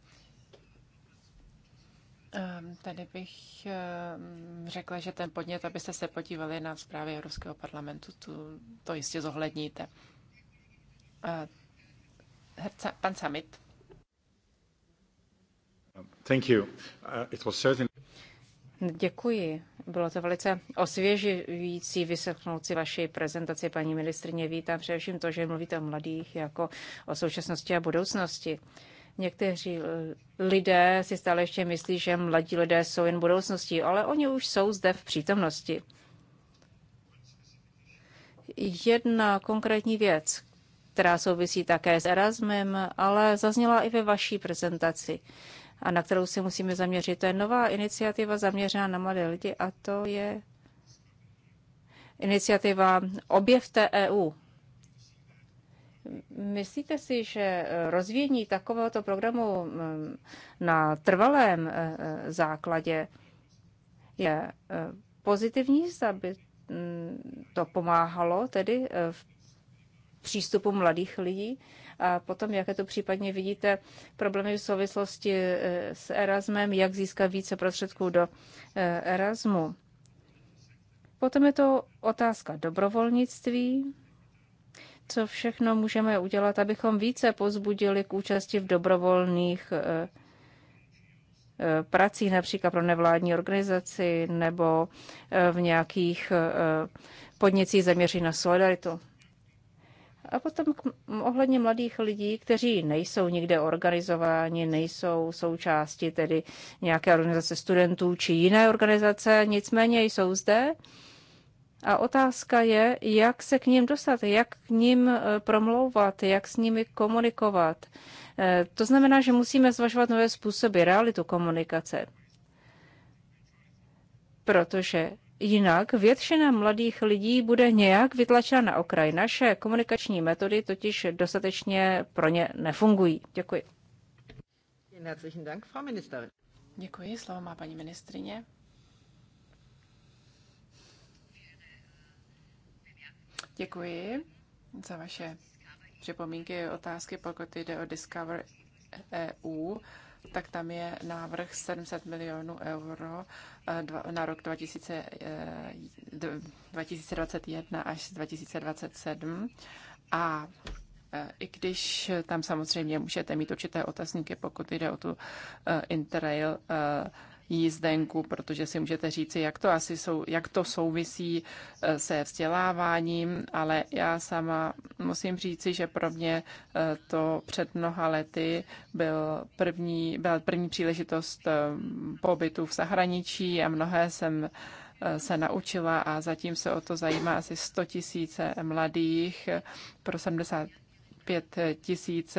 Ehm, tady bych ehm, řekla, že ten podnět, abyste se podívali na zprávy Evropského parlamentu, tu, to jistě zohledníte. Eh, herca, pan Samit. Thank you. Eh, it was certain... Děkuji. Bylo to velice osvěžující vyslechnout si vaši prezentaci, paní ministrině. Vítám především to, že mluvíte o mladých jako o současnosti a budoucnosti. Uh, Někteří lidé si stále ještě myslí, že mladí lidé jsou jen budoucností, ale oni už jsou zde v přítomnosti. Jedna konkrétní věc, která souvisí také s Erasmem, ale zazněla i ve vaší prezentaci a na kterou se musíme zaměřit. To je nová iniciativa zaměřená na mladé lidi a to je iniciativa Objevte EU. Myslíte si, že eh, rozvíjení takovéhoto programu mm, na trvalém eh, eh, základě je pozitivní, aby mm, to pomáhalo tedy v přístupu mladých lidí? A potom, jaké to případně vidíte, problémy v souvislosti s Erasmem, jak získat více prostředků do Erasmu? Potom je to otázka dobrovolnictví co všechno můžeme udělat, abychom více pozbudili k účasti v dobrovolných eh, eh, pracích, například pro nevládní organizaci nebo eh, v nějakých podnicích zaměří na solidaritu. A potom ohledně mladých lidí, kteří nejsou nikde organizováni, nejsou součástí tedy nějaké organizace studentů či jiné organizace, nicméně jsou zde, a otázka je, jak se k ním dostat, jak k ním eh, promlouvat, jak s nimi komunikovat. Eh, to znamená, že musíme zvažovat nové způsoby, realitu komunikace. Protože jinak většina mladých lidí bude nějak vytlačena na okraj. Naše komunikační metody totiž dostatečně pro ně nefungují. Děkuji. Děkuji, slovo má paní ministrině. Děkuji za vaše připomínky, otázky, pokud jde o Discover EU tak tam je návrh 700 milionů euro eh, na rok 2021 eh, až 2027. A eh, i když tam samozřejmě můžete mít určité otazníky, pokud jde o tu Interrail jízdenku, protože si můžete říci, jak to asi sou, jak to souvisí eh, se vzděláváním, ale já sama musím říci, že pro mě eh, to před mnoha lety byl první, byla první příležitost eh, pobytu v zahraničí a mnohé jsem se naučila a zatím se o to zajímá asi 100 tisíce mladých pro 70 tisíc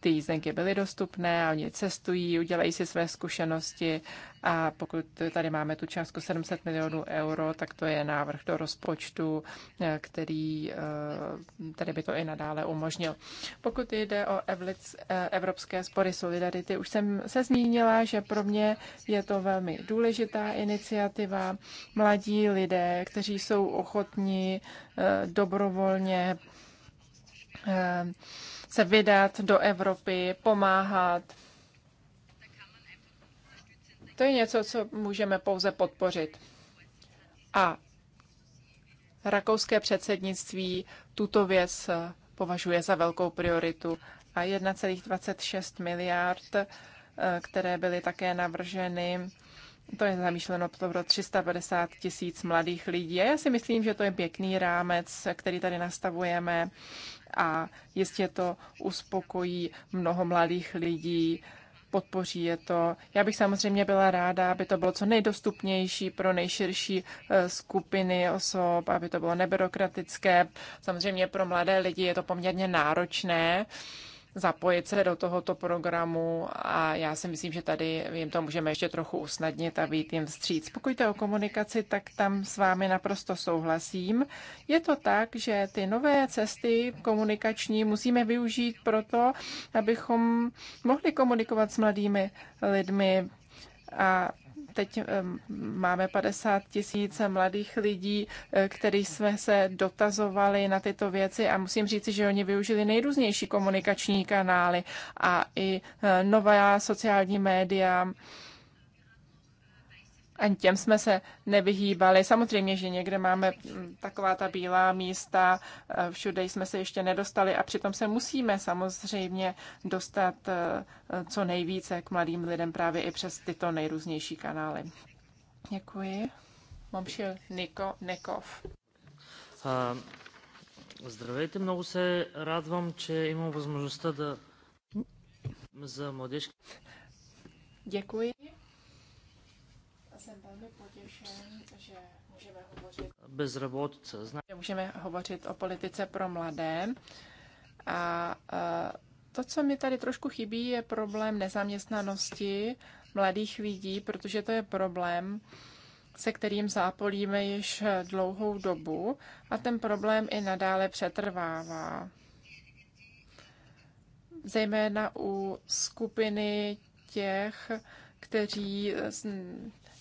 ty jízdenky byly dostupné a oni cestují, udělají si své zkušenosti a pokud tady máme tu částku 700 milionů euro, tak to je návrh do rozpočtu, eh, který eh, tady by to i nadále umožnil. Pokud jde o eh, Evropské spory solidarity, už jsem se zmínila, že pro mě je to velmi důležitá iniciativa. Mladí lidé, kteří jsou ochotní dobrovolně chce vydat do Evropy, pomáhat. To je něco, co můžeme pouze podpořit. A rakouské předsednictví tuto věc považuje za velkou prioritu a 1,26 miliard, eh, které byly také navrženy. To je zamýšleno pro 350 tisíc mladých lidí. A já si myslím, že to je pěkný rámec, který tady nastavujeme a jistě to uspokojí mnoho mladých lidí, podpoří je to. Já bych samozřejmě byla ráda, aby to bylo co nejdostupnější pro nejširší eh, skupiny osob, aby to bylo nebyrokratické. Samozřejmě pro mladé lidi je to poměrně náročné, zapojit se do tohoto programu a já si myslím, že tady jim to můžeme ještě trochu usnadnit a být jim vstříc. Pokud jde o komunikaci, tak tam s vámi naprosto souhlasím. Je to tak, že ty nové cesty komunikační musíme využít proto, abychom mohli komunikovat s mladými lidmi a Teď eh, máme 50 tisíc mladých lidí, eh, kterých jsme se dotazovali na tyto věci a musím říci, že oni využili nejrůznější komunikační kanály a i eh, nová sociální média, ani těm jsme se nevyhýbali. Samozřejmě, že někde máme mm, taková ta bílá místa, eh, všude jsme se ještě nedostali a přitom se musíme samozřejmě dostat eh, co nejvíce k mladým lidem právě i přes tyto nejrůznější kanály. Děkuji. Momšil Niko Nekov. Здравейте, много се радвам, че имам възможността да za младежки. Děkuji jsem velmi potěšen, že můžeme hovořit bezrobotce. Můžeme hovořit o politice pro mladé. A, a to, co mi tady trošku chybí, je problém nezaměstnanosti mladých lidí, protože to je problém, se kterým zápolíme již dlouhou dobu a ten problém i nadále přetrvává. Zejména u skupiny těch, kteří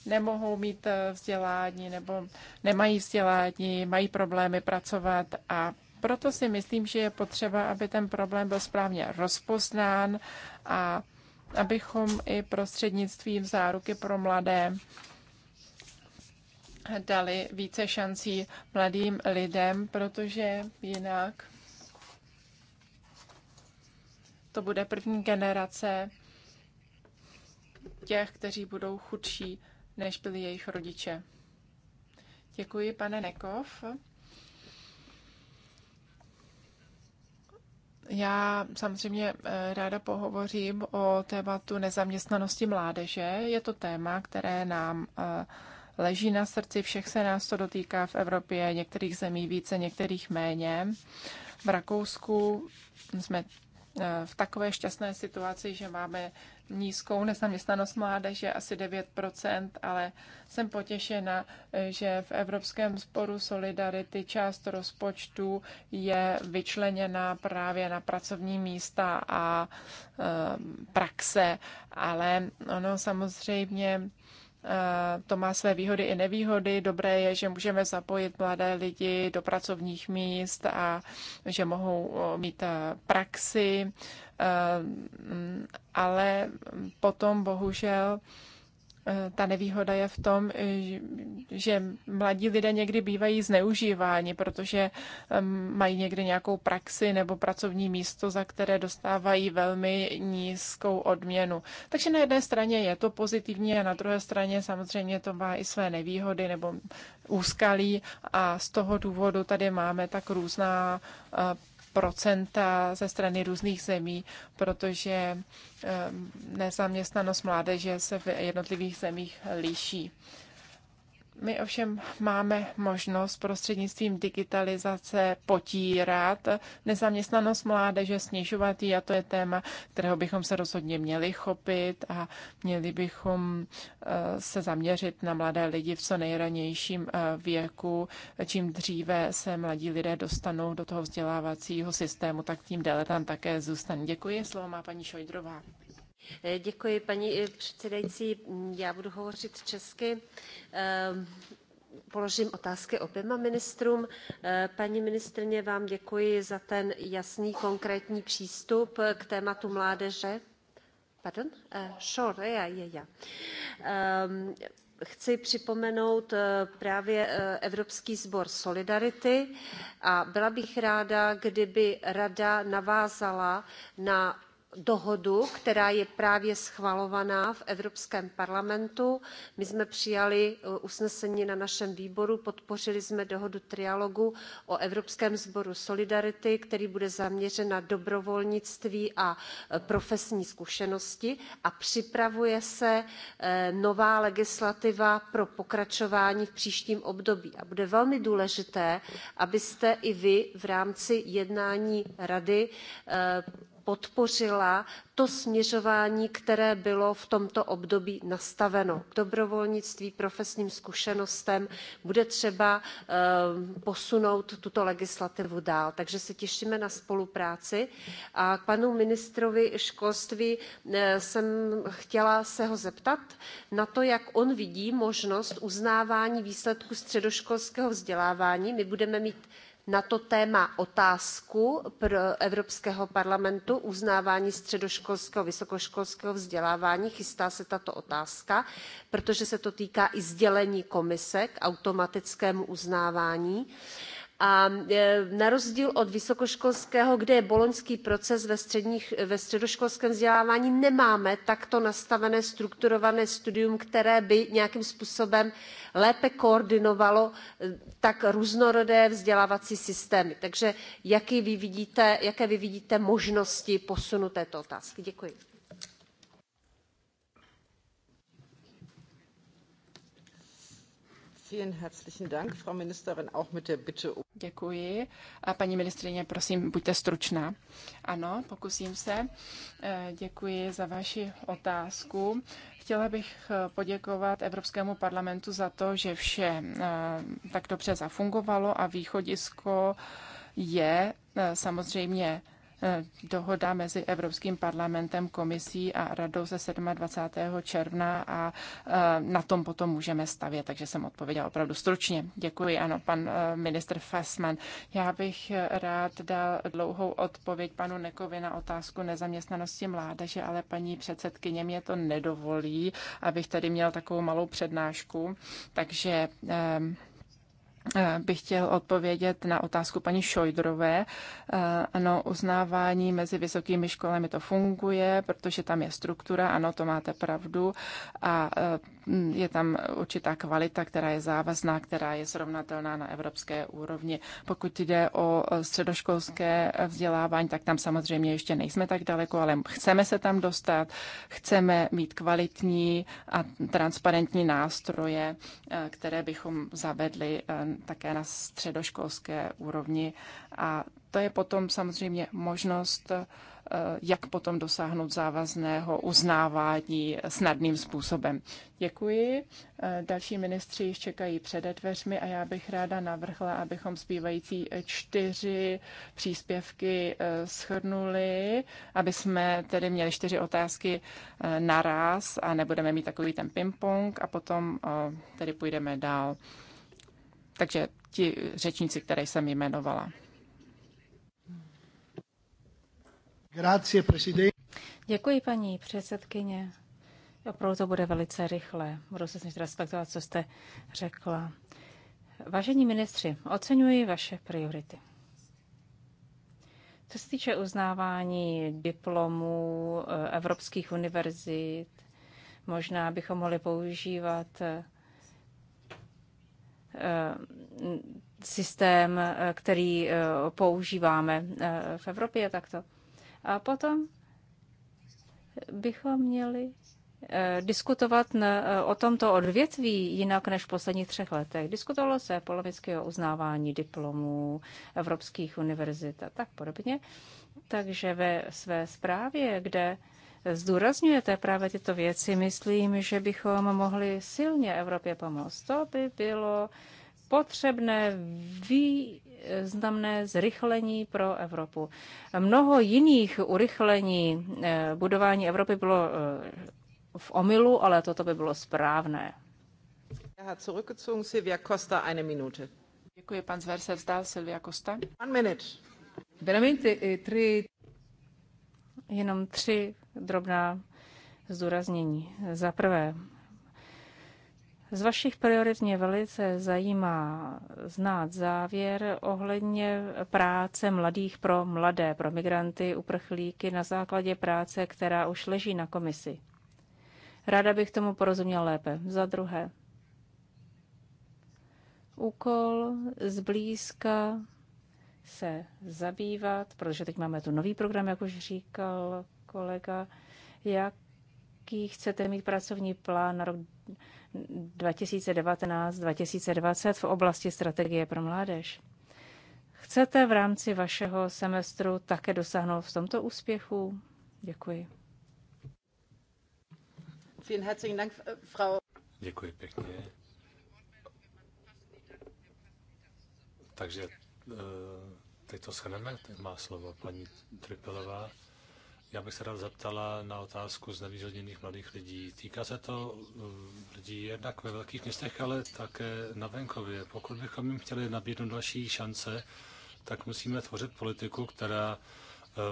nemohou mít eh, vzdělání nebo nemají vzdělání, mají problémy pracovat a proto si myslím, že je potřeba, aby ten problém byl správně rozpoznán a abychom i prostřednictvím záruky pro mladé dali více šancí mladým lidem, protože jinak to bude první generace těch, kteří budou chudší než byli jejich rodiče. Děkuji, pane Nekov. Já samozřejmě eh, ráda pohovořím o tématu nezaměstnanosti mládeže. Je to téma, které nám eh, leží na srdci, všech se nás to dotýká v Evropě, některých zemí více, některých méně. V Rakousku jsme eh, v takové šťastné situaci, že máme nízkou nezaměstnanost mládeže, asi 9%, ale jsem potěšena, že v Evropském sporu Solidarity část rozpočtu je vyčleněna právě na pracovní místa a eh, praxe, ale ono samozřejmě Eh, to má své výhody i nevýhody. Dobré je, že můžeme zapojit mladé lidi do pracovních míst a že mohou mít eh, praxi, eh, mm, ale potom bohužel Eh, ta nevýhoda je v tom, eh, že mladí lidé někdy bývají zneužíváni, protože mají někdy nějakou praxi nebo pracovní místo, za které dostávají velmi nízkou odměnu. Takže na jedné straně je to pozitivní a na druhé straně samozřejmě to má i své nevýhody nebo úskalí a z toho důvodu tady máme tak různá eh, procenta ze strany různých zemí, protože ehm, nezaměstnanost mládeže se v jednotlivých zemích liší. My ovšem máme možnost prostřednictvím digitalizace potírat nezaměstnanost mládeže, snižovat ji a to je téma, kterého bychom se rozhodně měli chopit a měli bychom eh, se zaměřit na mladé lidi v co nejranějším eh, věku. Čím dříve se mladí lidé dostanou do toho vzdělávacího systému, tak tím déle tam také zůstane. Děkuji, slovo má paní Šojdrová. Eh, děkuji, paní eh, předsedající. Já budu hovořit česky. Eh, položím otázky oběma ministrům. Paní ministryně vám děkuji za ten jasný, konkrétní přístup k tématu mládeže. Pardon? chci připomenout právě Evropský sbor Solidarity a byla bych ráda, kdyby Rada navázala na dohodu, která je právě schvalovaná v Evropském parlamentu. My jsme přijali eh, usnesení na našem výboru, podpořili jsme dohodu trialogu o Evropském sboru Solidarity, který bude zaměřen na dobrovolnictví a eh, profesní zkušenosti a připravuje se eh, nová legislativa pro pokračování v příštím období. A bude velmi důležité, abyste i vy v rámci jednání rady podpořila to směřování které bylo v tomto období nastaveno. k dobrovolnictví profesním zkušenostem bude třeba eh, posunout tuto legislativu dál takže se těšíme na spolupráci. a k panu ministrovi školství eh, jsem se chtěla zeptat na to jak on vidí možnost uznávání výsledků středoškolského vzdělávání my budeme mít na to téma otázku pro Evropského parlamentu uznávání středoškolského vysokoškolského vzdělávání. Chystá se tato otázka, protože se to týká i sdělení komise k automatickému uznávání. Uh, a e, na rozdíl od vysokoškolského kde je boloňský proces ve, středních, ve středoškolském vzdělávání nemáme takto nastavené strukturované studium které by nějakým způsobem lépe koordinovalo e, tak různorodé vzdělávací systémy. takže jaké vy vidíte možnosti posunu této otázky? děkuji. Um děkuji. A paní ministrině, prosím, buďte stručná. Ano, pokusím se. Eh, děkuji za vaši otázku. Chtěla bych eh, poděkovat Evropskému parlamentu za to, že vše eh, tak dobře zafungovalo a východisko je samozřejmě Eh, dohoda mezi Evropským parlamentem, komisí a radou ze 27. června a eh, na tom potom můžeme stavět, takže jsem odpověděla opravdu stručně. Děkuji, ano, pan eh, minister Fassmann, Já bych rád dal dlouhou odpověď panu Nekovi na otázku nezaměstnanosti mládeže, ale paní předsedkyně mě to nedovolí, abych tady měl takovou malou přednášku, takže Eh, bych chtěl odpovědět na otázku paní Šojdrové. Eh, ano, uznávání mezi vysokými školami to funguje, protože tam je struktura, ano, to máte pravdu, a eh, je tam určitá kvalita, která je závazná, která je srovnatelná na evropské úrovni. Pokud jde o středoškolské vzdělávání, tak tam samozřejmě ještě nejsme tak daleko, ale chceme se tam dostat, chceme mít kvalitní a transparentní nástroje, které bychom zavedli také na středoškolské úrovni. A to je potom samozřejmě možnost, eh, jak potom dosáhnout závazného uznávání snadným způsobem. Děkuji. Eh, další ministři již čekají před dveřmi a já bych ráda navrhla, abychom zbývající čtyři příspěvky eh, shrnuli, aby jsme tedy měli čtyři otázky naraz a nebudeme mít takový ten ping-pong a potom tedy půjdeme dál. Takže ti řečníci, které jsem jmenovala. Děkuji, paní předsedkyně. Opravdu to bude velice rychle. Budu se snažit respektovat, co jste řekla. Vážení ministři, oceňuji vaše priority. Co se týče uznávání diplomů eh, evropských univerzit, možná bychom mohli používat eh, Eh, systém, eh, který eh, používáme v Evropě takto. A potom bychom měli diskutovat o tomto odvětví jinak než v posledních třech letech. Diskutovalo se polemicky o uznávání diplomů evropských univerzit a tak podobně. Takže ve své zprávě, kde zdůrazňujete právě tyto věci, myslím, že bychom mohli silně Evropě pomoct. To by bylo potřebné významné zrychlení pro Evropu. Mnoho jiných urychlení eh, budování Evropy bylo eh, v omilu, ale toto by bylo správné. Er Děkuji, pan Zver se vzdal, Silvia Costa. Eh, Jenom tři drobná zdůraznění. Za prvé, z vašich priorit mě velice zajímá znát závěr ohledně práce mladých pro mladé, pro migranty, uprchlíky na základě práce, která už leží na komisi. Ráda bych tomu porozuměl lépe. Za druhé, úkol zblízka se zabývat, protože teď máme tu nový program, jak už říkal kolega, jaký chcete mít pracovní plán na rok 2019-2020 v oblasti strategie pro mládež? Chcete v rámci vašeho semestru také dosáhnout v tomto úspěchu? Děkuji. Děkuji pěkně. Takže eh, teď to shrneme. Teď má slovo paní Tripelová. Já bych se rád zeptala na otázku znevýhodněných mladých lidí. Týká se to eh, lidí jednak ve velkých městech, ale také na venkově. Pokud bychom jim chtěli nabídnout další šance, tak musíme tvořit politiku, která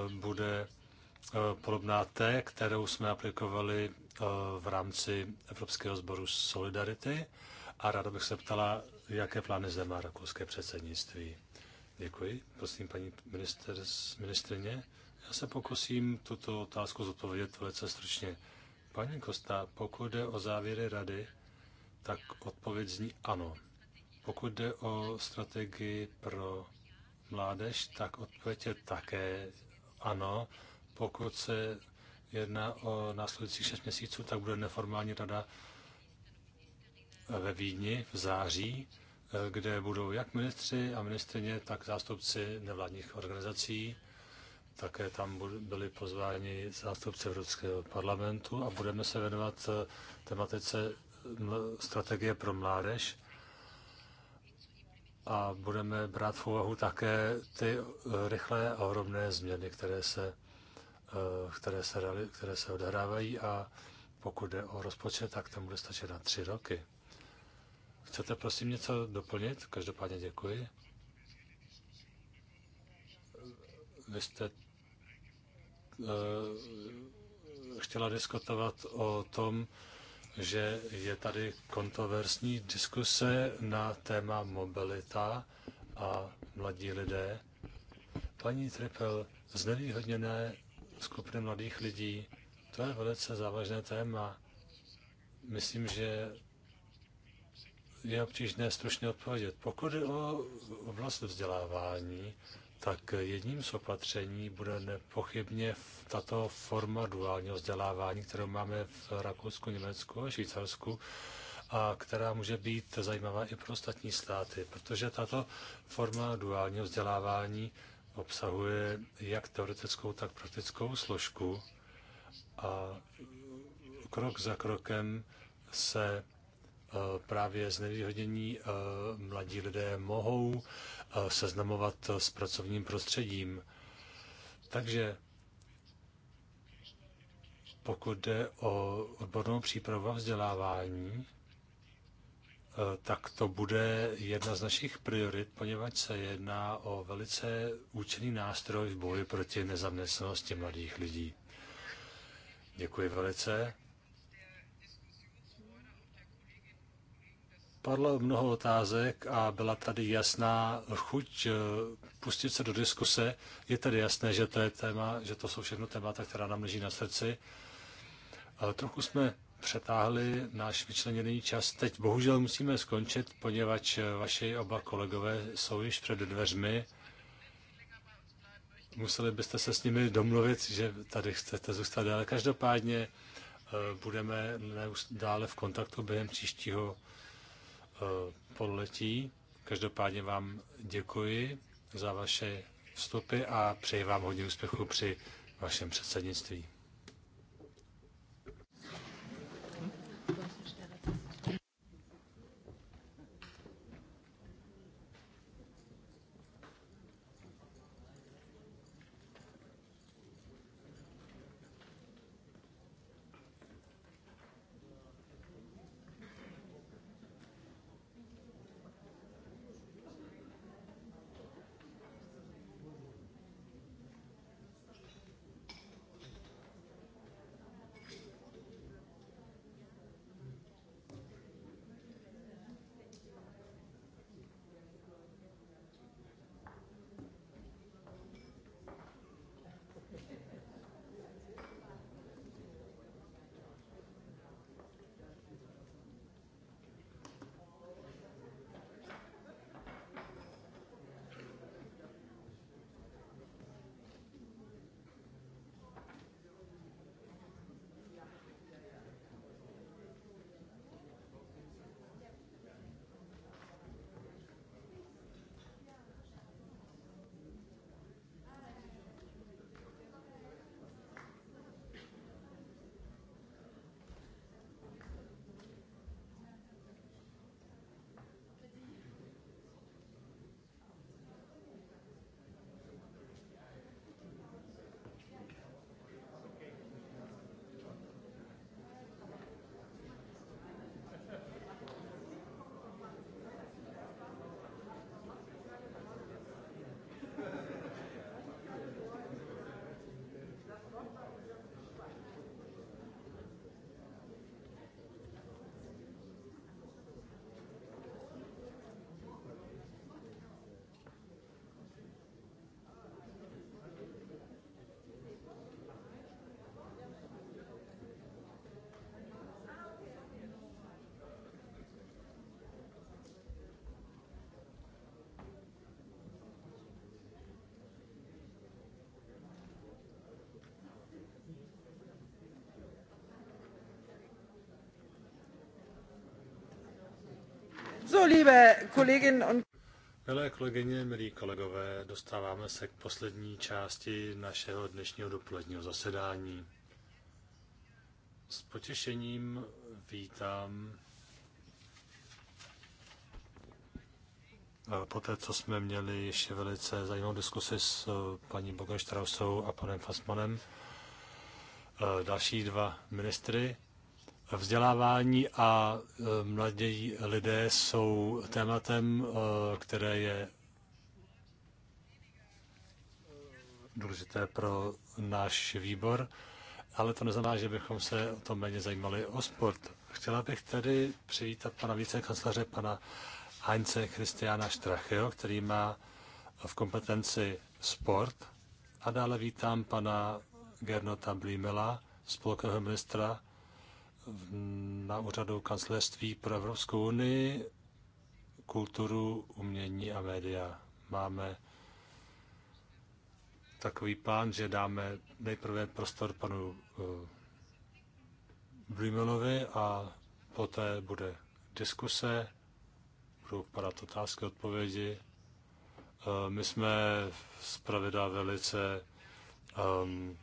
eh, bude eh, podobná té, kterou jsme aplikovali v rámci Evropského sboru Solidarity. A ráda bych se ptala, jaké plány zde má rakouské předsednictví. Děkuji. Prosím, paní minister, ministrině. Já se pokusím tuto otázku zodpovědět velice stručně. Paní Kosta, pokud jde o závěry rady, tak odpověď zní ano. Pokud jde o strategii pro mládež, tak odpověď je také ano. Pokud se jedná o následujících šest měsíců, tak bude neformální rada ve Vídni v září, eh, kde budou jak ministři a ministrině, tak zástupci nevládních organizací. Také tam byli pozváni zástupci Evropského parlamentu a budeme se věnovat eh, tematice eh, strategie pro mládež a budeme brát v úvahu také ty eh, rychlé a ohromné změny, které se, které se, které se odhrávají a pokud jde o rozpočet, tak tam bude stačit na tři roky. Chcete prosím něco doplnit? Každopádně děkuji. Vy jste Eh, chtěla diskutovat o tom, že je tady kontroverzní diskuse na téma mobilita a mladí lidé. Paní Trippel, znevýhodněné skupiny mladých lidí, to je velice závažné téma. Myslím, že je obtížné stručně odpovědět. Pokud je o oblast vzdělávání, tak jedním z opatření bude nepochybně tato forma duálního vzdělávání, kterou máme v Rakousku, Německu a Švýcarsku, a která může být zajímavá i pro ostatní státy, protože tato forma duálního vzdělávání obsahuje jak teoretickou, tak praktickou složku a krok za krokem se Eh, právě znevýhodnění eh, mladí lidé mohou eh, seznamovat s pracovním prostředím. Takže pokud jde o odbornou přípravu a vzdělávání, tak to bude jedna z našich priorit, poněvadž se jedná o velice účinný nástroj v boji proti nezaměstnanosti mladých lidí. Děkuji velice. Padlo mnoho otázek a byla tady jasná chuť eh, pustit se do diskuse. Je tady jasné, že to je téma, že to jsou všechno témata, která nám leží na srdci. trochu jsme přetáhli náš vyčleněný čas. Teď bohužel musíme skončit, poněvadž eh, vaši oba kolegové jsou již před dveřmi. Museli byste se s nimi domluvit, že tady chcete zůstat dále. Každopádně eh, budeme dále v kontaktu během příštího Eh, pololetí. Každopádně vám děkuji za vaše vstupy a přeji vám hodně úspěchu při vašem předsednictví. Milé kolegyně, milí kolegové, dostáváme se k poslední části našeho dnešního dopoledního zasedání. S potěšením vítám po té, co jsme měli ještě velice zajímavou diskusi s paní Bogenštrausou a panem Fasmanem, další dva ministry Vzdělávání a e, mladí lidé jsou tématem, e, které je e, důležité pro náš výbor, ale to neznamená, že bychom se o tom méně zajímali o sport. Chtěla bych tedy přivítat pana vicekancléře, pana Heinze Christiana Stracheho, který má v kompetenci sport. A dále vítám pana Gernota Blímela, spolkového ministra na úřadu kancelářství pro Evropskou unii, kulturu, umění a média. Máme takový plán, že dáme nejprve prostor panu eh, Brimelovi a poté bude diskuse, budou padat otázky, odpovědi. Eh, my jsme zpravidla velice um,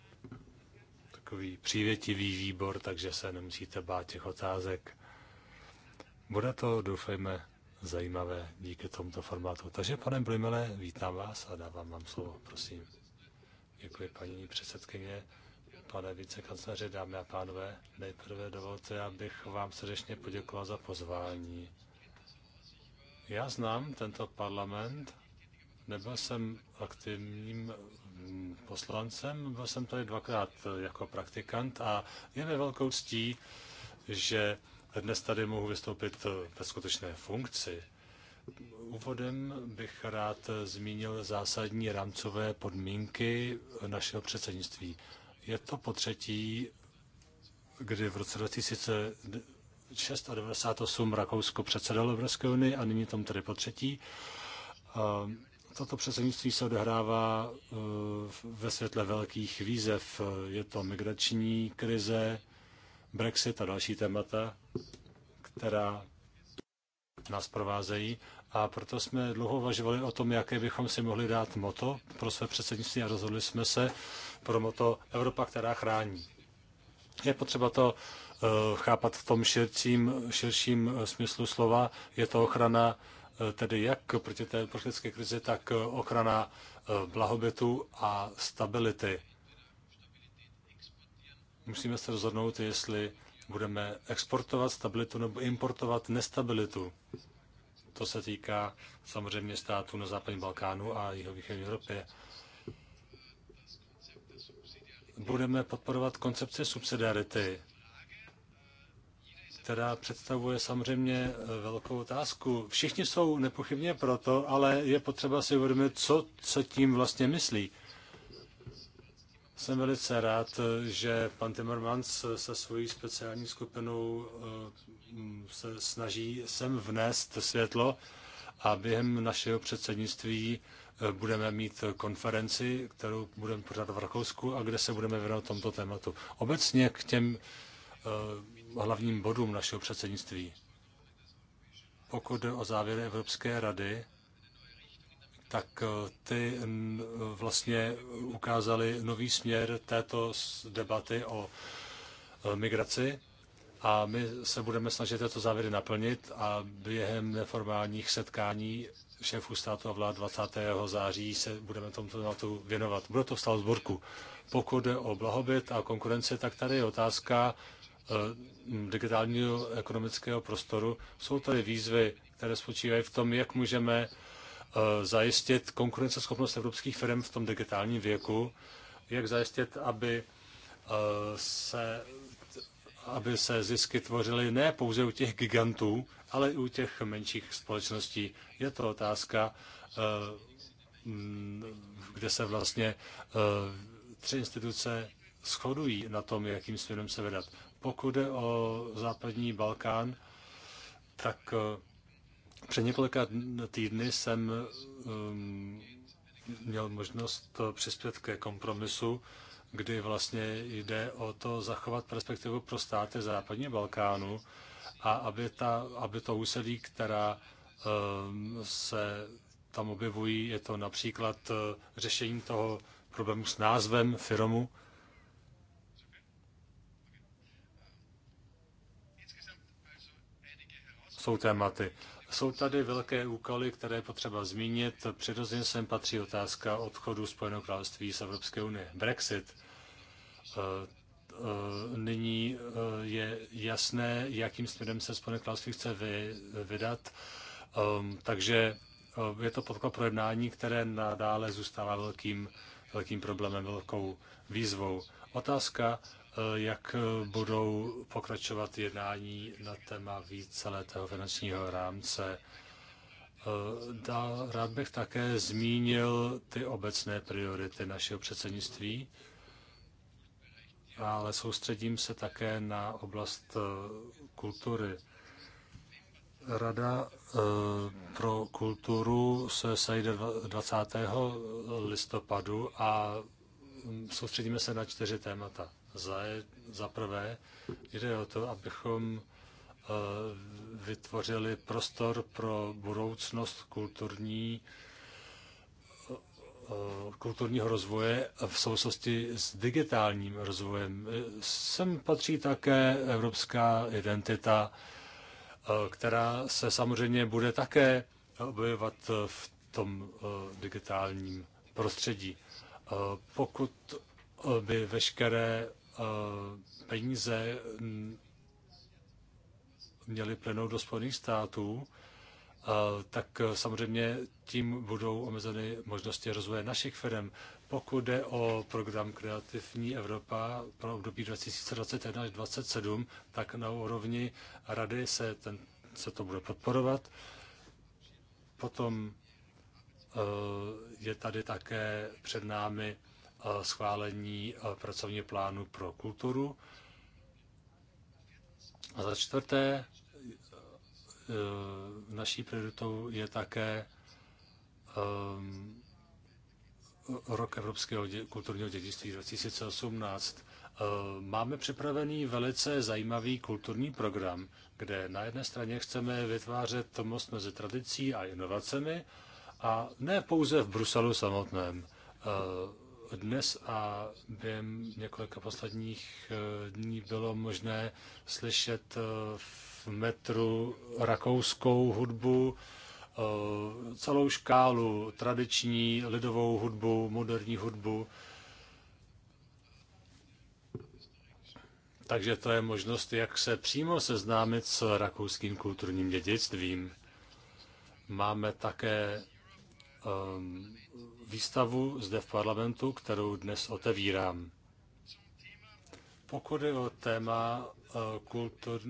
takový přívětivý výbor, takže se nemusíte bát těch otázek. Bude to, doufejme, zajímavé díky tomuto formátu. Takže, pane Blimele, vítám vás a dávám vám slovo, prosím. Děkuji, paní předsedkyně, pane vicekancléři, dámy a pánové. Nejprve dovolte, abych vám srdečně poděkoval za pozvání. Já znám tento parlament, nebyl jsem aktivním poslancem, byl jsem tady dvakrát eh, jako praktikant a je mi velkou ctí, že dnes tady mohu vystoupit eh, ve skutečné funkci. Úvodem bych rád eh, zmínil zásadní rámcové podmínky našeho předsednictví. Je to po třetí, kdy v roce 2006 1998 Rakousko předsedalo Evropské unii a nyní tom tedy po třetí. Toto předsednictví se odehrává eh, ve světle velkých výzev. Je to migrační krize, Brexit a další témata, která nás provázejí. A proto jsme dlouho uvažovali o tom, jaké bychom si mohli dát moto pro své předsednictví a rozhodli jsme se pro moto Evropa, která chrání. Je potřeba to eh, chápat v tom širším, širším eh, smyslu slova. Je to ochrana Eh, tedy jak proti té uprchlické krizi, tak eh, ochrana eh, blahobytu a stability. Musíme se rozhodnout, jestli budeme exportovat stabilitu nebo importovat nestabilitu. To se týká samozřejmě států na západním Balkánu a jihovýchodní Evropě. Budeme podporovat koncepci subsidiarity která představuje samozřejmě eh, velkou otázku. Všichni jsou nepochybně proto, ale je potřeba si uvědomit, co se tím vlastně myslí. Jsem velice rád, eh, že pan Timmermans eh, se svojí speciální skupinou mm, se snaží sem vnést světlo a během našeho předsednictví budeme mít konferenci, kterou budeme pořádat v Rakousku a kde se budeme věnovat tomto tématu. Obecně k těm hlavním bodům našeho předsednictví. Pokud jde o závěry Evropské rady, tak eh, ty mm, vlastně ukázaly nový směr této debaty o eh, migraci a my se budeme snažit tyto závěry naplnit a během neformálních setkání šéfů státu a vlád 20. září se budeme tomuto tématu věnovat. Bude to v Salzburku. Pokud jde o blahobyt a konkurenci, tak tady je otázka, Eh, digitálního ekonomického prostoru. Jsou tady výzvy, které spočívají v tom, jak můžeme eh, zajistit konkurenceschopnost evropských firm v tom digitálním věku, jak zajistit, aby eh, se, aby se zisky tvořily ne pouze u těch gigantů, ale i u těch menších společností. Je to otázka, kde se vlastně tři instituce shodují na tom, jakým směrem se vydat. Pokud jde o západní Balkán, tak eh, před několika týdny jsem ehm, měl možnost eh, přispět ke kompromisu, kdy vlastně jde o to zachovat perspektivu pro státy západního Balkánu a aby, ta, aby to úsilí, která ehm, se tam objevují, je to například eh, řešení toho problému s názvem firmu, jsou tématy. Jsou tady velké úkoly, které potřeba zmínit. Přirozeně sem patří otázka odchodu Spojeného království z Evropské unie. Brexit. Eh, eh, nyní eh, je jasné, jakým směrem se Spojené království chce vydat. Ehm, takže je to podklad pro jednání, které nadále zůstává velkým, velkým problémem, velkou výzvou. Otázka jak budou pokračovat jednání na téma víceletého finančního rámce. rád bych také zmínil ty obecné priority našeho předsednictví, ale soustředím se také na oblast eh, kultury. Rada eh, pro kulturu se sejde 20. listopadu a soustředíme se na čtyři témata. Za, za prvé jde o to, abychom eh, vytvořili prostor pro budoucnost kulturní, eh, kulturního rozvoje v souvislosti s digitálním rozvojem. Sem patří také evropská identita, eh, která se samozřejmě bude také objevovat v tom digitálním prostředí. Pokud by veškeré Eh, peníze měly plynout do Spojených států, eh, tak eh, samozřejmě tím budou omezeny možnosti rozvoje našich firm. Pokud jde o program Kreativní Evropa pro období 2021 až 2027, tak na úrovni rady se, ten, se to bude podporovat. Potom je tady také před námi schválení pracovního plánu pro kulturu. A za čtvrté, e, naší prioritou je také ehm, rok Evropského kulturního dědictví 2018. E, máme připravený velice zajímavý kulturní program, kde na jedné straně chceme vytvářet most mezi tradicí a inovacemi, a ne pouze v Bruselu samotném. E, dnes a během několika posledních eh, dní bylo možné slyšet eh, v metru rakouskou hudbu, eh, celou škálu, tradiční lidovou hudbu, moderní hudbu. Takže to je možnost, jak se přímo seznámit s rakouským kulturním dědictvím. Máme také um, výstavu zde v parlamentu, kterou dnes otevírám. Pokud je o téma eh, kultur,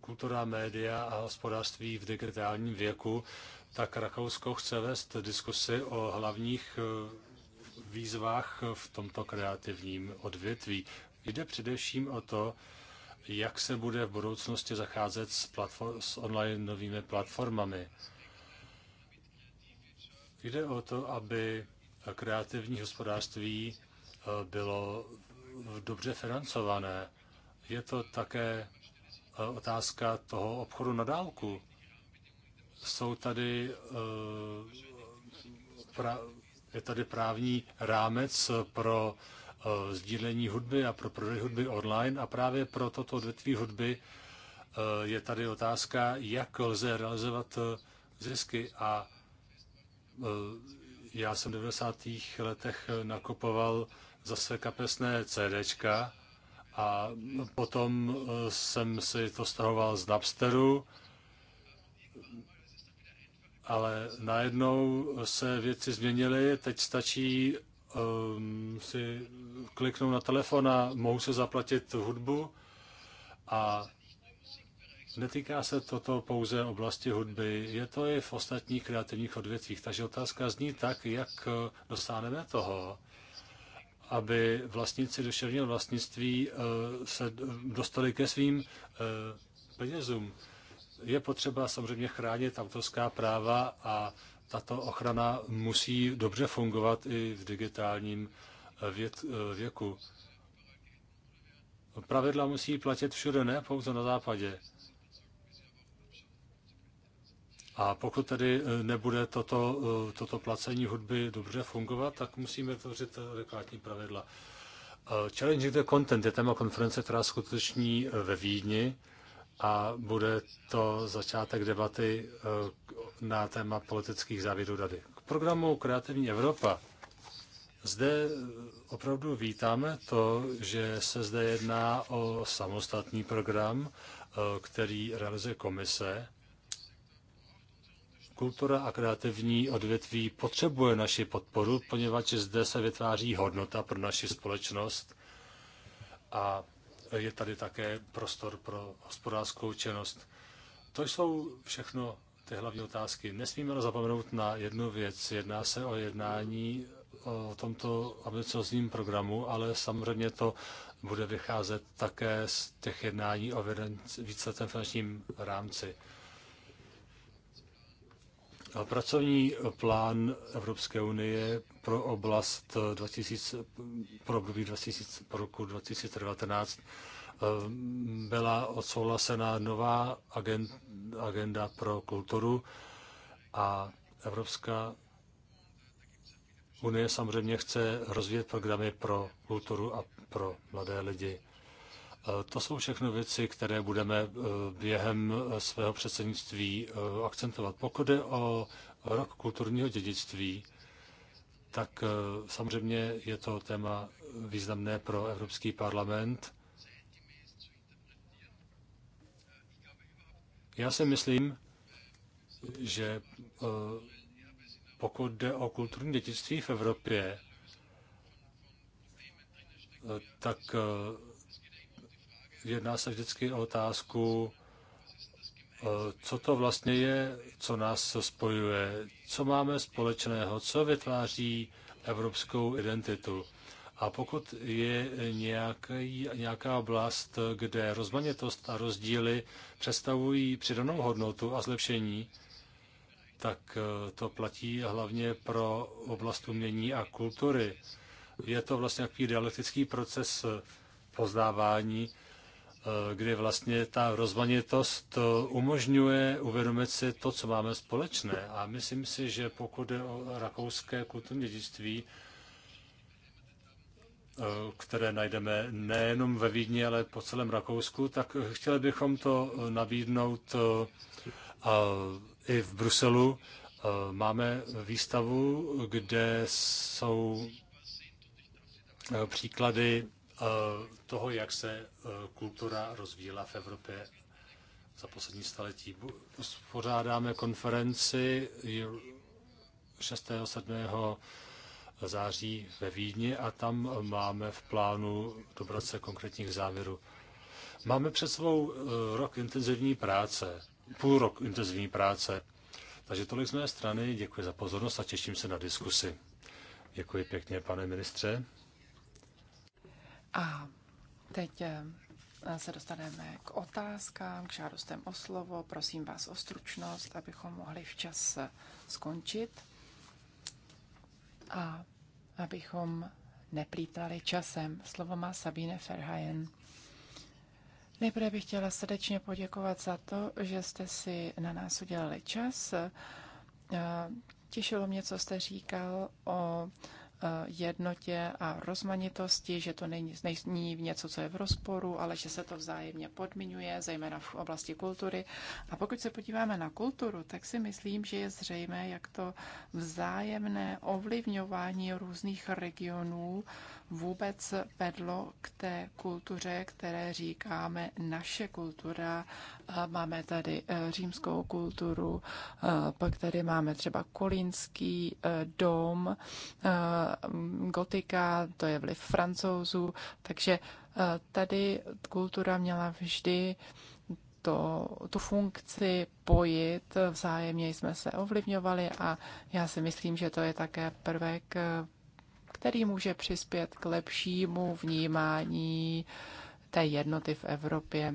kultura, média a hospodářství v digitálním věku, tak Rakousko chce vést diskusy o hlavních eh, výzvách v tomto kreativním odvětví. Jde především o to, jak se bude v budoucnosti zacházet s, platform, s online novými platformami. Jde o to, aby kreativní hospodářství eh, bylo dobře financované. Je to také eh, otázka toho obchodu na dálku. Jsou tady, eh, je tady právní rámec pro sdílení hudby a pro prodej hudby online a právě pro toto odvětví hudby je tady otázka, jak lze realizovat zisky a já jsem v 90. letech nakupoval zase kapesné CDčka a potom eh, jsem si to stahoval z Napsteru, ale najednou se věci změnily, teď stačí um, si kliknout na telefon a mohu se zaplatit hudbu a Netýká se toto pouze oblasti hudby, je to i v ostatních kreativních odvětvích. Takže otázka zní tak, jak eh, dosáhneme toho, aby vlastníci duševního vlastnictví eh, se dostali ke svým eh, penězům. Je potřeba samozřejmě chránit autorská práva a tato ochrana musí dobře fungovat i v digitálním věku. Pravidla musí platit všude, ne pouze na západě. A pokud tedy eh, nebude toto, eh, toto placení hudby dobře fungovat, tak musíme tvořit adekvátní pravidla. Eh, Challenge the Content je téma konference, která skuteční ve Vídni a bude to začátek debaty na téma politických závěrů rady. K programu Kreativní Evropa zde opravdu vítáme to, že se zde jedná o samostatný program, který realizuje komise Kultura a kreativní odvětví potřebuje naši podporu, poněvadž zde se vytváří hodnota pro naši společnost a je tady také prostor pro hospodářskou činnost. To jsou všechno ty hlavní otázky. Nesmíme zapomenout na jednu věc. Jedná se o jednání o tomto ambiciozním programu, ale samozřejmě to bude vycházet také z těch jednání o víceletém finančním rámci. Pracovní plán Evropské unie pro oblast 2000, pro období 2000, pro roku 2019 eh, byla odsouhlasena nová agenda pro kulturu a Evropská unie samozřejmě chce rozvíjet programy pro kulturu a pro mladé lidi. Eh, to jsou všechno věci, které budeme eh, během eh, svého předsednictví akcentovat. Pokud je o rok kulturního dědictví, tak samozřejmě je to téma významné pro Evropský parlament. Já si myslím, že pokud jde o kulturní dědictví v Evropě, tak jedná se vždycky o otázku, eh, co to vlastně je, co nás spojuje, co máme společného, co vytváří evropskou identitu. A pokud je nějaký, nějaká oblast, kde rozmanitost a rozdíly představují přidanou hodnotu a zlepšení, tak eh, to platí hlavně pro oblast umění a kultury. Je to vlastně nějaký dialektický proces poznávání, Eh, kdy vlastně ta rozmanitost eh, umožňuje uvědomit si to, co máme společné. A myslím si, že pokud je o rakouské kulturní dědictví, eh, které najdeme nejenom ve Vídni, ale po celém Rakousku, tak chtěli bychom to nabídnout i v Bruselu. Máme výstavu, kde jsou příklady Eh, toho, jak se eh, kultura rozvíjela v Evropě za poslední staletí. Pořádáme konferenci 6. 7. září ve Vídni a tam máme v plánu dobrat se konkrétních závěrů. Máme před sebou eh, rok intenzivní práce, půl rok intenzivní práce. Takže tolik z mé strany, děkuji za pozornost a těším se na diskusi. Děkuji pěkně, pane ministře. A teď eh, se dostaneme k otázkám, k žádostem o slovo. Prosím vás o stručnost, abychom mohli včas eh, skončit a abychom neplítali časem. Slovo má Sabine Ferhajen. Nejprve bych chtěla srdečně poděkovat za to, že jste si na nás udělali čas. Eh, těšilo mě, co jste říkal o Eh, jednotě a rozmanitosti, že to není, není něco, co je v rozporu, ale že se to vzájemně podmiňuje, zejména v oblasti kultury. A pokud se podíváme na kulturu, tak si myslím, že je zřejmé, jak to vzájemné ovlivňování různých regionů vůbec vedlo k té kultuře, které říkáme naše kultura. Máme tady e, římskou kulturu, e, pak tady máme třeba kolínský e, dom, gotika, to je vliv francouzů, takže tady kultura měla vždy to, tu funkci pojit, vzájemně jsme se ovlivňovali a já si myslím, že to je také prvek který může přispět k lepšímu vnímání té jednoty v Evropě.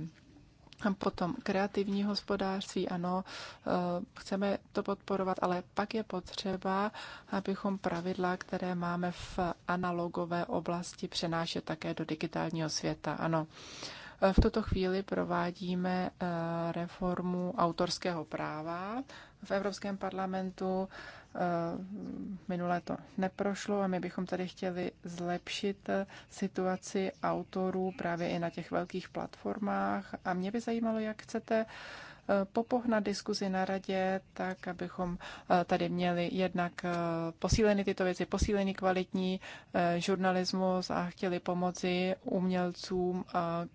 A potom kreativní hospodářství, ano, eh, chceme to podporovat, ale pak je potřeba, abychom pravidla, které máme v analogové oblasti, přenášet také do digitálního světa. Ano, eh, v tuto chvíli provádíme eh, reformu autorského práva v Evropském parlamentu. Eh, Minule to neprošlo a my bychom tady chtěli zlepšit eh, situaci autorů právě i na těch velkých platformách. A mě by zajímalo, jak chcete Eh, popohnat diskuzi na radě, tak abychom eh, tady měli jednak eh, posíleny tyto věci, posílený kvalitní žurnalismus a chtěli pomoci umělcům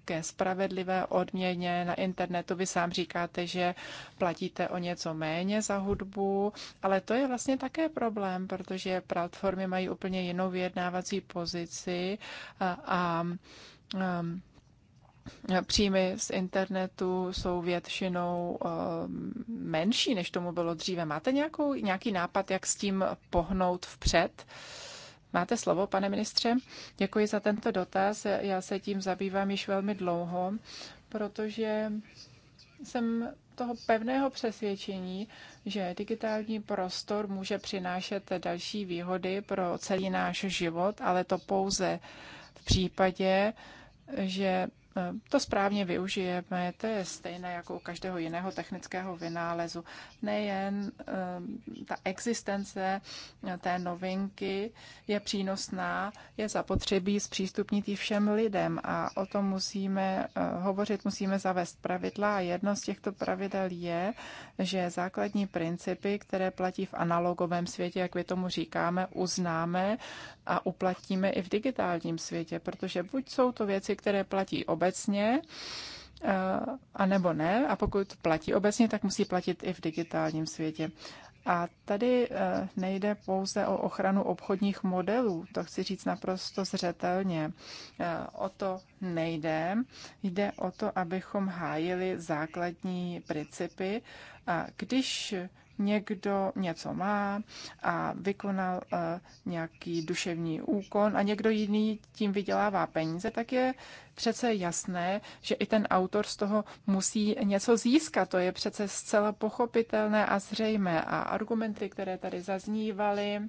ke spravedlivé odměně na internetu. Vy sám říkáte, že platíte o něco méně za hudbu, ale to je vlastně také problém, protože platformy mají úplně jinou vyjednávací pozici a, a um, příjmy z internetu jsou většinou ehm, menší, než tomu bylo dříve. Máte nějakou, nějaký nápad, jak s tím pohnout vpřed? Máte slovo, pane ministře. Děkuji za tento dotaz. Já se tím zabývám již velmi dlouho, protože jsem toho pevného přesvědčení, že digitální prostor může přinášet další výhody pro celý náš život, ale to pouze v případě, že Eh, to správně využijeme, to je stejné jako u každého jiného technického vynálezu. Nejen eh, ta existence eh, té novinky je přínosná, je zapotřebí zpřístupnit ji všem lidem a o tom musíme hovořit, musíme zavést pravidla a jedno z těchto pravidel je, že základní principy, které platí v analogovém světě, jak vy tomu říkáme, uznáme a uplatníme i v digitálním světě, protože buď jsou to věci, které platí ob obecně, eh, a nebo ne. A pokud platí obecně, tak musí platit i v digitálním světě. A tady eh, nejde pouze o ochranu obchodních modelů, to chci říct naprosto zřetelně. Eh, o to nejde. Jde o to, abychom hájili základní principy. A když někdo něco má a vykonal eh, nějaký duševní úkon a někdo jiný tím vydělává peníze, tak je přece jasné, že i ten autor z toho musí něco získat. To je přece zcela pochopitelné a zřejmé. A argumenty, které tady zaznívaly,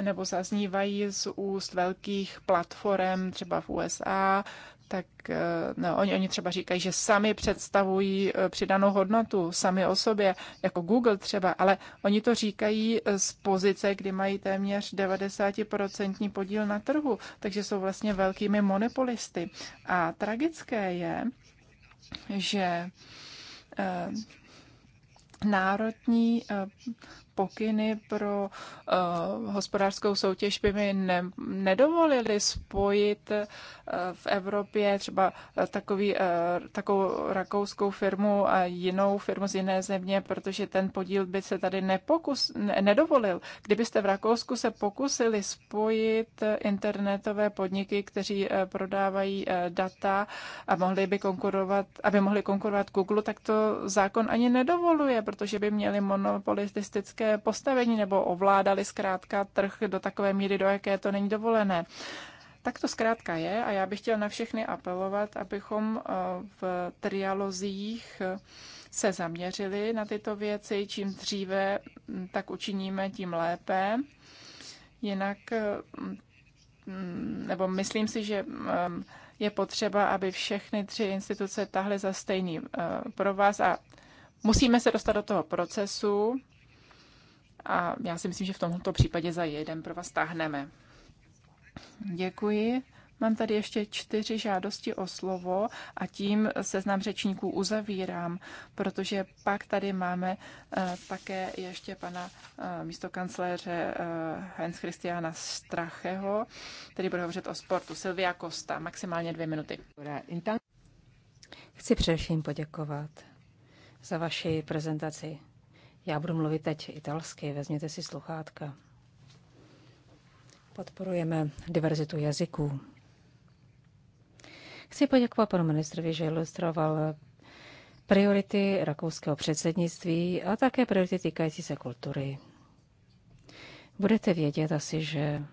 nebo zaznívají z úst velkých platform, třeba v USA, tak eh, no, oni, oni třeba říkají, že sami představují eh, přidanou hodnotu sami o sobě, jako Google třeba, ale oni to říkají eh, z pozice, kdy mají téměř 90% podíl na trhu, takže jsou vlastně velkými monopolisty. A tragické je, že národní pokyny pro uh, hospodářskou soutěž by mi ne, nedovolili spojit uh, v Evropě třeba takový, uh, takovou rakouskou firmu a jinou firmu z jiné země, protože ten podíl by se tady nepokus, ne, nedovolil. Kdybyste v Rakousku se pokusili spojit internetové podniky, kteří uh, prodávají uh, data a mohli by konkurovat, aby mohli konkurovat Google, tak to zákon ani nedovoluje, protože by měli monopolistické postavení nebo ovládali zkrátka trh do takové míry, do jaké to není dovolené. Tak to zkrátka je a já bych chtěl na všechny apelovat, abychom eh, v trialozích eh, se zaměřili na tyto věci. Čím dříve mm, tak učiníme, tím lépe. Jinak, eh, mm, nebo myslím si, že mm, je potřeba, aby všechny tři instituce tahly za stejný pro vás a musíme se dostat do toho procesu a já si myslím, že v tomto případě za jeden pro vás táhneme. Děkuji. Mám tady ještě čtyři žádosti o slovo a tím seznam řečníků uzavírám, protože pak tady máme eh, také ještě pana eh, místokancléře eh, Heinz Christiana Stracheho, který bude hovořit o sportu. Silvia Kosta, maximálně dvě minuty. Chci především poděkovat za vaši prezentaci. Já budu mluvit teď italsky, vezměte si sluchátka. Podporujeme diverzitu jazyků. Chci poděkovat panu ministrovi, že ilustroval priority rakouského předsednictví a také priority týkající se kultury. Budete vědět asi, že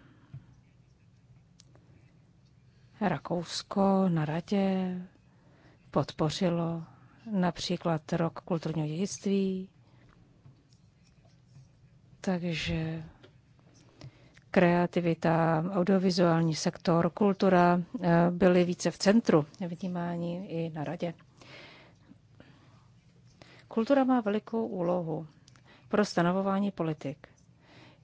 Rakousko na radě podpořilo například rok kulturního dědictví takže kreativita, audiovizuální sektor, kultura eh, byly více v centru vnímání i na radě. Kultura má velikou úlohu pro stanovování politik.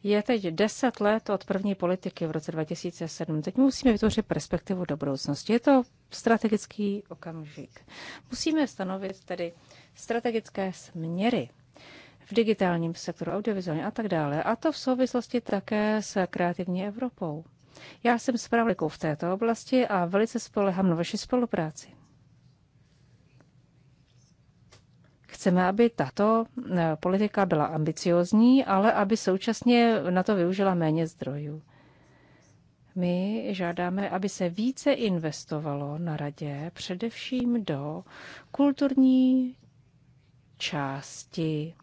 Je teď deset let od první politiky v roce 2007. Teď musíme vytvořit perspektivu do budoucnosti. Je to strategický okamžik. Musíme stanovit tedy strategické směry v digitálním sektoru, audiovizuálně a tak dále. A to v souvislosti také s kreativní Evropou. Já jsem zpravlikou v této oblasti a velice spolehám na vaši spolupráci. Chceme, aby tato e, politika byla ambiciozní, ale aby současně na to využila méně zdrojů. My žádáme, aby se více investovalo na radě, především do kulturní části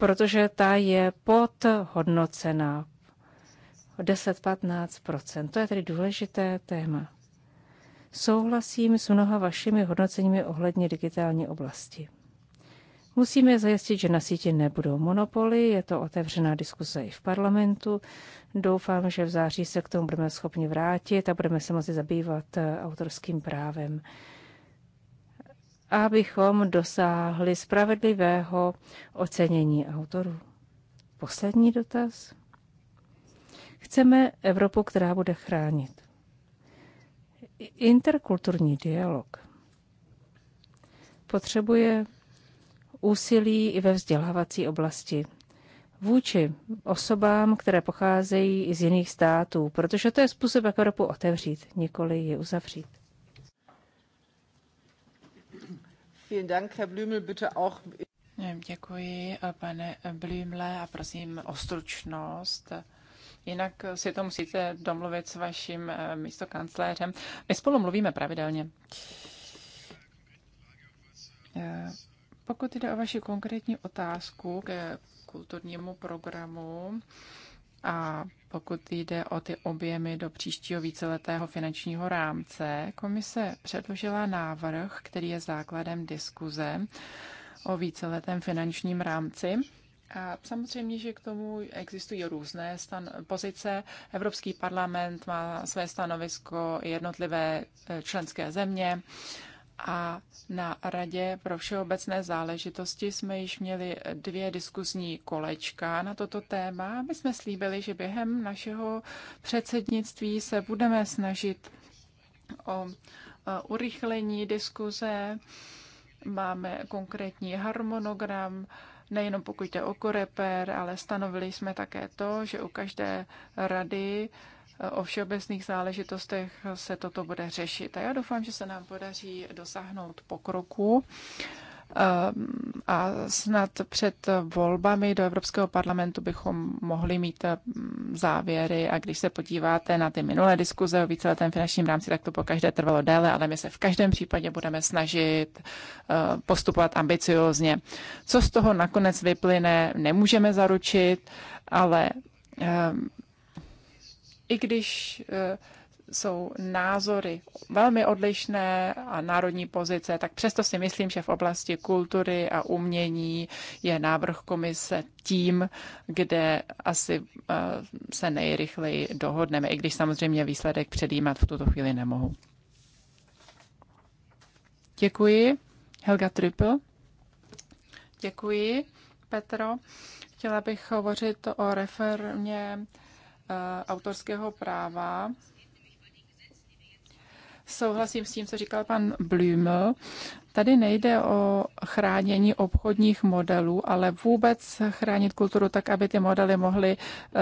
protože ta je podhodnocená o 10-15 To je tedy důležité téma. Souhlasím s mnoha vašimi hodnoceními ohledně digitální oblasti. Musíme zajistit, že na síti nebudou monopoly, je to otevřená diskuse i v parlamentu. Doufám, že v září se k tomu budeme schopni vrátit a budeme se moci zabývat eh, autorským právem abychom dosáhli spravedlivého ocenění autorů. Poslední dotaz. Chceme Evropu, která bude chránit. Interkulturní dialog potřebuje úsilí i ve vzdělávací oblasti vůči osobám, které pocházejí z jiných států, protože to je způsob, jak Evropu otevřít, nikoli ji uzavřít. Děkuji, eh, pane Blümle, a prosím o stručnost. Jinak si to musíte domluvit s vaším eh, místokancléřem. My spolu mluvíme pravidelně. Eh, pokud jde o vaši konkrétní otázku ke kulturnímu programu a pokud jde o ty objemy do příštího víceletého finančního rámce, komise předložila návrh, který je základem diskuze o víceletém finančním rámci. A samozřejmě, že k tomu existují různé stan- pozice. Evropský parlament má své stanovisko, jednotlivé e, členské země a na Radě pro všeobecné záležitosti jsme již měli dvě diskuzní kolečka na toto téma. My jsme slíbili, že během našeho předsednictví se budeme snažit o urychlení diskuze. Máme konkrétní harmonogram, nejenom pokud jde o koreper, ale stanovili jsme také to, že u každé rady Eh, o všeobecných záležitostech se toto bude řešit. A já doufám, že se nám podaří dosáhnout pokroku eh, a snad před volbami do Evropského parlamentu bychom mohli mít eh, závěry a když se podíváte na ty minulé diskuze o víceletém finančním rámci, tak to po každé trvalo déle, ale my se v každém případě budeme snažit postupovat ambiciozně. Co z toho nakonec vyplyne, nemůžeme zaručit, ale i když eh, jsou názory velmi odlišné a národní pozice, tak přesto si myslím, že v oblasti kultury a umění je návrh komise tím, kde asi eh, se nejrychleji dohodneme, i když samozřejmě výsledek předjímat v tuto chvíli nemohu. Děkuji. Helga Trippel. Děkuji, Petro. Chtěla bych hovořit o reformě Eh, autorského práva. Souhlasím s tím, co říkal pan Blümel, Tady nejde o chránění obchodních modelů, ale vůbec chránit kulturu tak, aby ty modely mohly eh,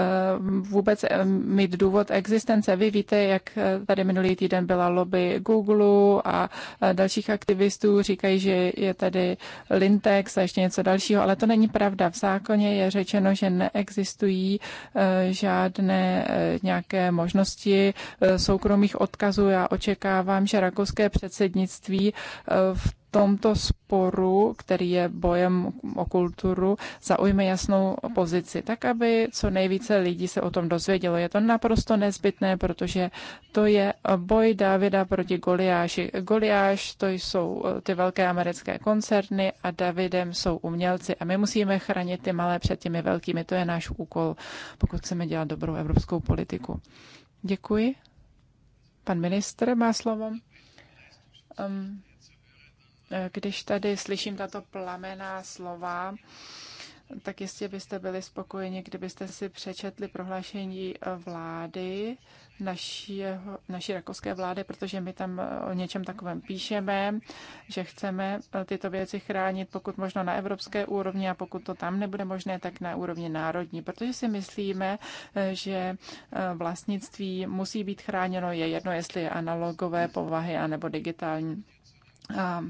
vůbec eh, mít důvod existence. Vy víte, jak eh, tady minulý týden byla lobby Google a dalších aktivistů, říkají, že je tady Lintex a ještě něco dalšího, ale to není pravda. V zákoně je řečeno, že neexistují žádné nějaké možnosti soukromých odkazů. Já očekávám, že rakouské předsednictví v tomto sporu, který je bojem o kulturu, zaujme jasnou pozici, tak aby co nejvíce lidí se o tom dozvědělo. Je to naprosto nezbytné, protože to je boj Davida proti Goliáši. Goliáš to jsou eh, ty velké americké koncerny a Davidem jsou umělci a my musíme chránit ty malé před těmi velkými. To je náš úkol, pokud chceme dělat dobrou evropskou politiku. Děkuji. Pan ministr má slovo. Um, když tady slyším tato plamená slova, tak jistě byste byli spokojeni, kdybyste si přečetli prohlášení eh, vlády, naší, naší rakouské vlády, protože my tam eh, o něčem takovém píšeme, že chceme eh, tyto věci chránit pokud možno na evropské úrovni a pokud to tam nebude možné, tak na úrovni národní, protože si myslíme, že vlastnictví musí být chráněno, je jedno, jestli je analogové povahy anebo digitální. A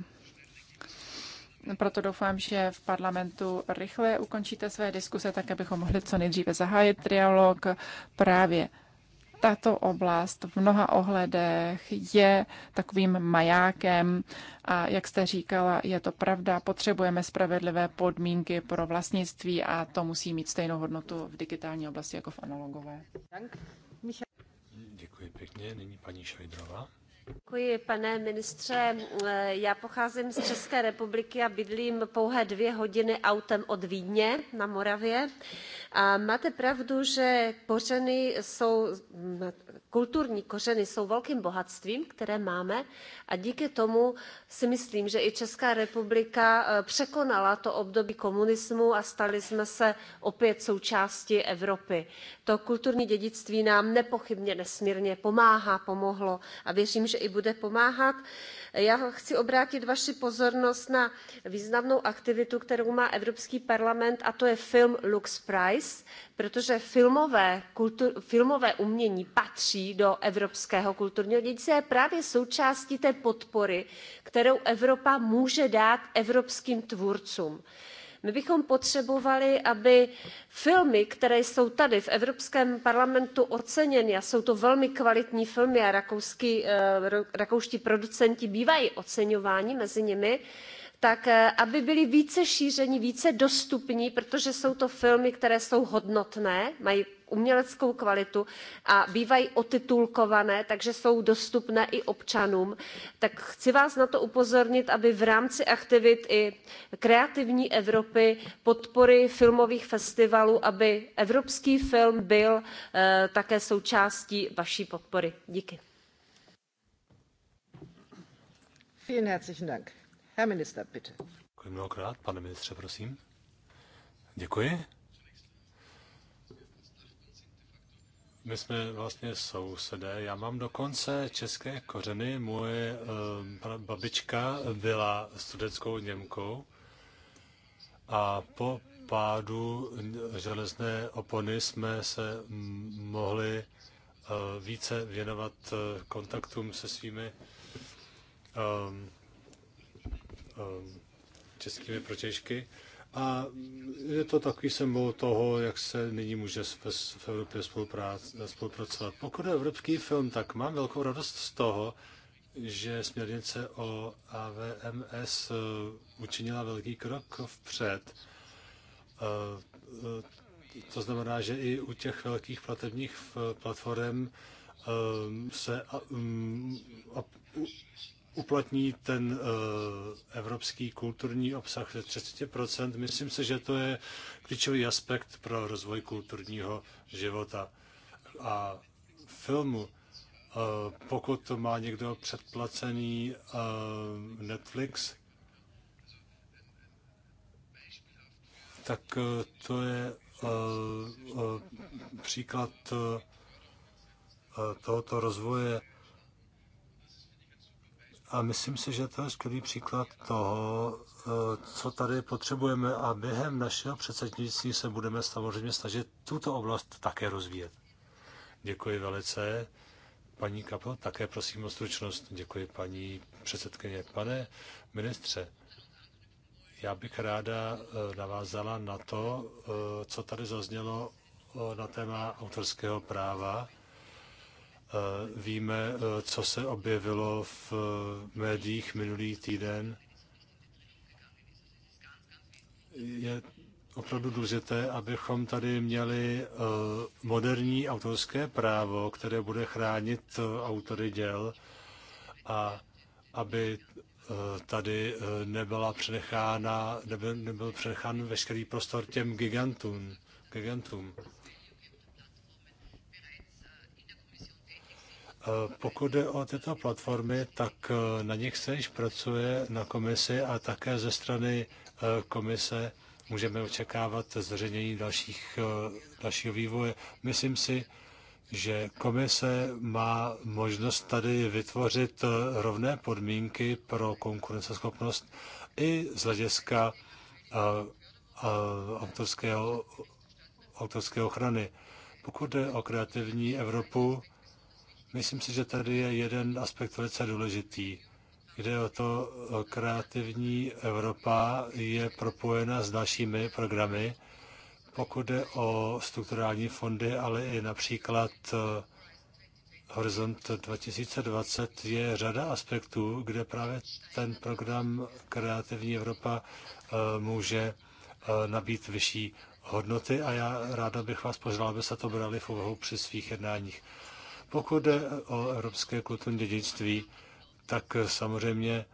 proto doufám, že v parlamentu rychle ukončíte své diskuse, tak abychom mohli co nejdříve zahájit dialog. Právě tato oblast v mnoha ohledech je takovým majákem a jak jste říkala, je to pravda, potřebujeme spravedlivé podmínky pro vlastnictví a to musí mít stejnou hodnotu v digitální oblasti jako v analogové. Děkuji pěkně. Nyní paní Švejdrová pane ministře. Já pocházím z České republiky a bydlím pouhé dvě hodiny autem od Vídně na Moravě a máte pravdu, že jsou, kulturní kořeny jsou velkým bohatstvím, které máme a díky tomu si myslím, že i Česká republika eh, překonala to období komunismu a stali jsme se opět součástí Evropy. To kulturní dědictví nám nepochybně nesmírně pomáhá, pomohlo a věřím, že i bude pomáhat. Já chci obrátit vaši pozornost na významnou aktivitu, kterou má Evropský parlament a to je film Lux Prize kulis protože filmové, umění patří do evropského kulturního dědictví a je právě součástí té podpory, kterou Evropa může dát evropským tvůrcům my bychom potřebovali aby filmy které jsou tady v evropském parlamentu oceněny a jsou to velmi kvalitní filmy a eh, rakouští producenti bývají oceňováni mezi nimi tak eh, aby byli více šířeni, více dostupní, protože jsou to filmy, které jsou hodnotné, mají uměleckou kvalitu a bývají otitulkované, takže jsou dostupné i občanům. Tak chci vás na to upozornit, aby v rámci aktivit i kreativní Evropy podpory filmových festivalů, aby evropský film byl eh, také součástí vaší podpory. Díky. Herr Minister, bitte. pane minister, prosím. Děkuji. My jsme vlastně sousedé. Já mám dokonce české kořeny. Moje uh, babička byla studentskou Němkou a po pádu železné opony jsme se mohli uh, více věnovat eh, kontaktům se svými Eh, českými protěžky. A je to takový symbol toho, jak se nyní může v Evropě spolupracovat. Pokud je evropský film, tak mám velkou radost z toho, že směrnice o AVMS eh, učinila velký krok vpřed. Eh, to znamená, že i u těch velkých platebních platform se mm, uplatní ten eh, evropský kulturní obsah ze 30%. Myslím se, že to je klíčový aspekt pro rozvoj kulturního života a filmu. Eh, pokud to má někdo předplacený eh, Netflix, tak to je příklad tohoto rozvoje a myslím si, že to je skvělý příklad toho, eh, co tady potřebujeme a během našeho předsednictví se budeme samozřejmě snažit tuto oblast také rozvíjet. Děkuji velice. Paní Kapel, také prosím o stručnost. Děkuji paní předsedkyně. Pane ministře, já bych ráda eh, navázala na to, eh, co tady zaznělo na téma autorského práva Eh, víme, eh, co se objevilo v eh, médiích minulý týden. Je opravdu důležité, abychom tady měli moderní autorské právo, které bude chránit autory děl a aby tady nebyla přenechána, nebyl, nebyl přenechán veškerý prostor těm gigantům. gigantům. Eh, pokud jde o tyto platformy, tak eh, na nich se již pracuje na komisi a také ze strany eh, komise můžeme očekávat zřejmění dalších, dalšího vývoje. Myslím si, že komise má možnost tady vytvořit rovné podmínky pro konkurenceschopnost i z hlediska autorského, autorské ochrany. Pokud jde o kreativní Evropu, Myslím si, že tady je jeden aspekt velice důležitý. Jde o to, kreativní Evropa je propojena s dalšími programy, pokud jde o strukturální fondy, ale i například eh, Horizont 2020 je řada aspektů, kde právě ten program Kreativní Evropa eh, může eh, nabít vyšší hodnoty a já ráda bych vás požádal, aby se to brali v úvahu při svých jednáních. Pokud jde o evropské kulturní dědictví, tak samozřejmě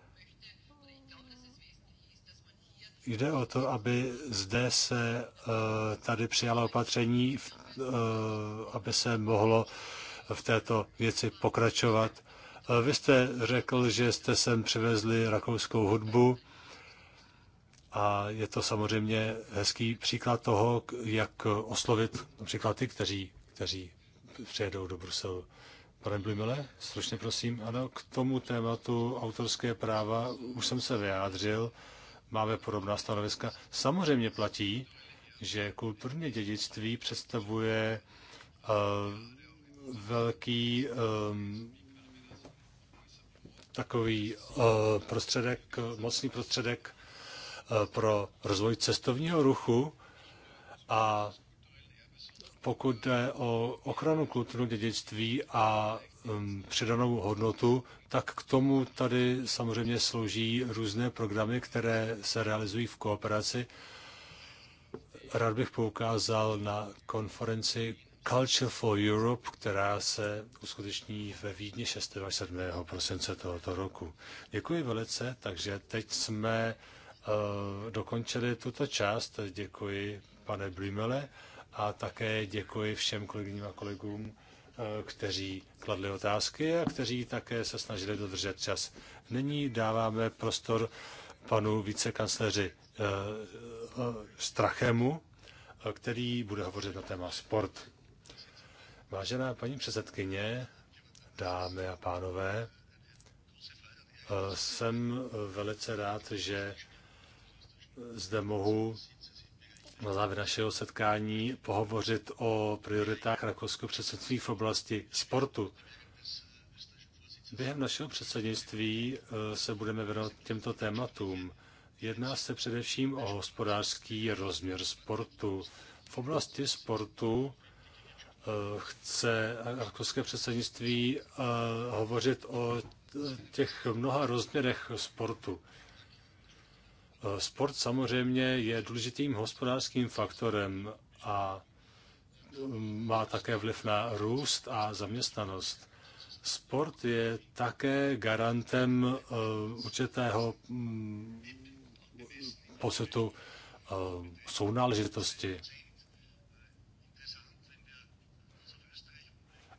jde o to, aby zde se eh, tady přijala opatření, eh, aby se mohlo v této věci pokračovat. Eh, vy jste řekl, že jste sem přivezli rakouskou hudbu a je to samozřejmě hezký příklad toho, jak oslovit například ty, kteří, kteří přijedou do Bruselu. Pane Blimile, stručně prosím, ano, k tomu tématu autorské práva už jsem se vyjádřil, máme podobná stanoviska. Samozřejmě platí, že kulturní dědictví představuje uh, velký um, takový uh, prostředek, mocný prostředek uh, pro rozvoj cestovního ruchu a pokud jde o ochranu kulturního dědictví a um, přidanou hodnotu, tak k tomu tady samozřejmě slouží různé programy, které se realizují v kooperaci. Rád bych poukázal na konferenci Culture for Europe, která se uskuteční ve Vídni 6. až 7. prosince tohoto roku. Děkuji velice, takže teď jsme uh, dokončili tuto část. Děkuji, pane Blümele a také děkuji všem kolegyním a kolegům, eh, kteří kladli otázky a kteří také se snažili dodržet čas. Nyní dáváme prostor panu vicekancléři eh, Strachemu, eh, který bude hovořit na téma sport. Vážená paní předsedkyně, dámy a pánové, jsem velice rád, že zde mohu na závěr našeho setkání pohovořit o prioritách Rakousko předsednictví v oblasti sportu. Během našeho předsednictví eh, se budeme věnovat těmto tématům. Jedná se především o hospodářský rozměr sportu. V oblasti sportu eh, chce rakouské předsednictví eh, hovořit o těch mnoha rozměrech sportu. Sport samozřejmě je důležitým hospodářským faktorem a má také vliv na růst a zaměstnanost. Sport je také garantem eh, určitého mm, pocitu eh, sounáležitosti.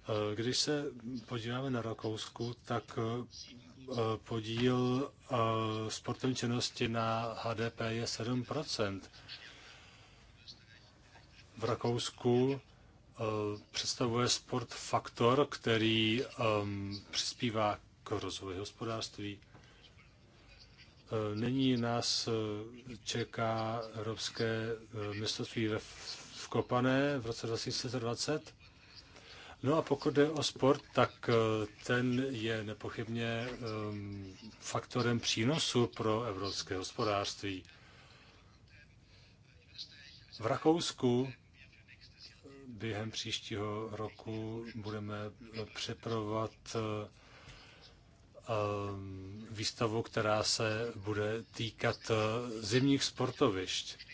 Eh, když se podíváme na Rakousku, tak Eh, podíl eh, sportovní činnosti na HDP je 7 V Rakousku eh, představuje sport faktor, který ehm, přispívá k rozvoji hospodářství. Nyní nás čeká Evropské mistrovství v Kopané v roce 2020. No a pokud jde o sport, tak eh, ten je nepochybně ehm, faktorem přínosu pro evropské hospodářství. V Rakousku eh, během příštího roku budeme přepravovat eh, ehm, výstavu, která se bude týkat zimních sportovišť.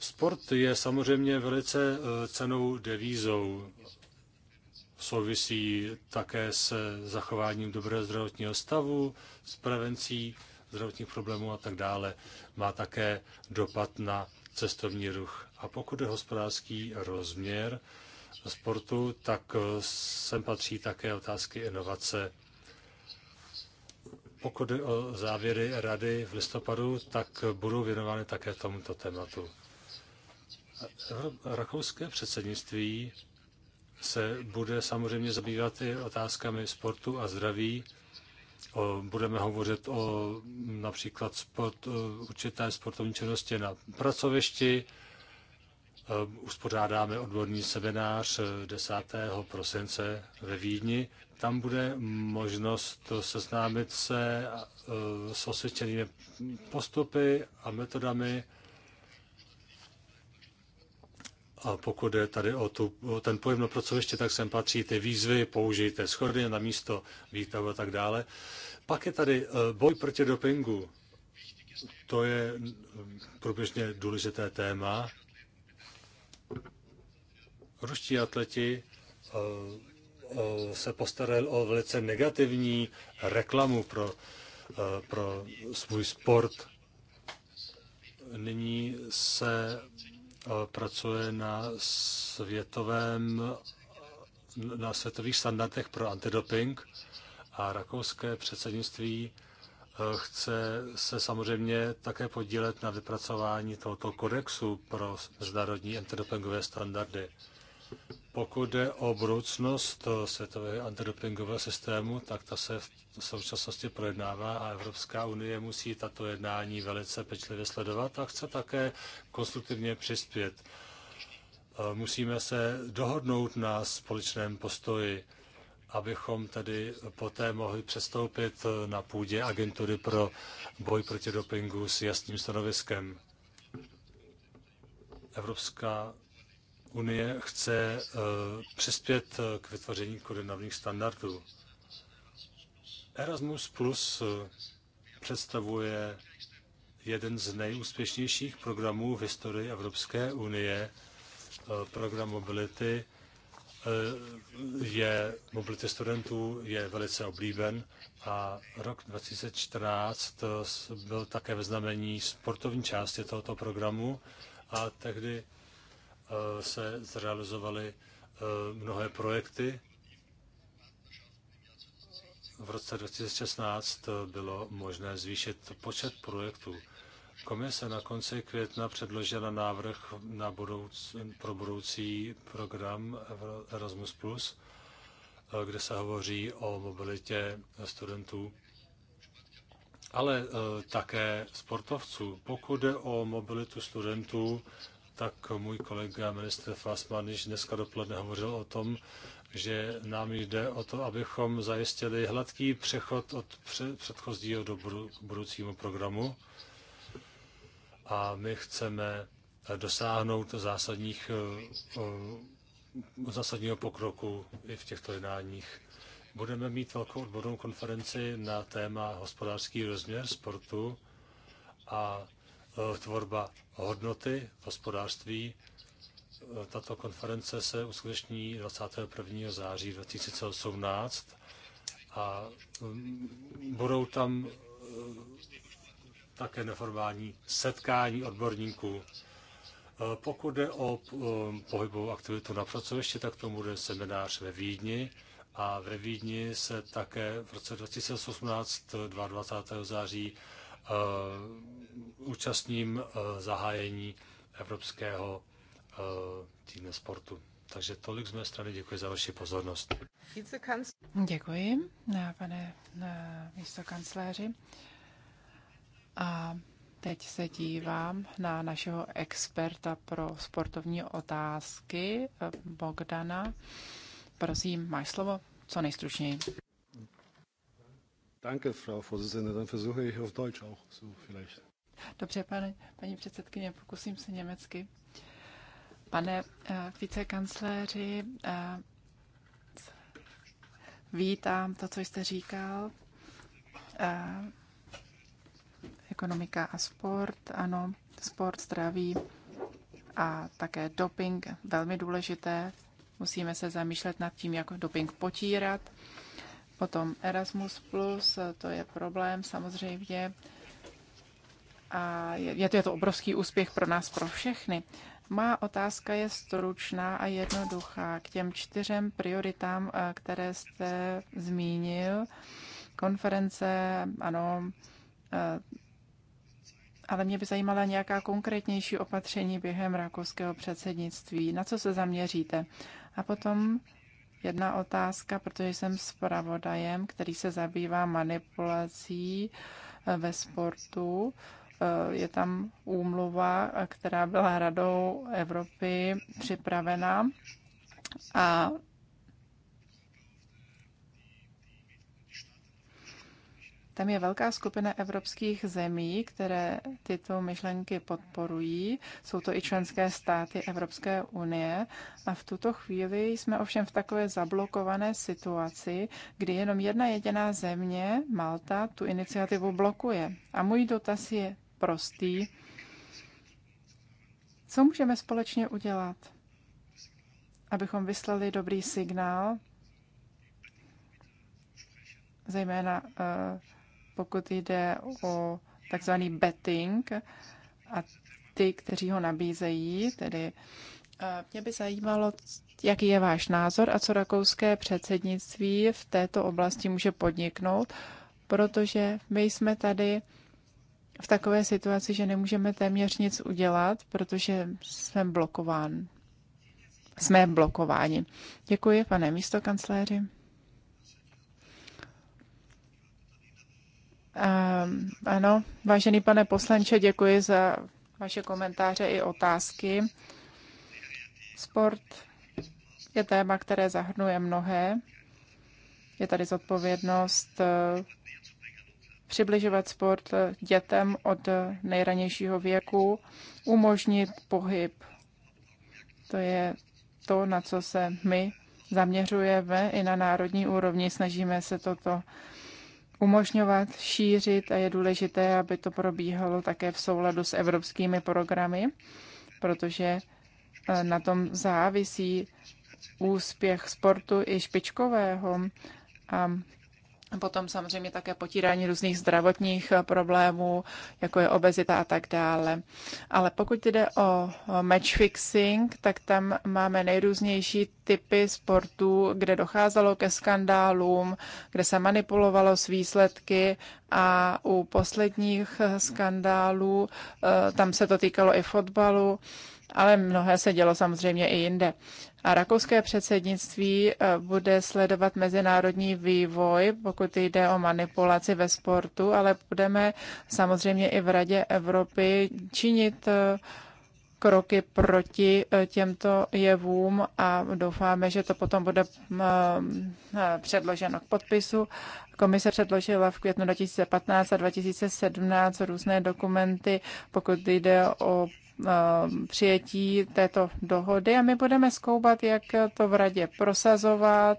Sport je samozřejmě velice cenou devízou souvisí také se zachováním dobrého zdravotního stavu, s prevencí zdravotních problémů a tak dále. Má také dopad na cestovní ruch. A pokud je hospodářský rozměr sportu, tak eh, sem patří také otázky inovace. Pokud je o závěry rady v listopadu, tak budou věnovány také tomuto tématu. Rakouské předsednictví se bude samozřejmě zabývat i otázkami sportu a zdraví. Budeme hovořit o například sport, určité sportovní činnosti na pracovišti. Uspořádáme odborný seminář 10. prosince ve Vídni. Tam bude možnost seznámit se s osvědčenými postupy a metodami a pokud je tady o, tu, o ten pojem na pracoviště, tak sem patří ty výzvy, použijte schody na místo výtahu a tak dále. Pak je tady eh, boj proti dopingu. To je mm, průběžně důležité téma. Ruští atleti eh, eh, se postarali o velice negativní reklamu pro, pro svůj sport. Nyní se Eh, pracuje na světovém na světových standardech pro antidoping a rakouské předsednictví eh, chce se samozřejmě také podílet na vypracování tohoto kodexu pro mezinárodní antidopingové standardy. Pokud jde o budoucnost eh, světového antidopingového systému, tak ta se v současnosti projednává a Evropská unie musí tato jednání velice pečlivě sledovat a chce také konstruktivně přispět. Eh, musíme se dohodnout na společném postoji, abychom tedy poté mohli přestoupit eh, na půdě agentury pro boj proti dopingu s jasným stanoviskem. Evropská unie chce eh, přispět eh, k vytvoření koordinovaných standardů. Erasmus Plus eh, představuje jeden z nejúspěšnějších programů v historii Evropské unie. Program mobility je, mobility studentů je velice oblíben a rok 2014 byl také ve znamení sportovní části tohoto programu a tehdy Eh, se zrealizovaly eh, mnohé projekty. V roce 2016 eh, bylo možné zvýšit počet projektů. Komise na konci května předložila návrh na budouc, pro budoucí program Erasmus+, kde se hovoří o mobilitě studentů, ale také sportovců. Pokud jde o mobilitu studentů, tak můj kolega ministr Fasman již dneska dopoledne hovořil o tom, že nám jde o to, abychom zajistili hladký přechod od předchozího do budoucímu programu a my chceme dosáhnout zásadních, zásadního pokroku i v těchto jednáních. Budeme mít velkou odbornou konferenci na téma hospodářský rozměr sportu a Eh, tvorba hodnoty v hospodářství. Eh, tato konference se uskuteční 21. září 2018 a mm, budou tam eh, také neformální setkání odborníků. Pokud jde o pohybovou aktivitu na pracovišti, tak tomu bude seminář ve Vídni a ve Vídni se také v roce 2018 22. září Eh, účastním eh, zahájení Evropského eh, týdne sportu. Takže tolik z mé strany, děkuji za vaši pozornost. Děkuji, pane místokancléři. A teď se dívám na našeho experta pro sportovní otázky, Bogdana. Prosím, máš slovo, co nejstručněji. Danke, Frau Vorsitzende. Dann versuche ich auf Deutsch auch so vielleicht. Dobře, pane, paní předsedkyně, pokusím se německy. Pane uh, eh, vicekancléři, uh, eh, vítám to, co jste říkal. Uh, ekonomika a sport, ano, sport, zdraví a také doping, velmi důležité. Musíme se zamýšlet nad tím, jak doping potírat. Potom Erasmus+, plus, to je problém samozřejmě. A je to, je to obrovský úspěch pro nás, pro všechny. Má otázka je stručná a jednoduchá k těm čtyřem prioritám, eh, které jste zmínil. Konference, ano, eh, ale mě by zajímala nějaká konkrétnější opatření během rakouského předsednictví. Na co se zaměříte? A potom jedna otázka, protože jsem zpravodajem, který se zabývá manipulací eh, ve sportu. Eh, je tam úmluva, eh, která byla Radou Evropy připravena a Tam je velká skupina evropských zemí, které tyto myšlenky podporují. Jsou to i členské státy Evropské unie. A v tuto chvíli jsme ovšem v takové zablokované situaci, kdy jenom jedna jediná země, Malta, tu iniciativu blokuje. A můj dotaz je prostý. Co můžeme společně udělat, abychom vyslali dobrý signál, zejména uh, pokud jde o takzvaný betting a ty, kteří ho nabízejí, tedy eh, mě by zajímalo, jaký je váš názor a co rakouské předsednictví v této oblasti může podniknout, protože my jsme tady v takové situaci, že nemůžeme téměř nic udělat, protože jsme blokován. Jsme blokováni. Děkuji, pane kancléři. Ehm, ano, vážený pane poslanče, děkuji za vaše komentáře i otázky. Sport je téma, které zahrnuje mnohé. Je tady zodpovědnost eh, přibližovat sport dětem od nejranějšího věku, umožnit pohyb. To je to, na co se my zaměřujeme i na národní úrovni. Snažíme se toto umožňovat, šířit a je důležité, aby to probíhalo také v souladu s evropskými programy, protože eh, na tom závisí úspěch sportu i špičkového. A Potom samozřejmě také potírání různých zdravotních eh, problémů, jako je obezita a tak dále. Ale pokud jde o match fixing, tak tam máme nejrůznější typy sportů, kde docházelo ke skandálům, kde se manipulovalo s výsledky a u posledních eh, skandálů eh, tam se to týkalo i fotbalu ale mnohé se dělo samozřejmě i jinde. A rakouské předsednictví eh, bude sledovat mezinárodní vývoj, pokud jde o manipulaci ve sportu, ale budeme samozřejmě i v Radě Evropy činit eh, kroky proti eh, těmto jevům a doufáme, že to potom bude mm, předloženo k podpisu. Komise předložila v květnu 2015 a 2017 různé dokumenty, pokud jde o Eh, přijetí této dohody a my budeme zkoumat, jak to v radě prosazovat.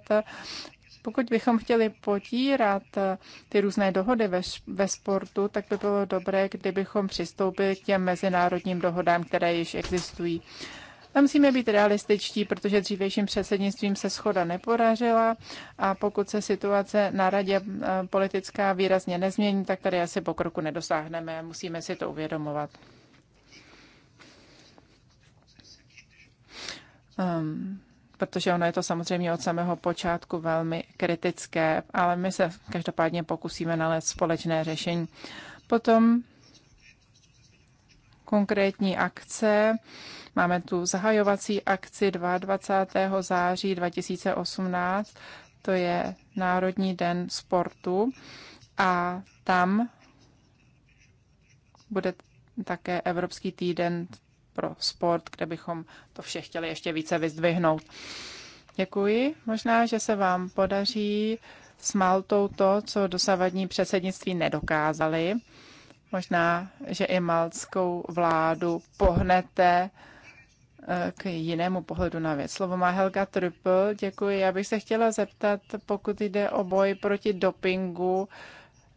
Pokud bychom chtěli potírat eh, ty různé dohody ve, ve sportu, tak by bylo dobré, kdybychom přistoupili k těm mezinárodním dohodám, které již existují. Tam musíme být realističtí, protože dřívějším předsednictvím se schoda nepodařila a pokud se situace na radě eh, politická výrazně nezmění, tak tady asi pokroku nedosáhneme a musíme si to uvědomovat. um, protože ono je to samozřejmě od samého počátku velmi kritické, ale my se každopádně pokusíme nalézt společné řešení. Potom konkrétní akce. Máme tu zahajovací akci 22. září 2018, to je Národní den sportu a tam bude také Evropský týden pro sport, kde bychom to vše chtěli ještě více vyzdvihnout. Děkuji. Možná, že se vám podaří s Maltou to, co dosavadní předsednictví nedokázali. Možná, že i maltskou vládu pohnete eh, k jinému pohledu na věc. Slovo má Helga Trüppel. Děkuji. Já bych se chtěla zeptat, pokud jde o boj proti dopingu,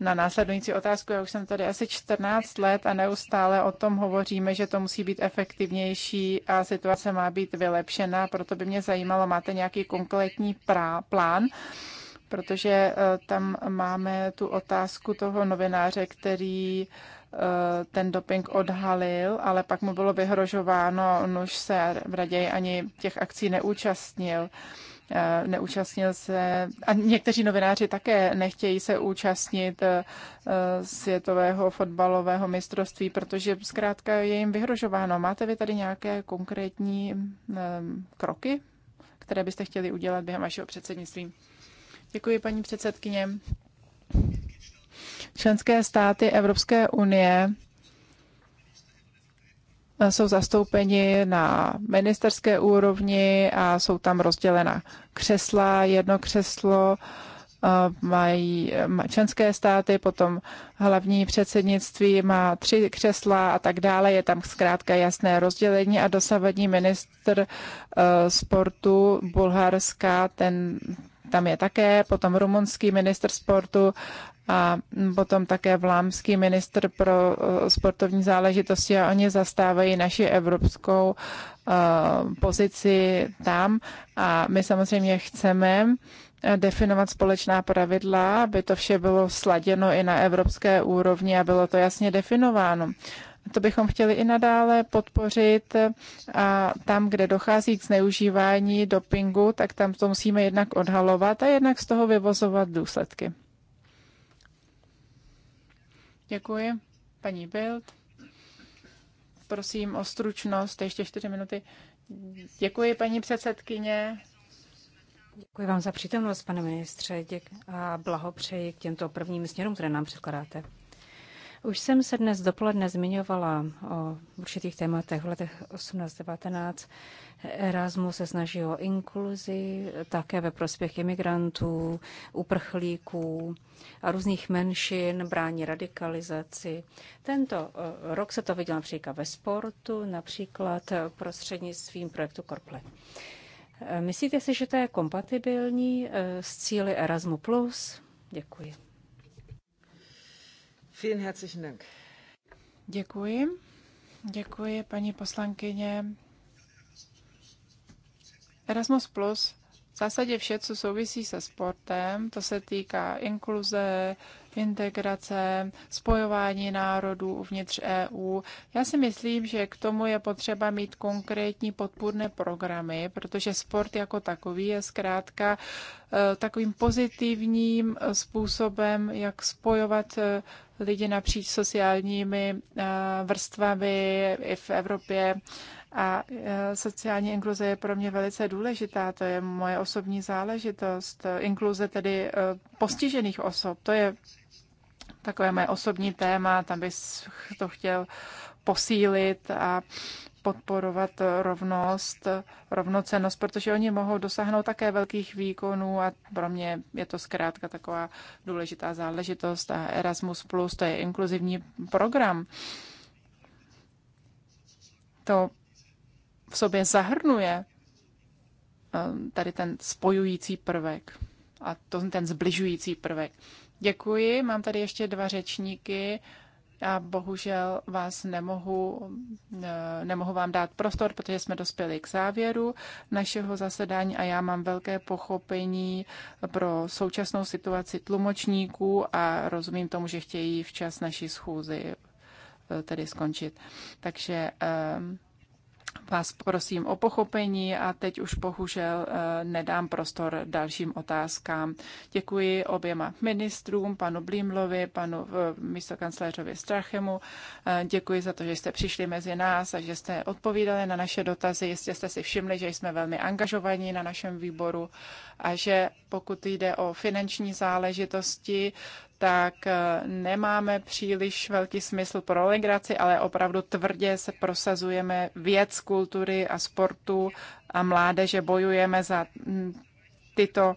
na následující otázku. Já už jsem tady asi 14 let a neustále o tom hovoříme, že to musí být efektivnější a situace má být vylepšena. Proto by mě zajímalo, máte nějaký konkrétní prá- plán? Protože eh, tam máme tu otázku toho novináře, který eh, ten doping odhalil, ale pak mu bylo vyhrožováno, už se raději ani těch akcí neúčastnil. Uh, Eh, neúčastnil se, a někteří novináři také nechtějí se účastnit eh, světového fotbalového mistrovství, protože zkrátka je jim vyhrožováno. Máte vy tady nějaké konkrétní eh, kroky, které byste chtěli udělat během vašeho předsednictví? Děkuji, paní předsedkyně. Členské státy Evropské unie jsou zastoupeni na ministerské úrovni a jsou tam rozdělena křesla, jedno křeslo eh, mají členské státy, potom hlavní předsednictví má tři křesla a tak dále. Je tam zkrátka jasné rozdělení a dosavadní ministr eh, sportu Bulharska, ten tam je také, potom rumunský minister sportu a potom také vlámský ministr pro eh, sportovní záležitosti a oni zastávají naši evropskou eh, pozici tam a my samozřejmě chceme eh, definovat společná pravidla, aby to vše bylo sladěno i na evropské úrovni a bylo to jasně definováno. To bychom chtěli i nadále podpořit a tam, kde dochází k zneužívání dopingu, tak tam to musíme jednak odhalovat a jednak z toho vyvozovat důsledky. Děkuji. Paní Bild. Prosím o stručnost, ještě čtyři minuty. Děkuji, paní předsedkyně. Děkuji vám za přítomnost, pane ministře, děk a blahopřeji k těmto prvním směrům, které nám předkládáte. Už jsem se dnes dopoledne zmiňovala o určitých tématech v letech 18-19. Erasmus se snaží o inkluzi, také ve prospěch imigrantů, uprchlíků a různých menšin, brání radikalizaci. Tento eh, rok se to viděl například ve sportu, například eh, prostřednictvím projektu Korple. Eh, myslíte si, že to je kompatibilní s cíly Erasmu+. Děkuji. Děkuji. Děkuji, paní poslankyně. Erasmus Plus v zásadě vše, co souvisí se sportem, to se týká inkluze, integrace, spojování národů uvnitř EU. Já si myslím, že k tomu je potřeba mít konkrétní podpůrné programy, protože sport jako takový je zkrátka eh, takovým pozitivním způsobem, jak spojovat eh, lidi napříč sociálními eh, vrstvami i v Evropě. A eh, sociální inkluze je pro mě velice důležitá, to je moje osobní záležitost. Inkluze tedy eh, postižených osob, to je takové moje osobní téma, tam bych to chtěl posílit a podporovat eh, rovnost, eh, rovnocenost, protože oni mohou dosáhnout také velkých výkonů a pro mě je to zkrátka taková důležitá záležitost a Erasmus+, Plus, to je inkluzivní program. To v sobě zahrnuje eh, tady ten spojující prvek a to, ten zbližující prvek. Děkuji, mám tady ještě dva řečníky a bohužel vás nemohu, nemohu vám dát prostor, protože jsme dospěli k závěru našeho zasedání a já mám velké pochopení pro současnou situaci tlumočníků a rozumím tomu, že chtějí včas naši schůzi eh, tedy skončit. Takže ehm, vás prosím o pochopení a teď už bohužel eh, nedám prostor dalším otázkám. Děkuji oběma ministrům, panu Blímlovi, panu eh, místokancléřovi Strachemu. Eh, děkuji za to, že jste přišli mezi nás a že jste odpovídali na naše dotazy. Jistě jste si všimli, že jsme velmi angažovaní na našem výboru a že pokud jde o finanční záležitosti, tak eh, nemáme příliš velký smysl pro legraci, ale opravdu tvrdě se prosazujeme věc, kultury a sportu a mládeže bojujeme za mm, tyto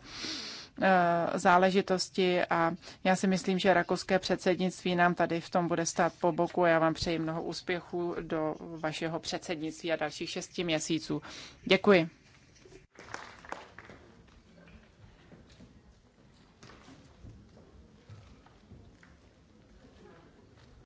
eh, záležitosti a já si myslím, že rakouské předsednictví nám tady v tom bude stát po boku a já vám přeji mnoho úspěchů do vašeho předsednictví a dalších šesti měsíců. Děkuji.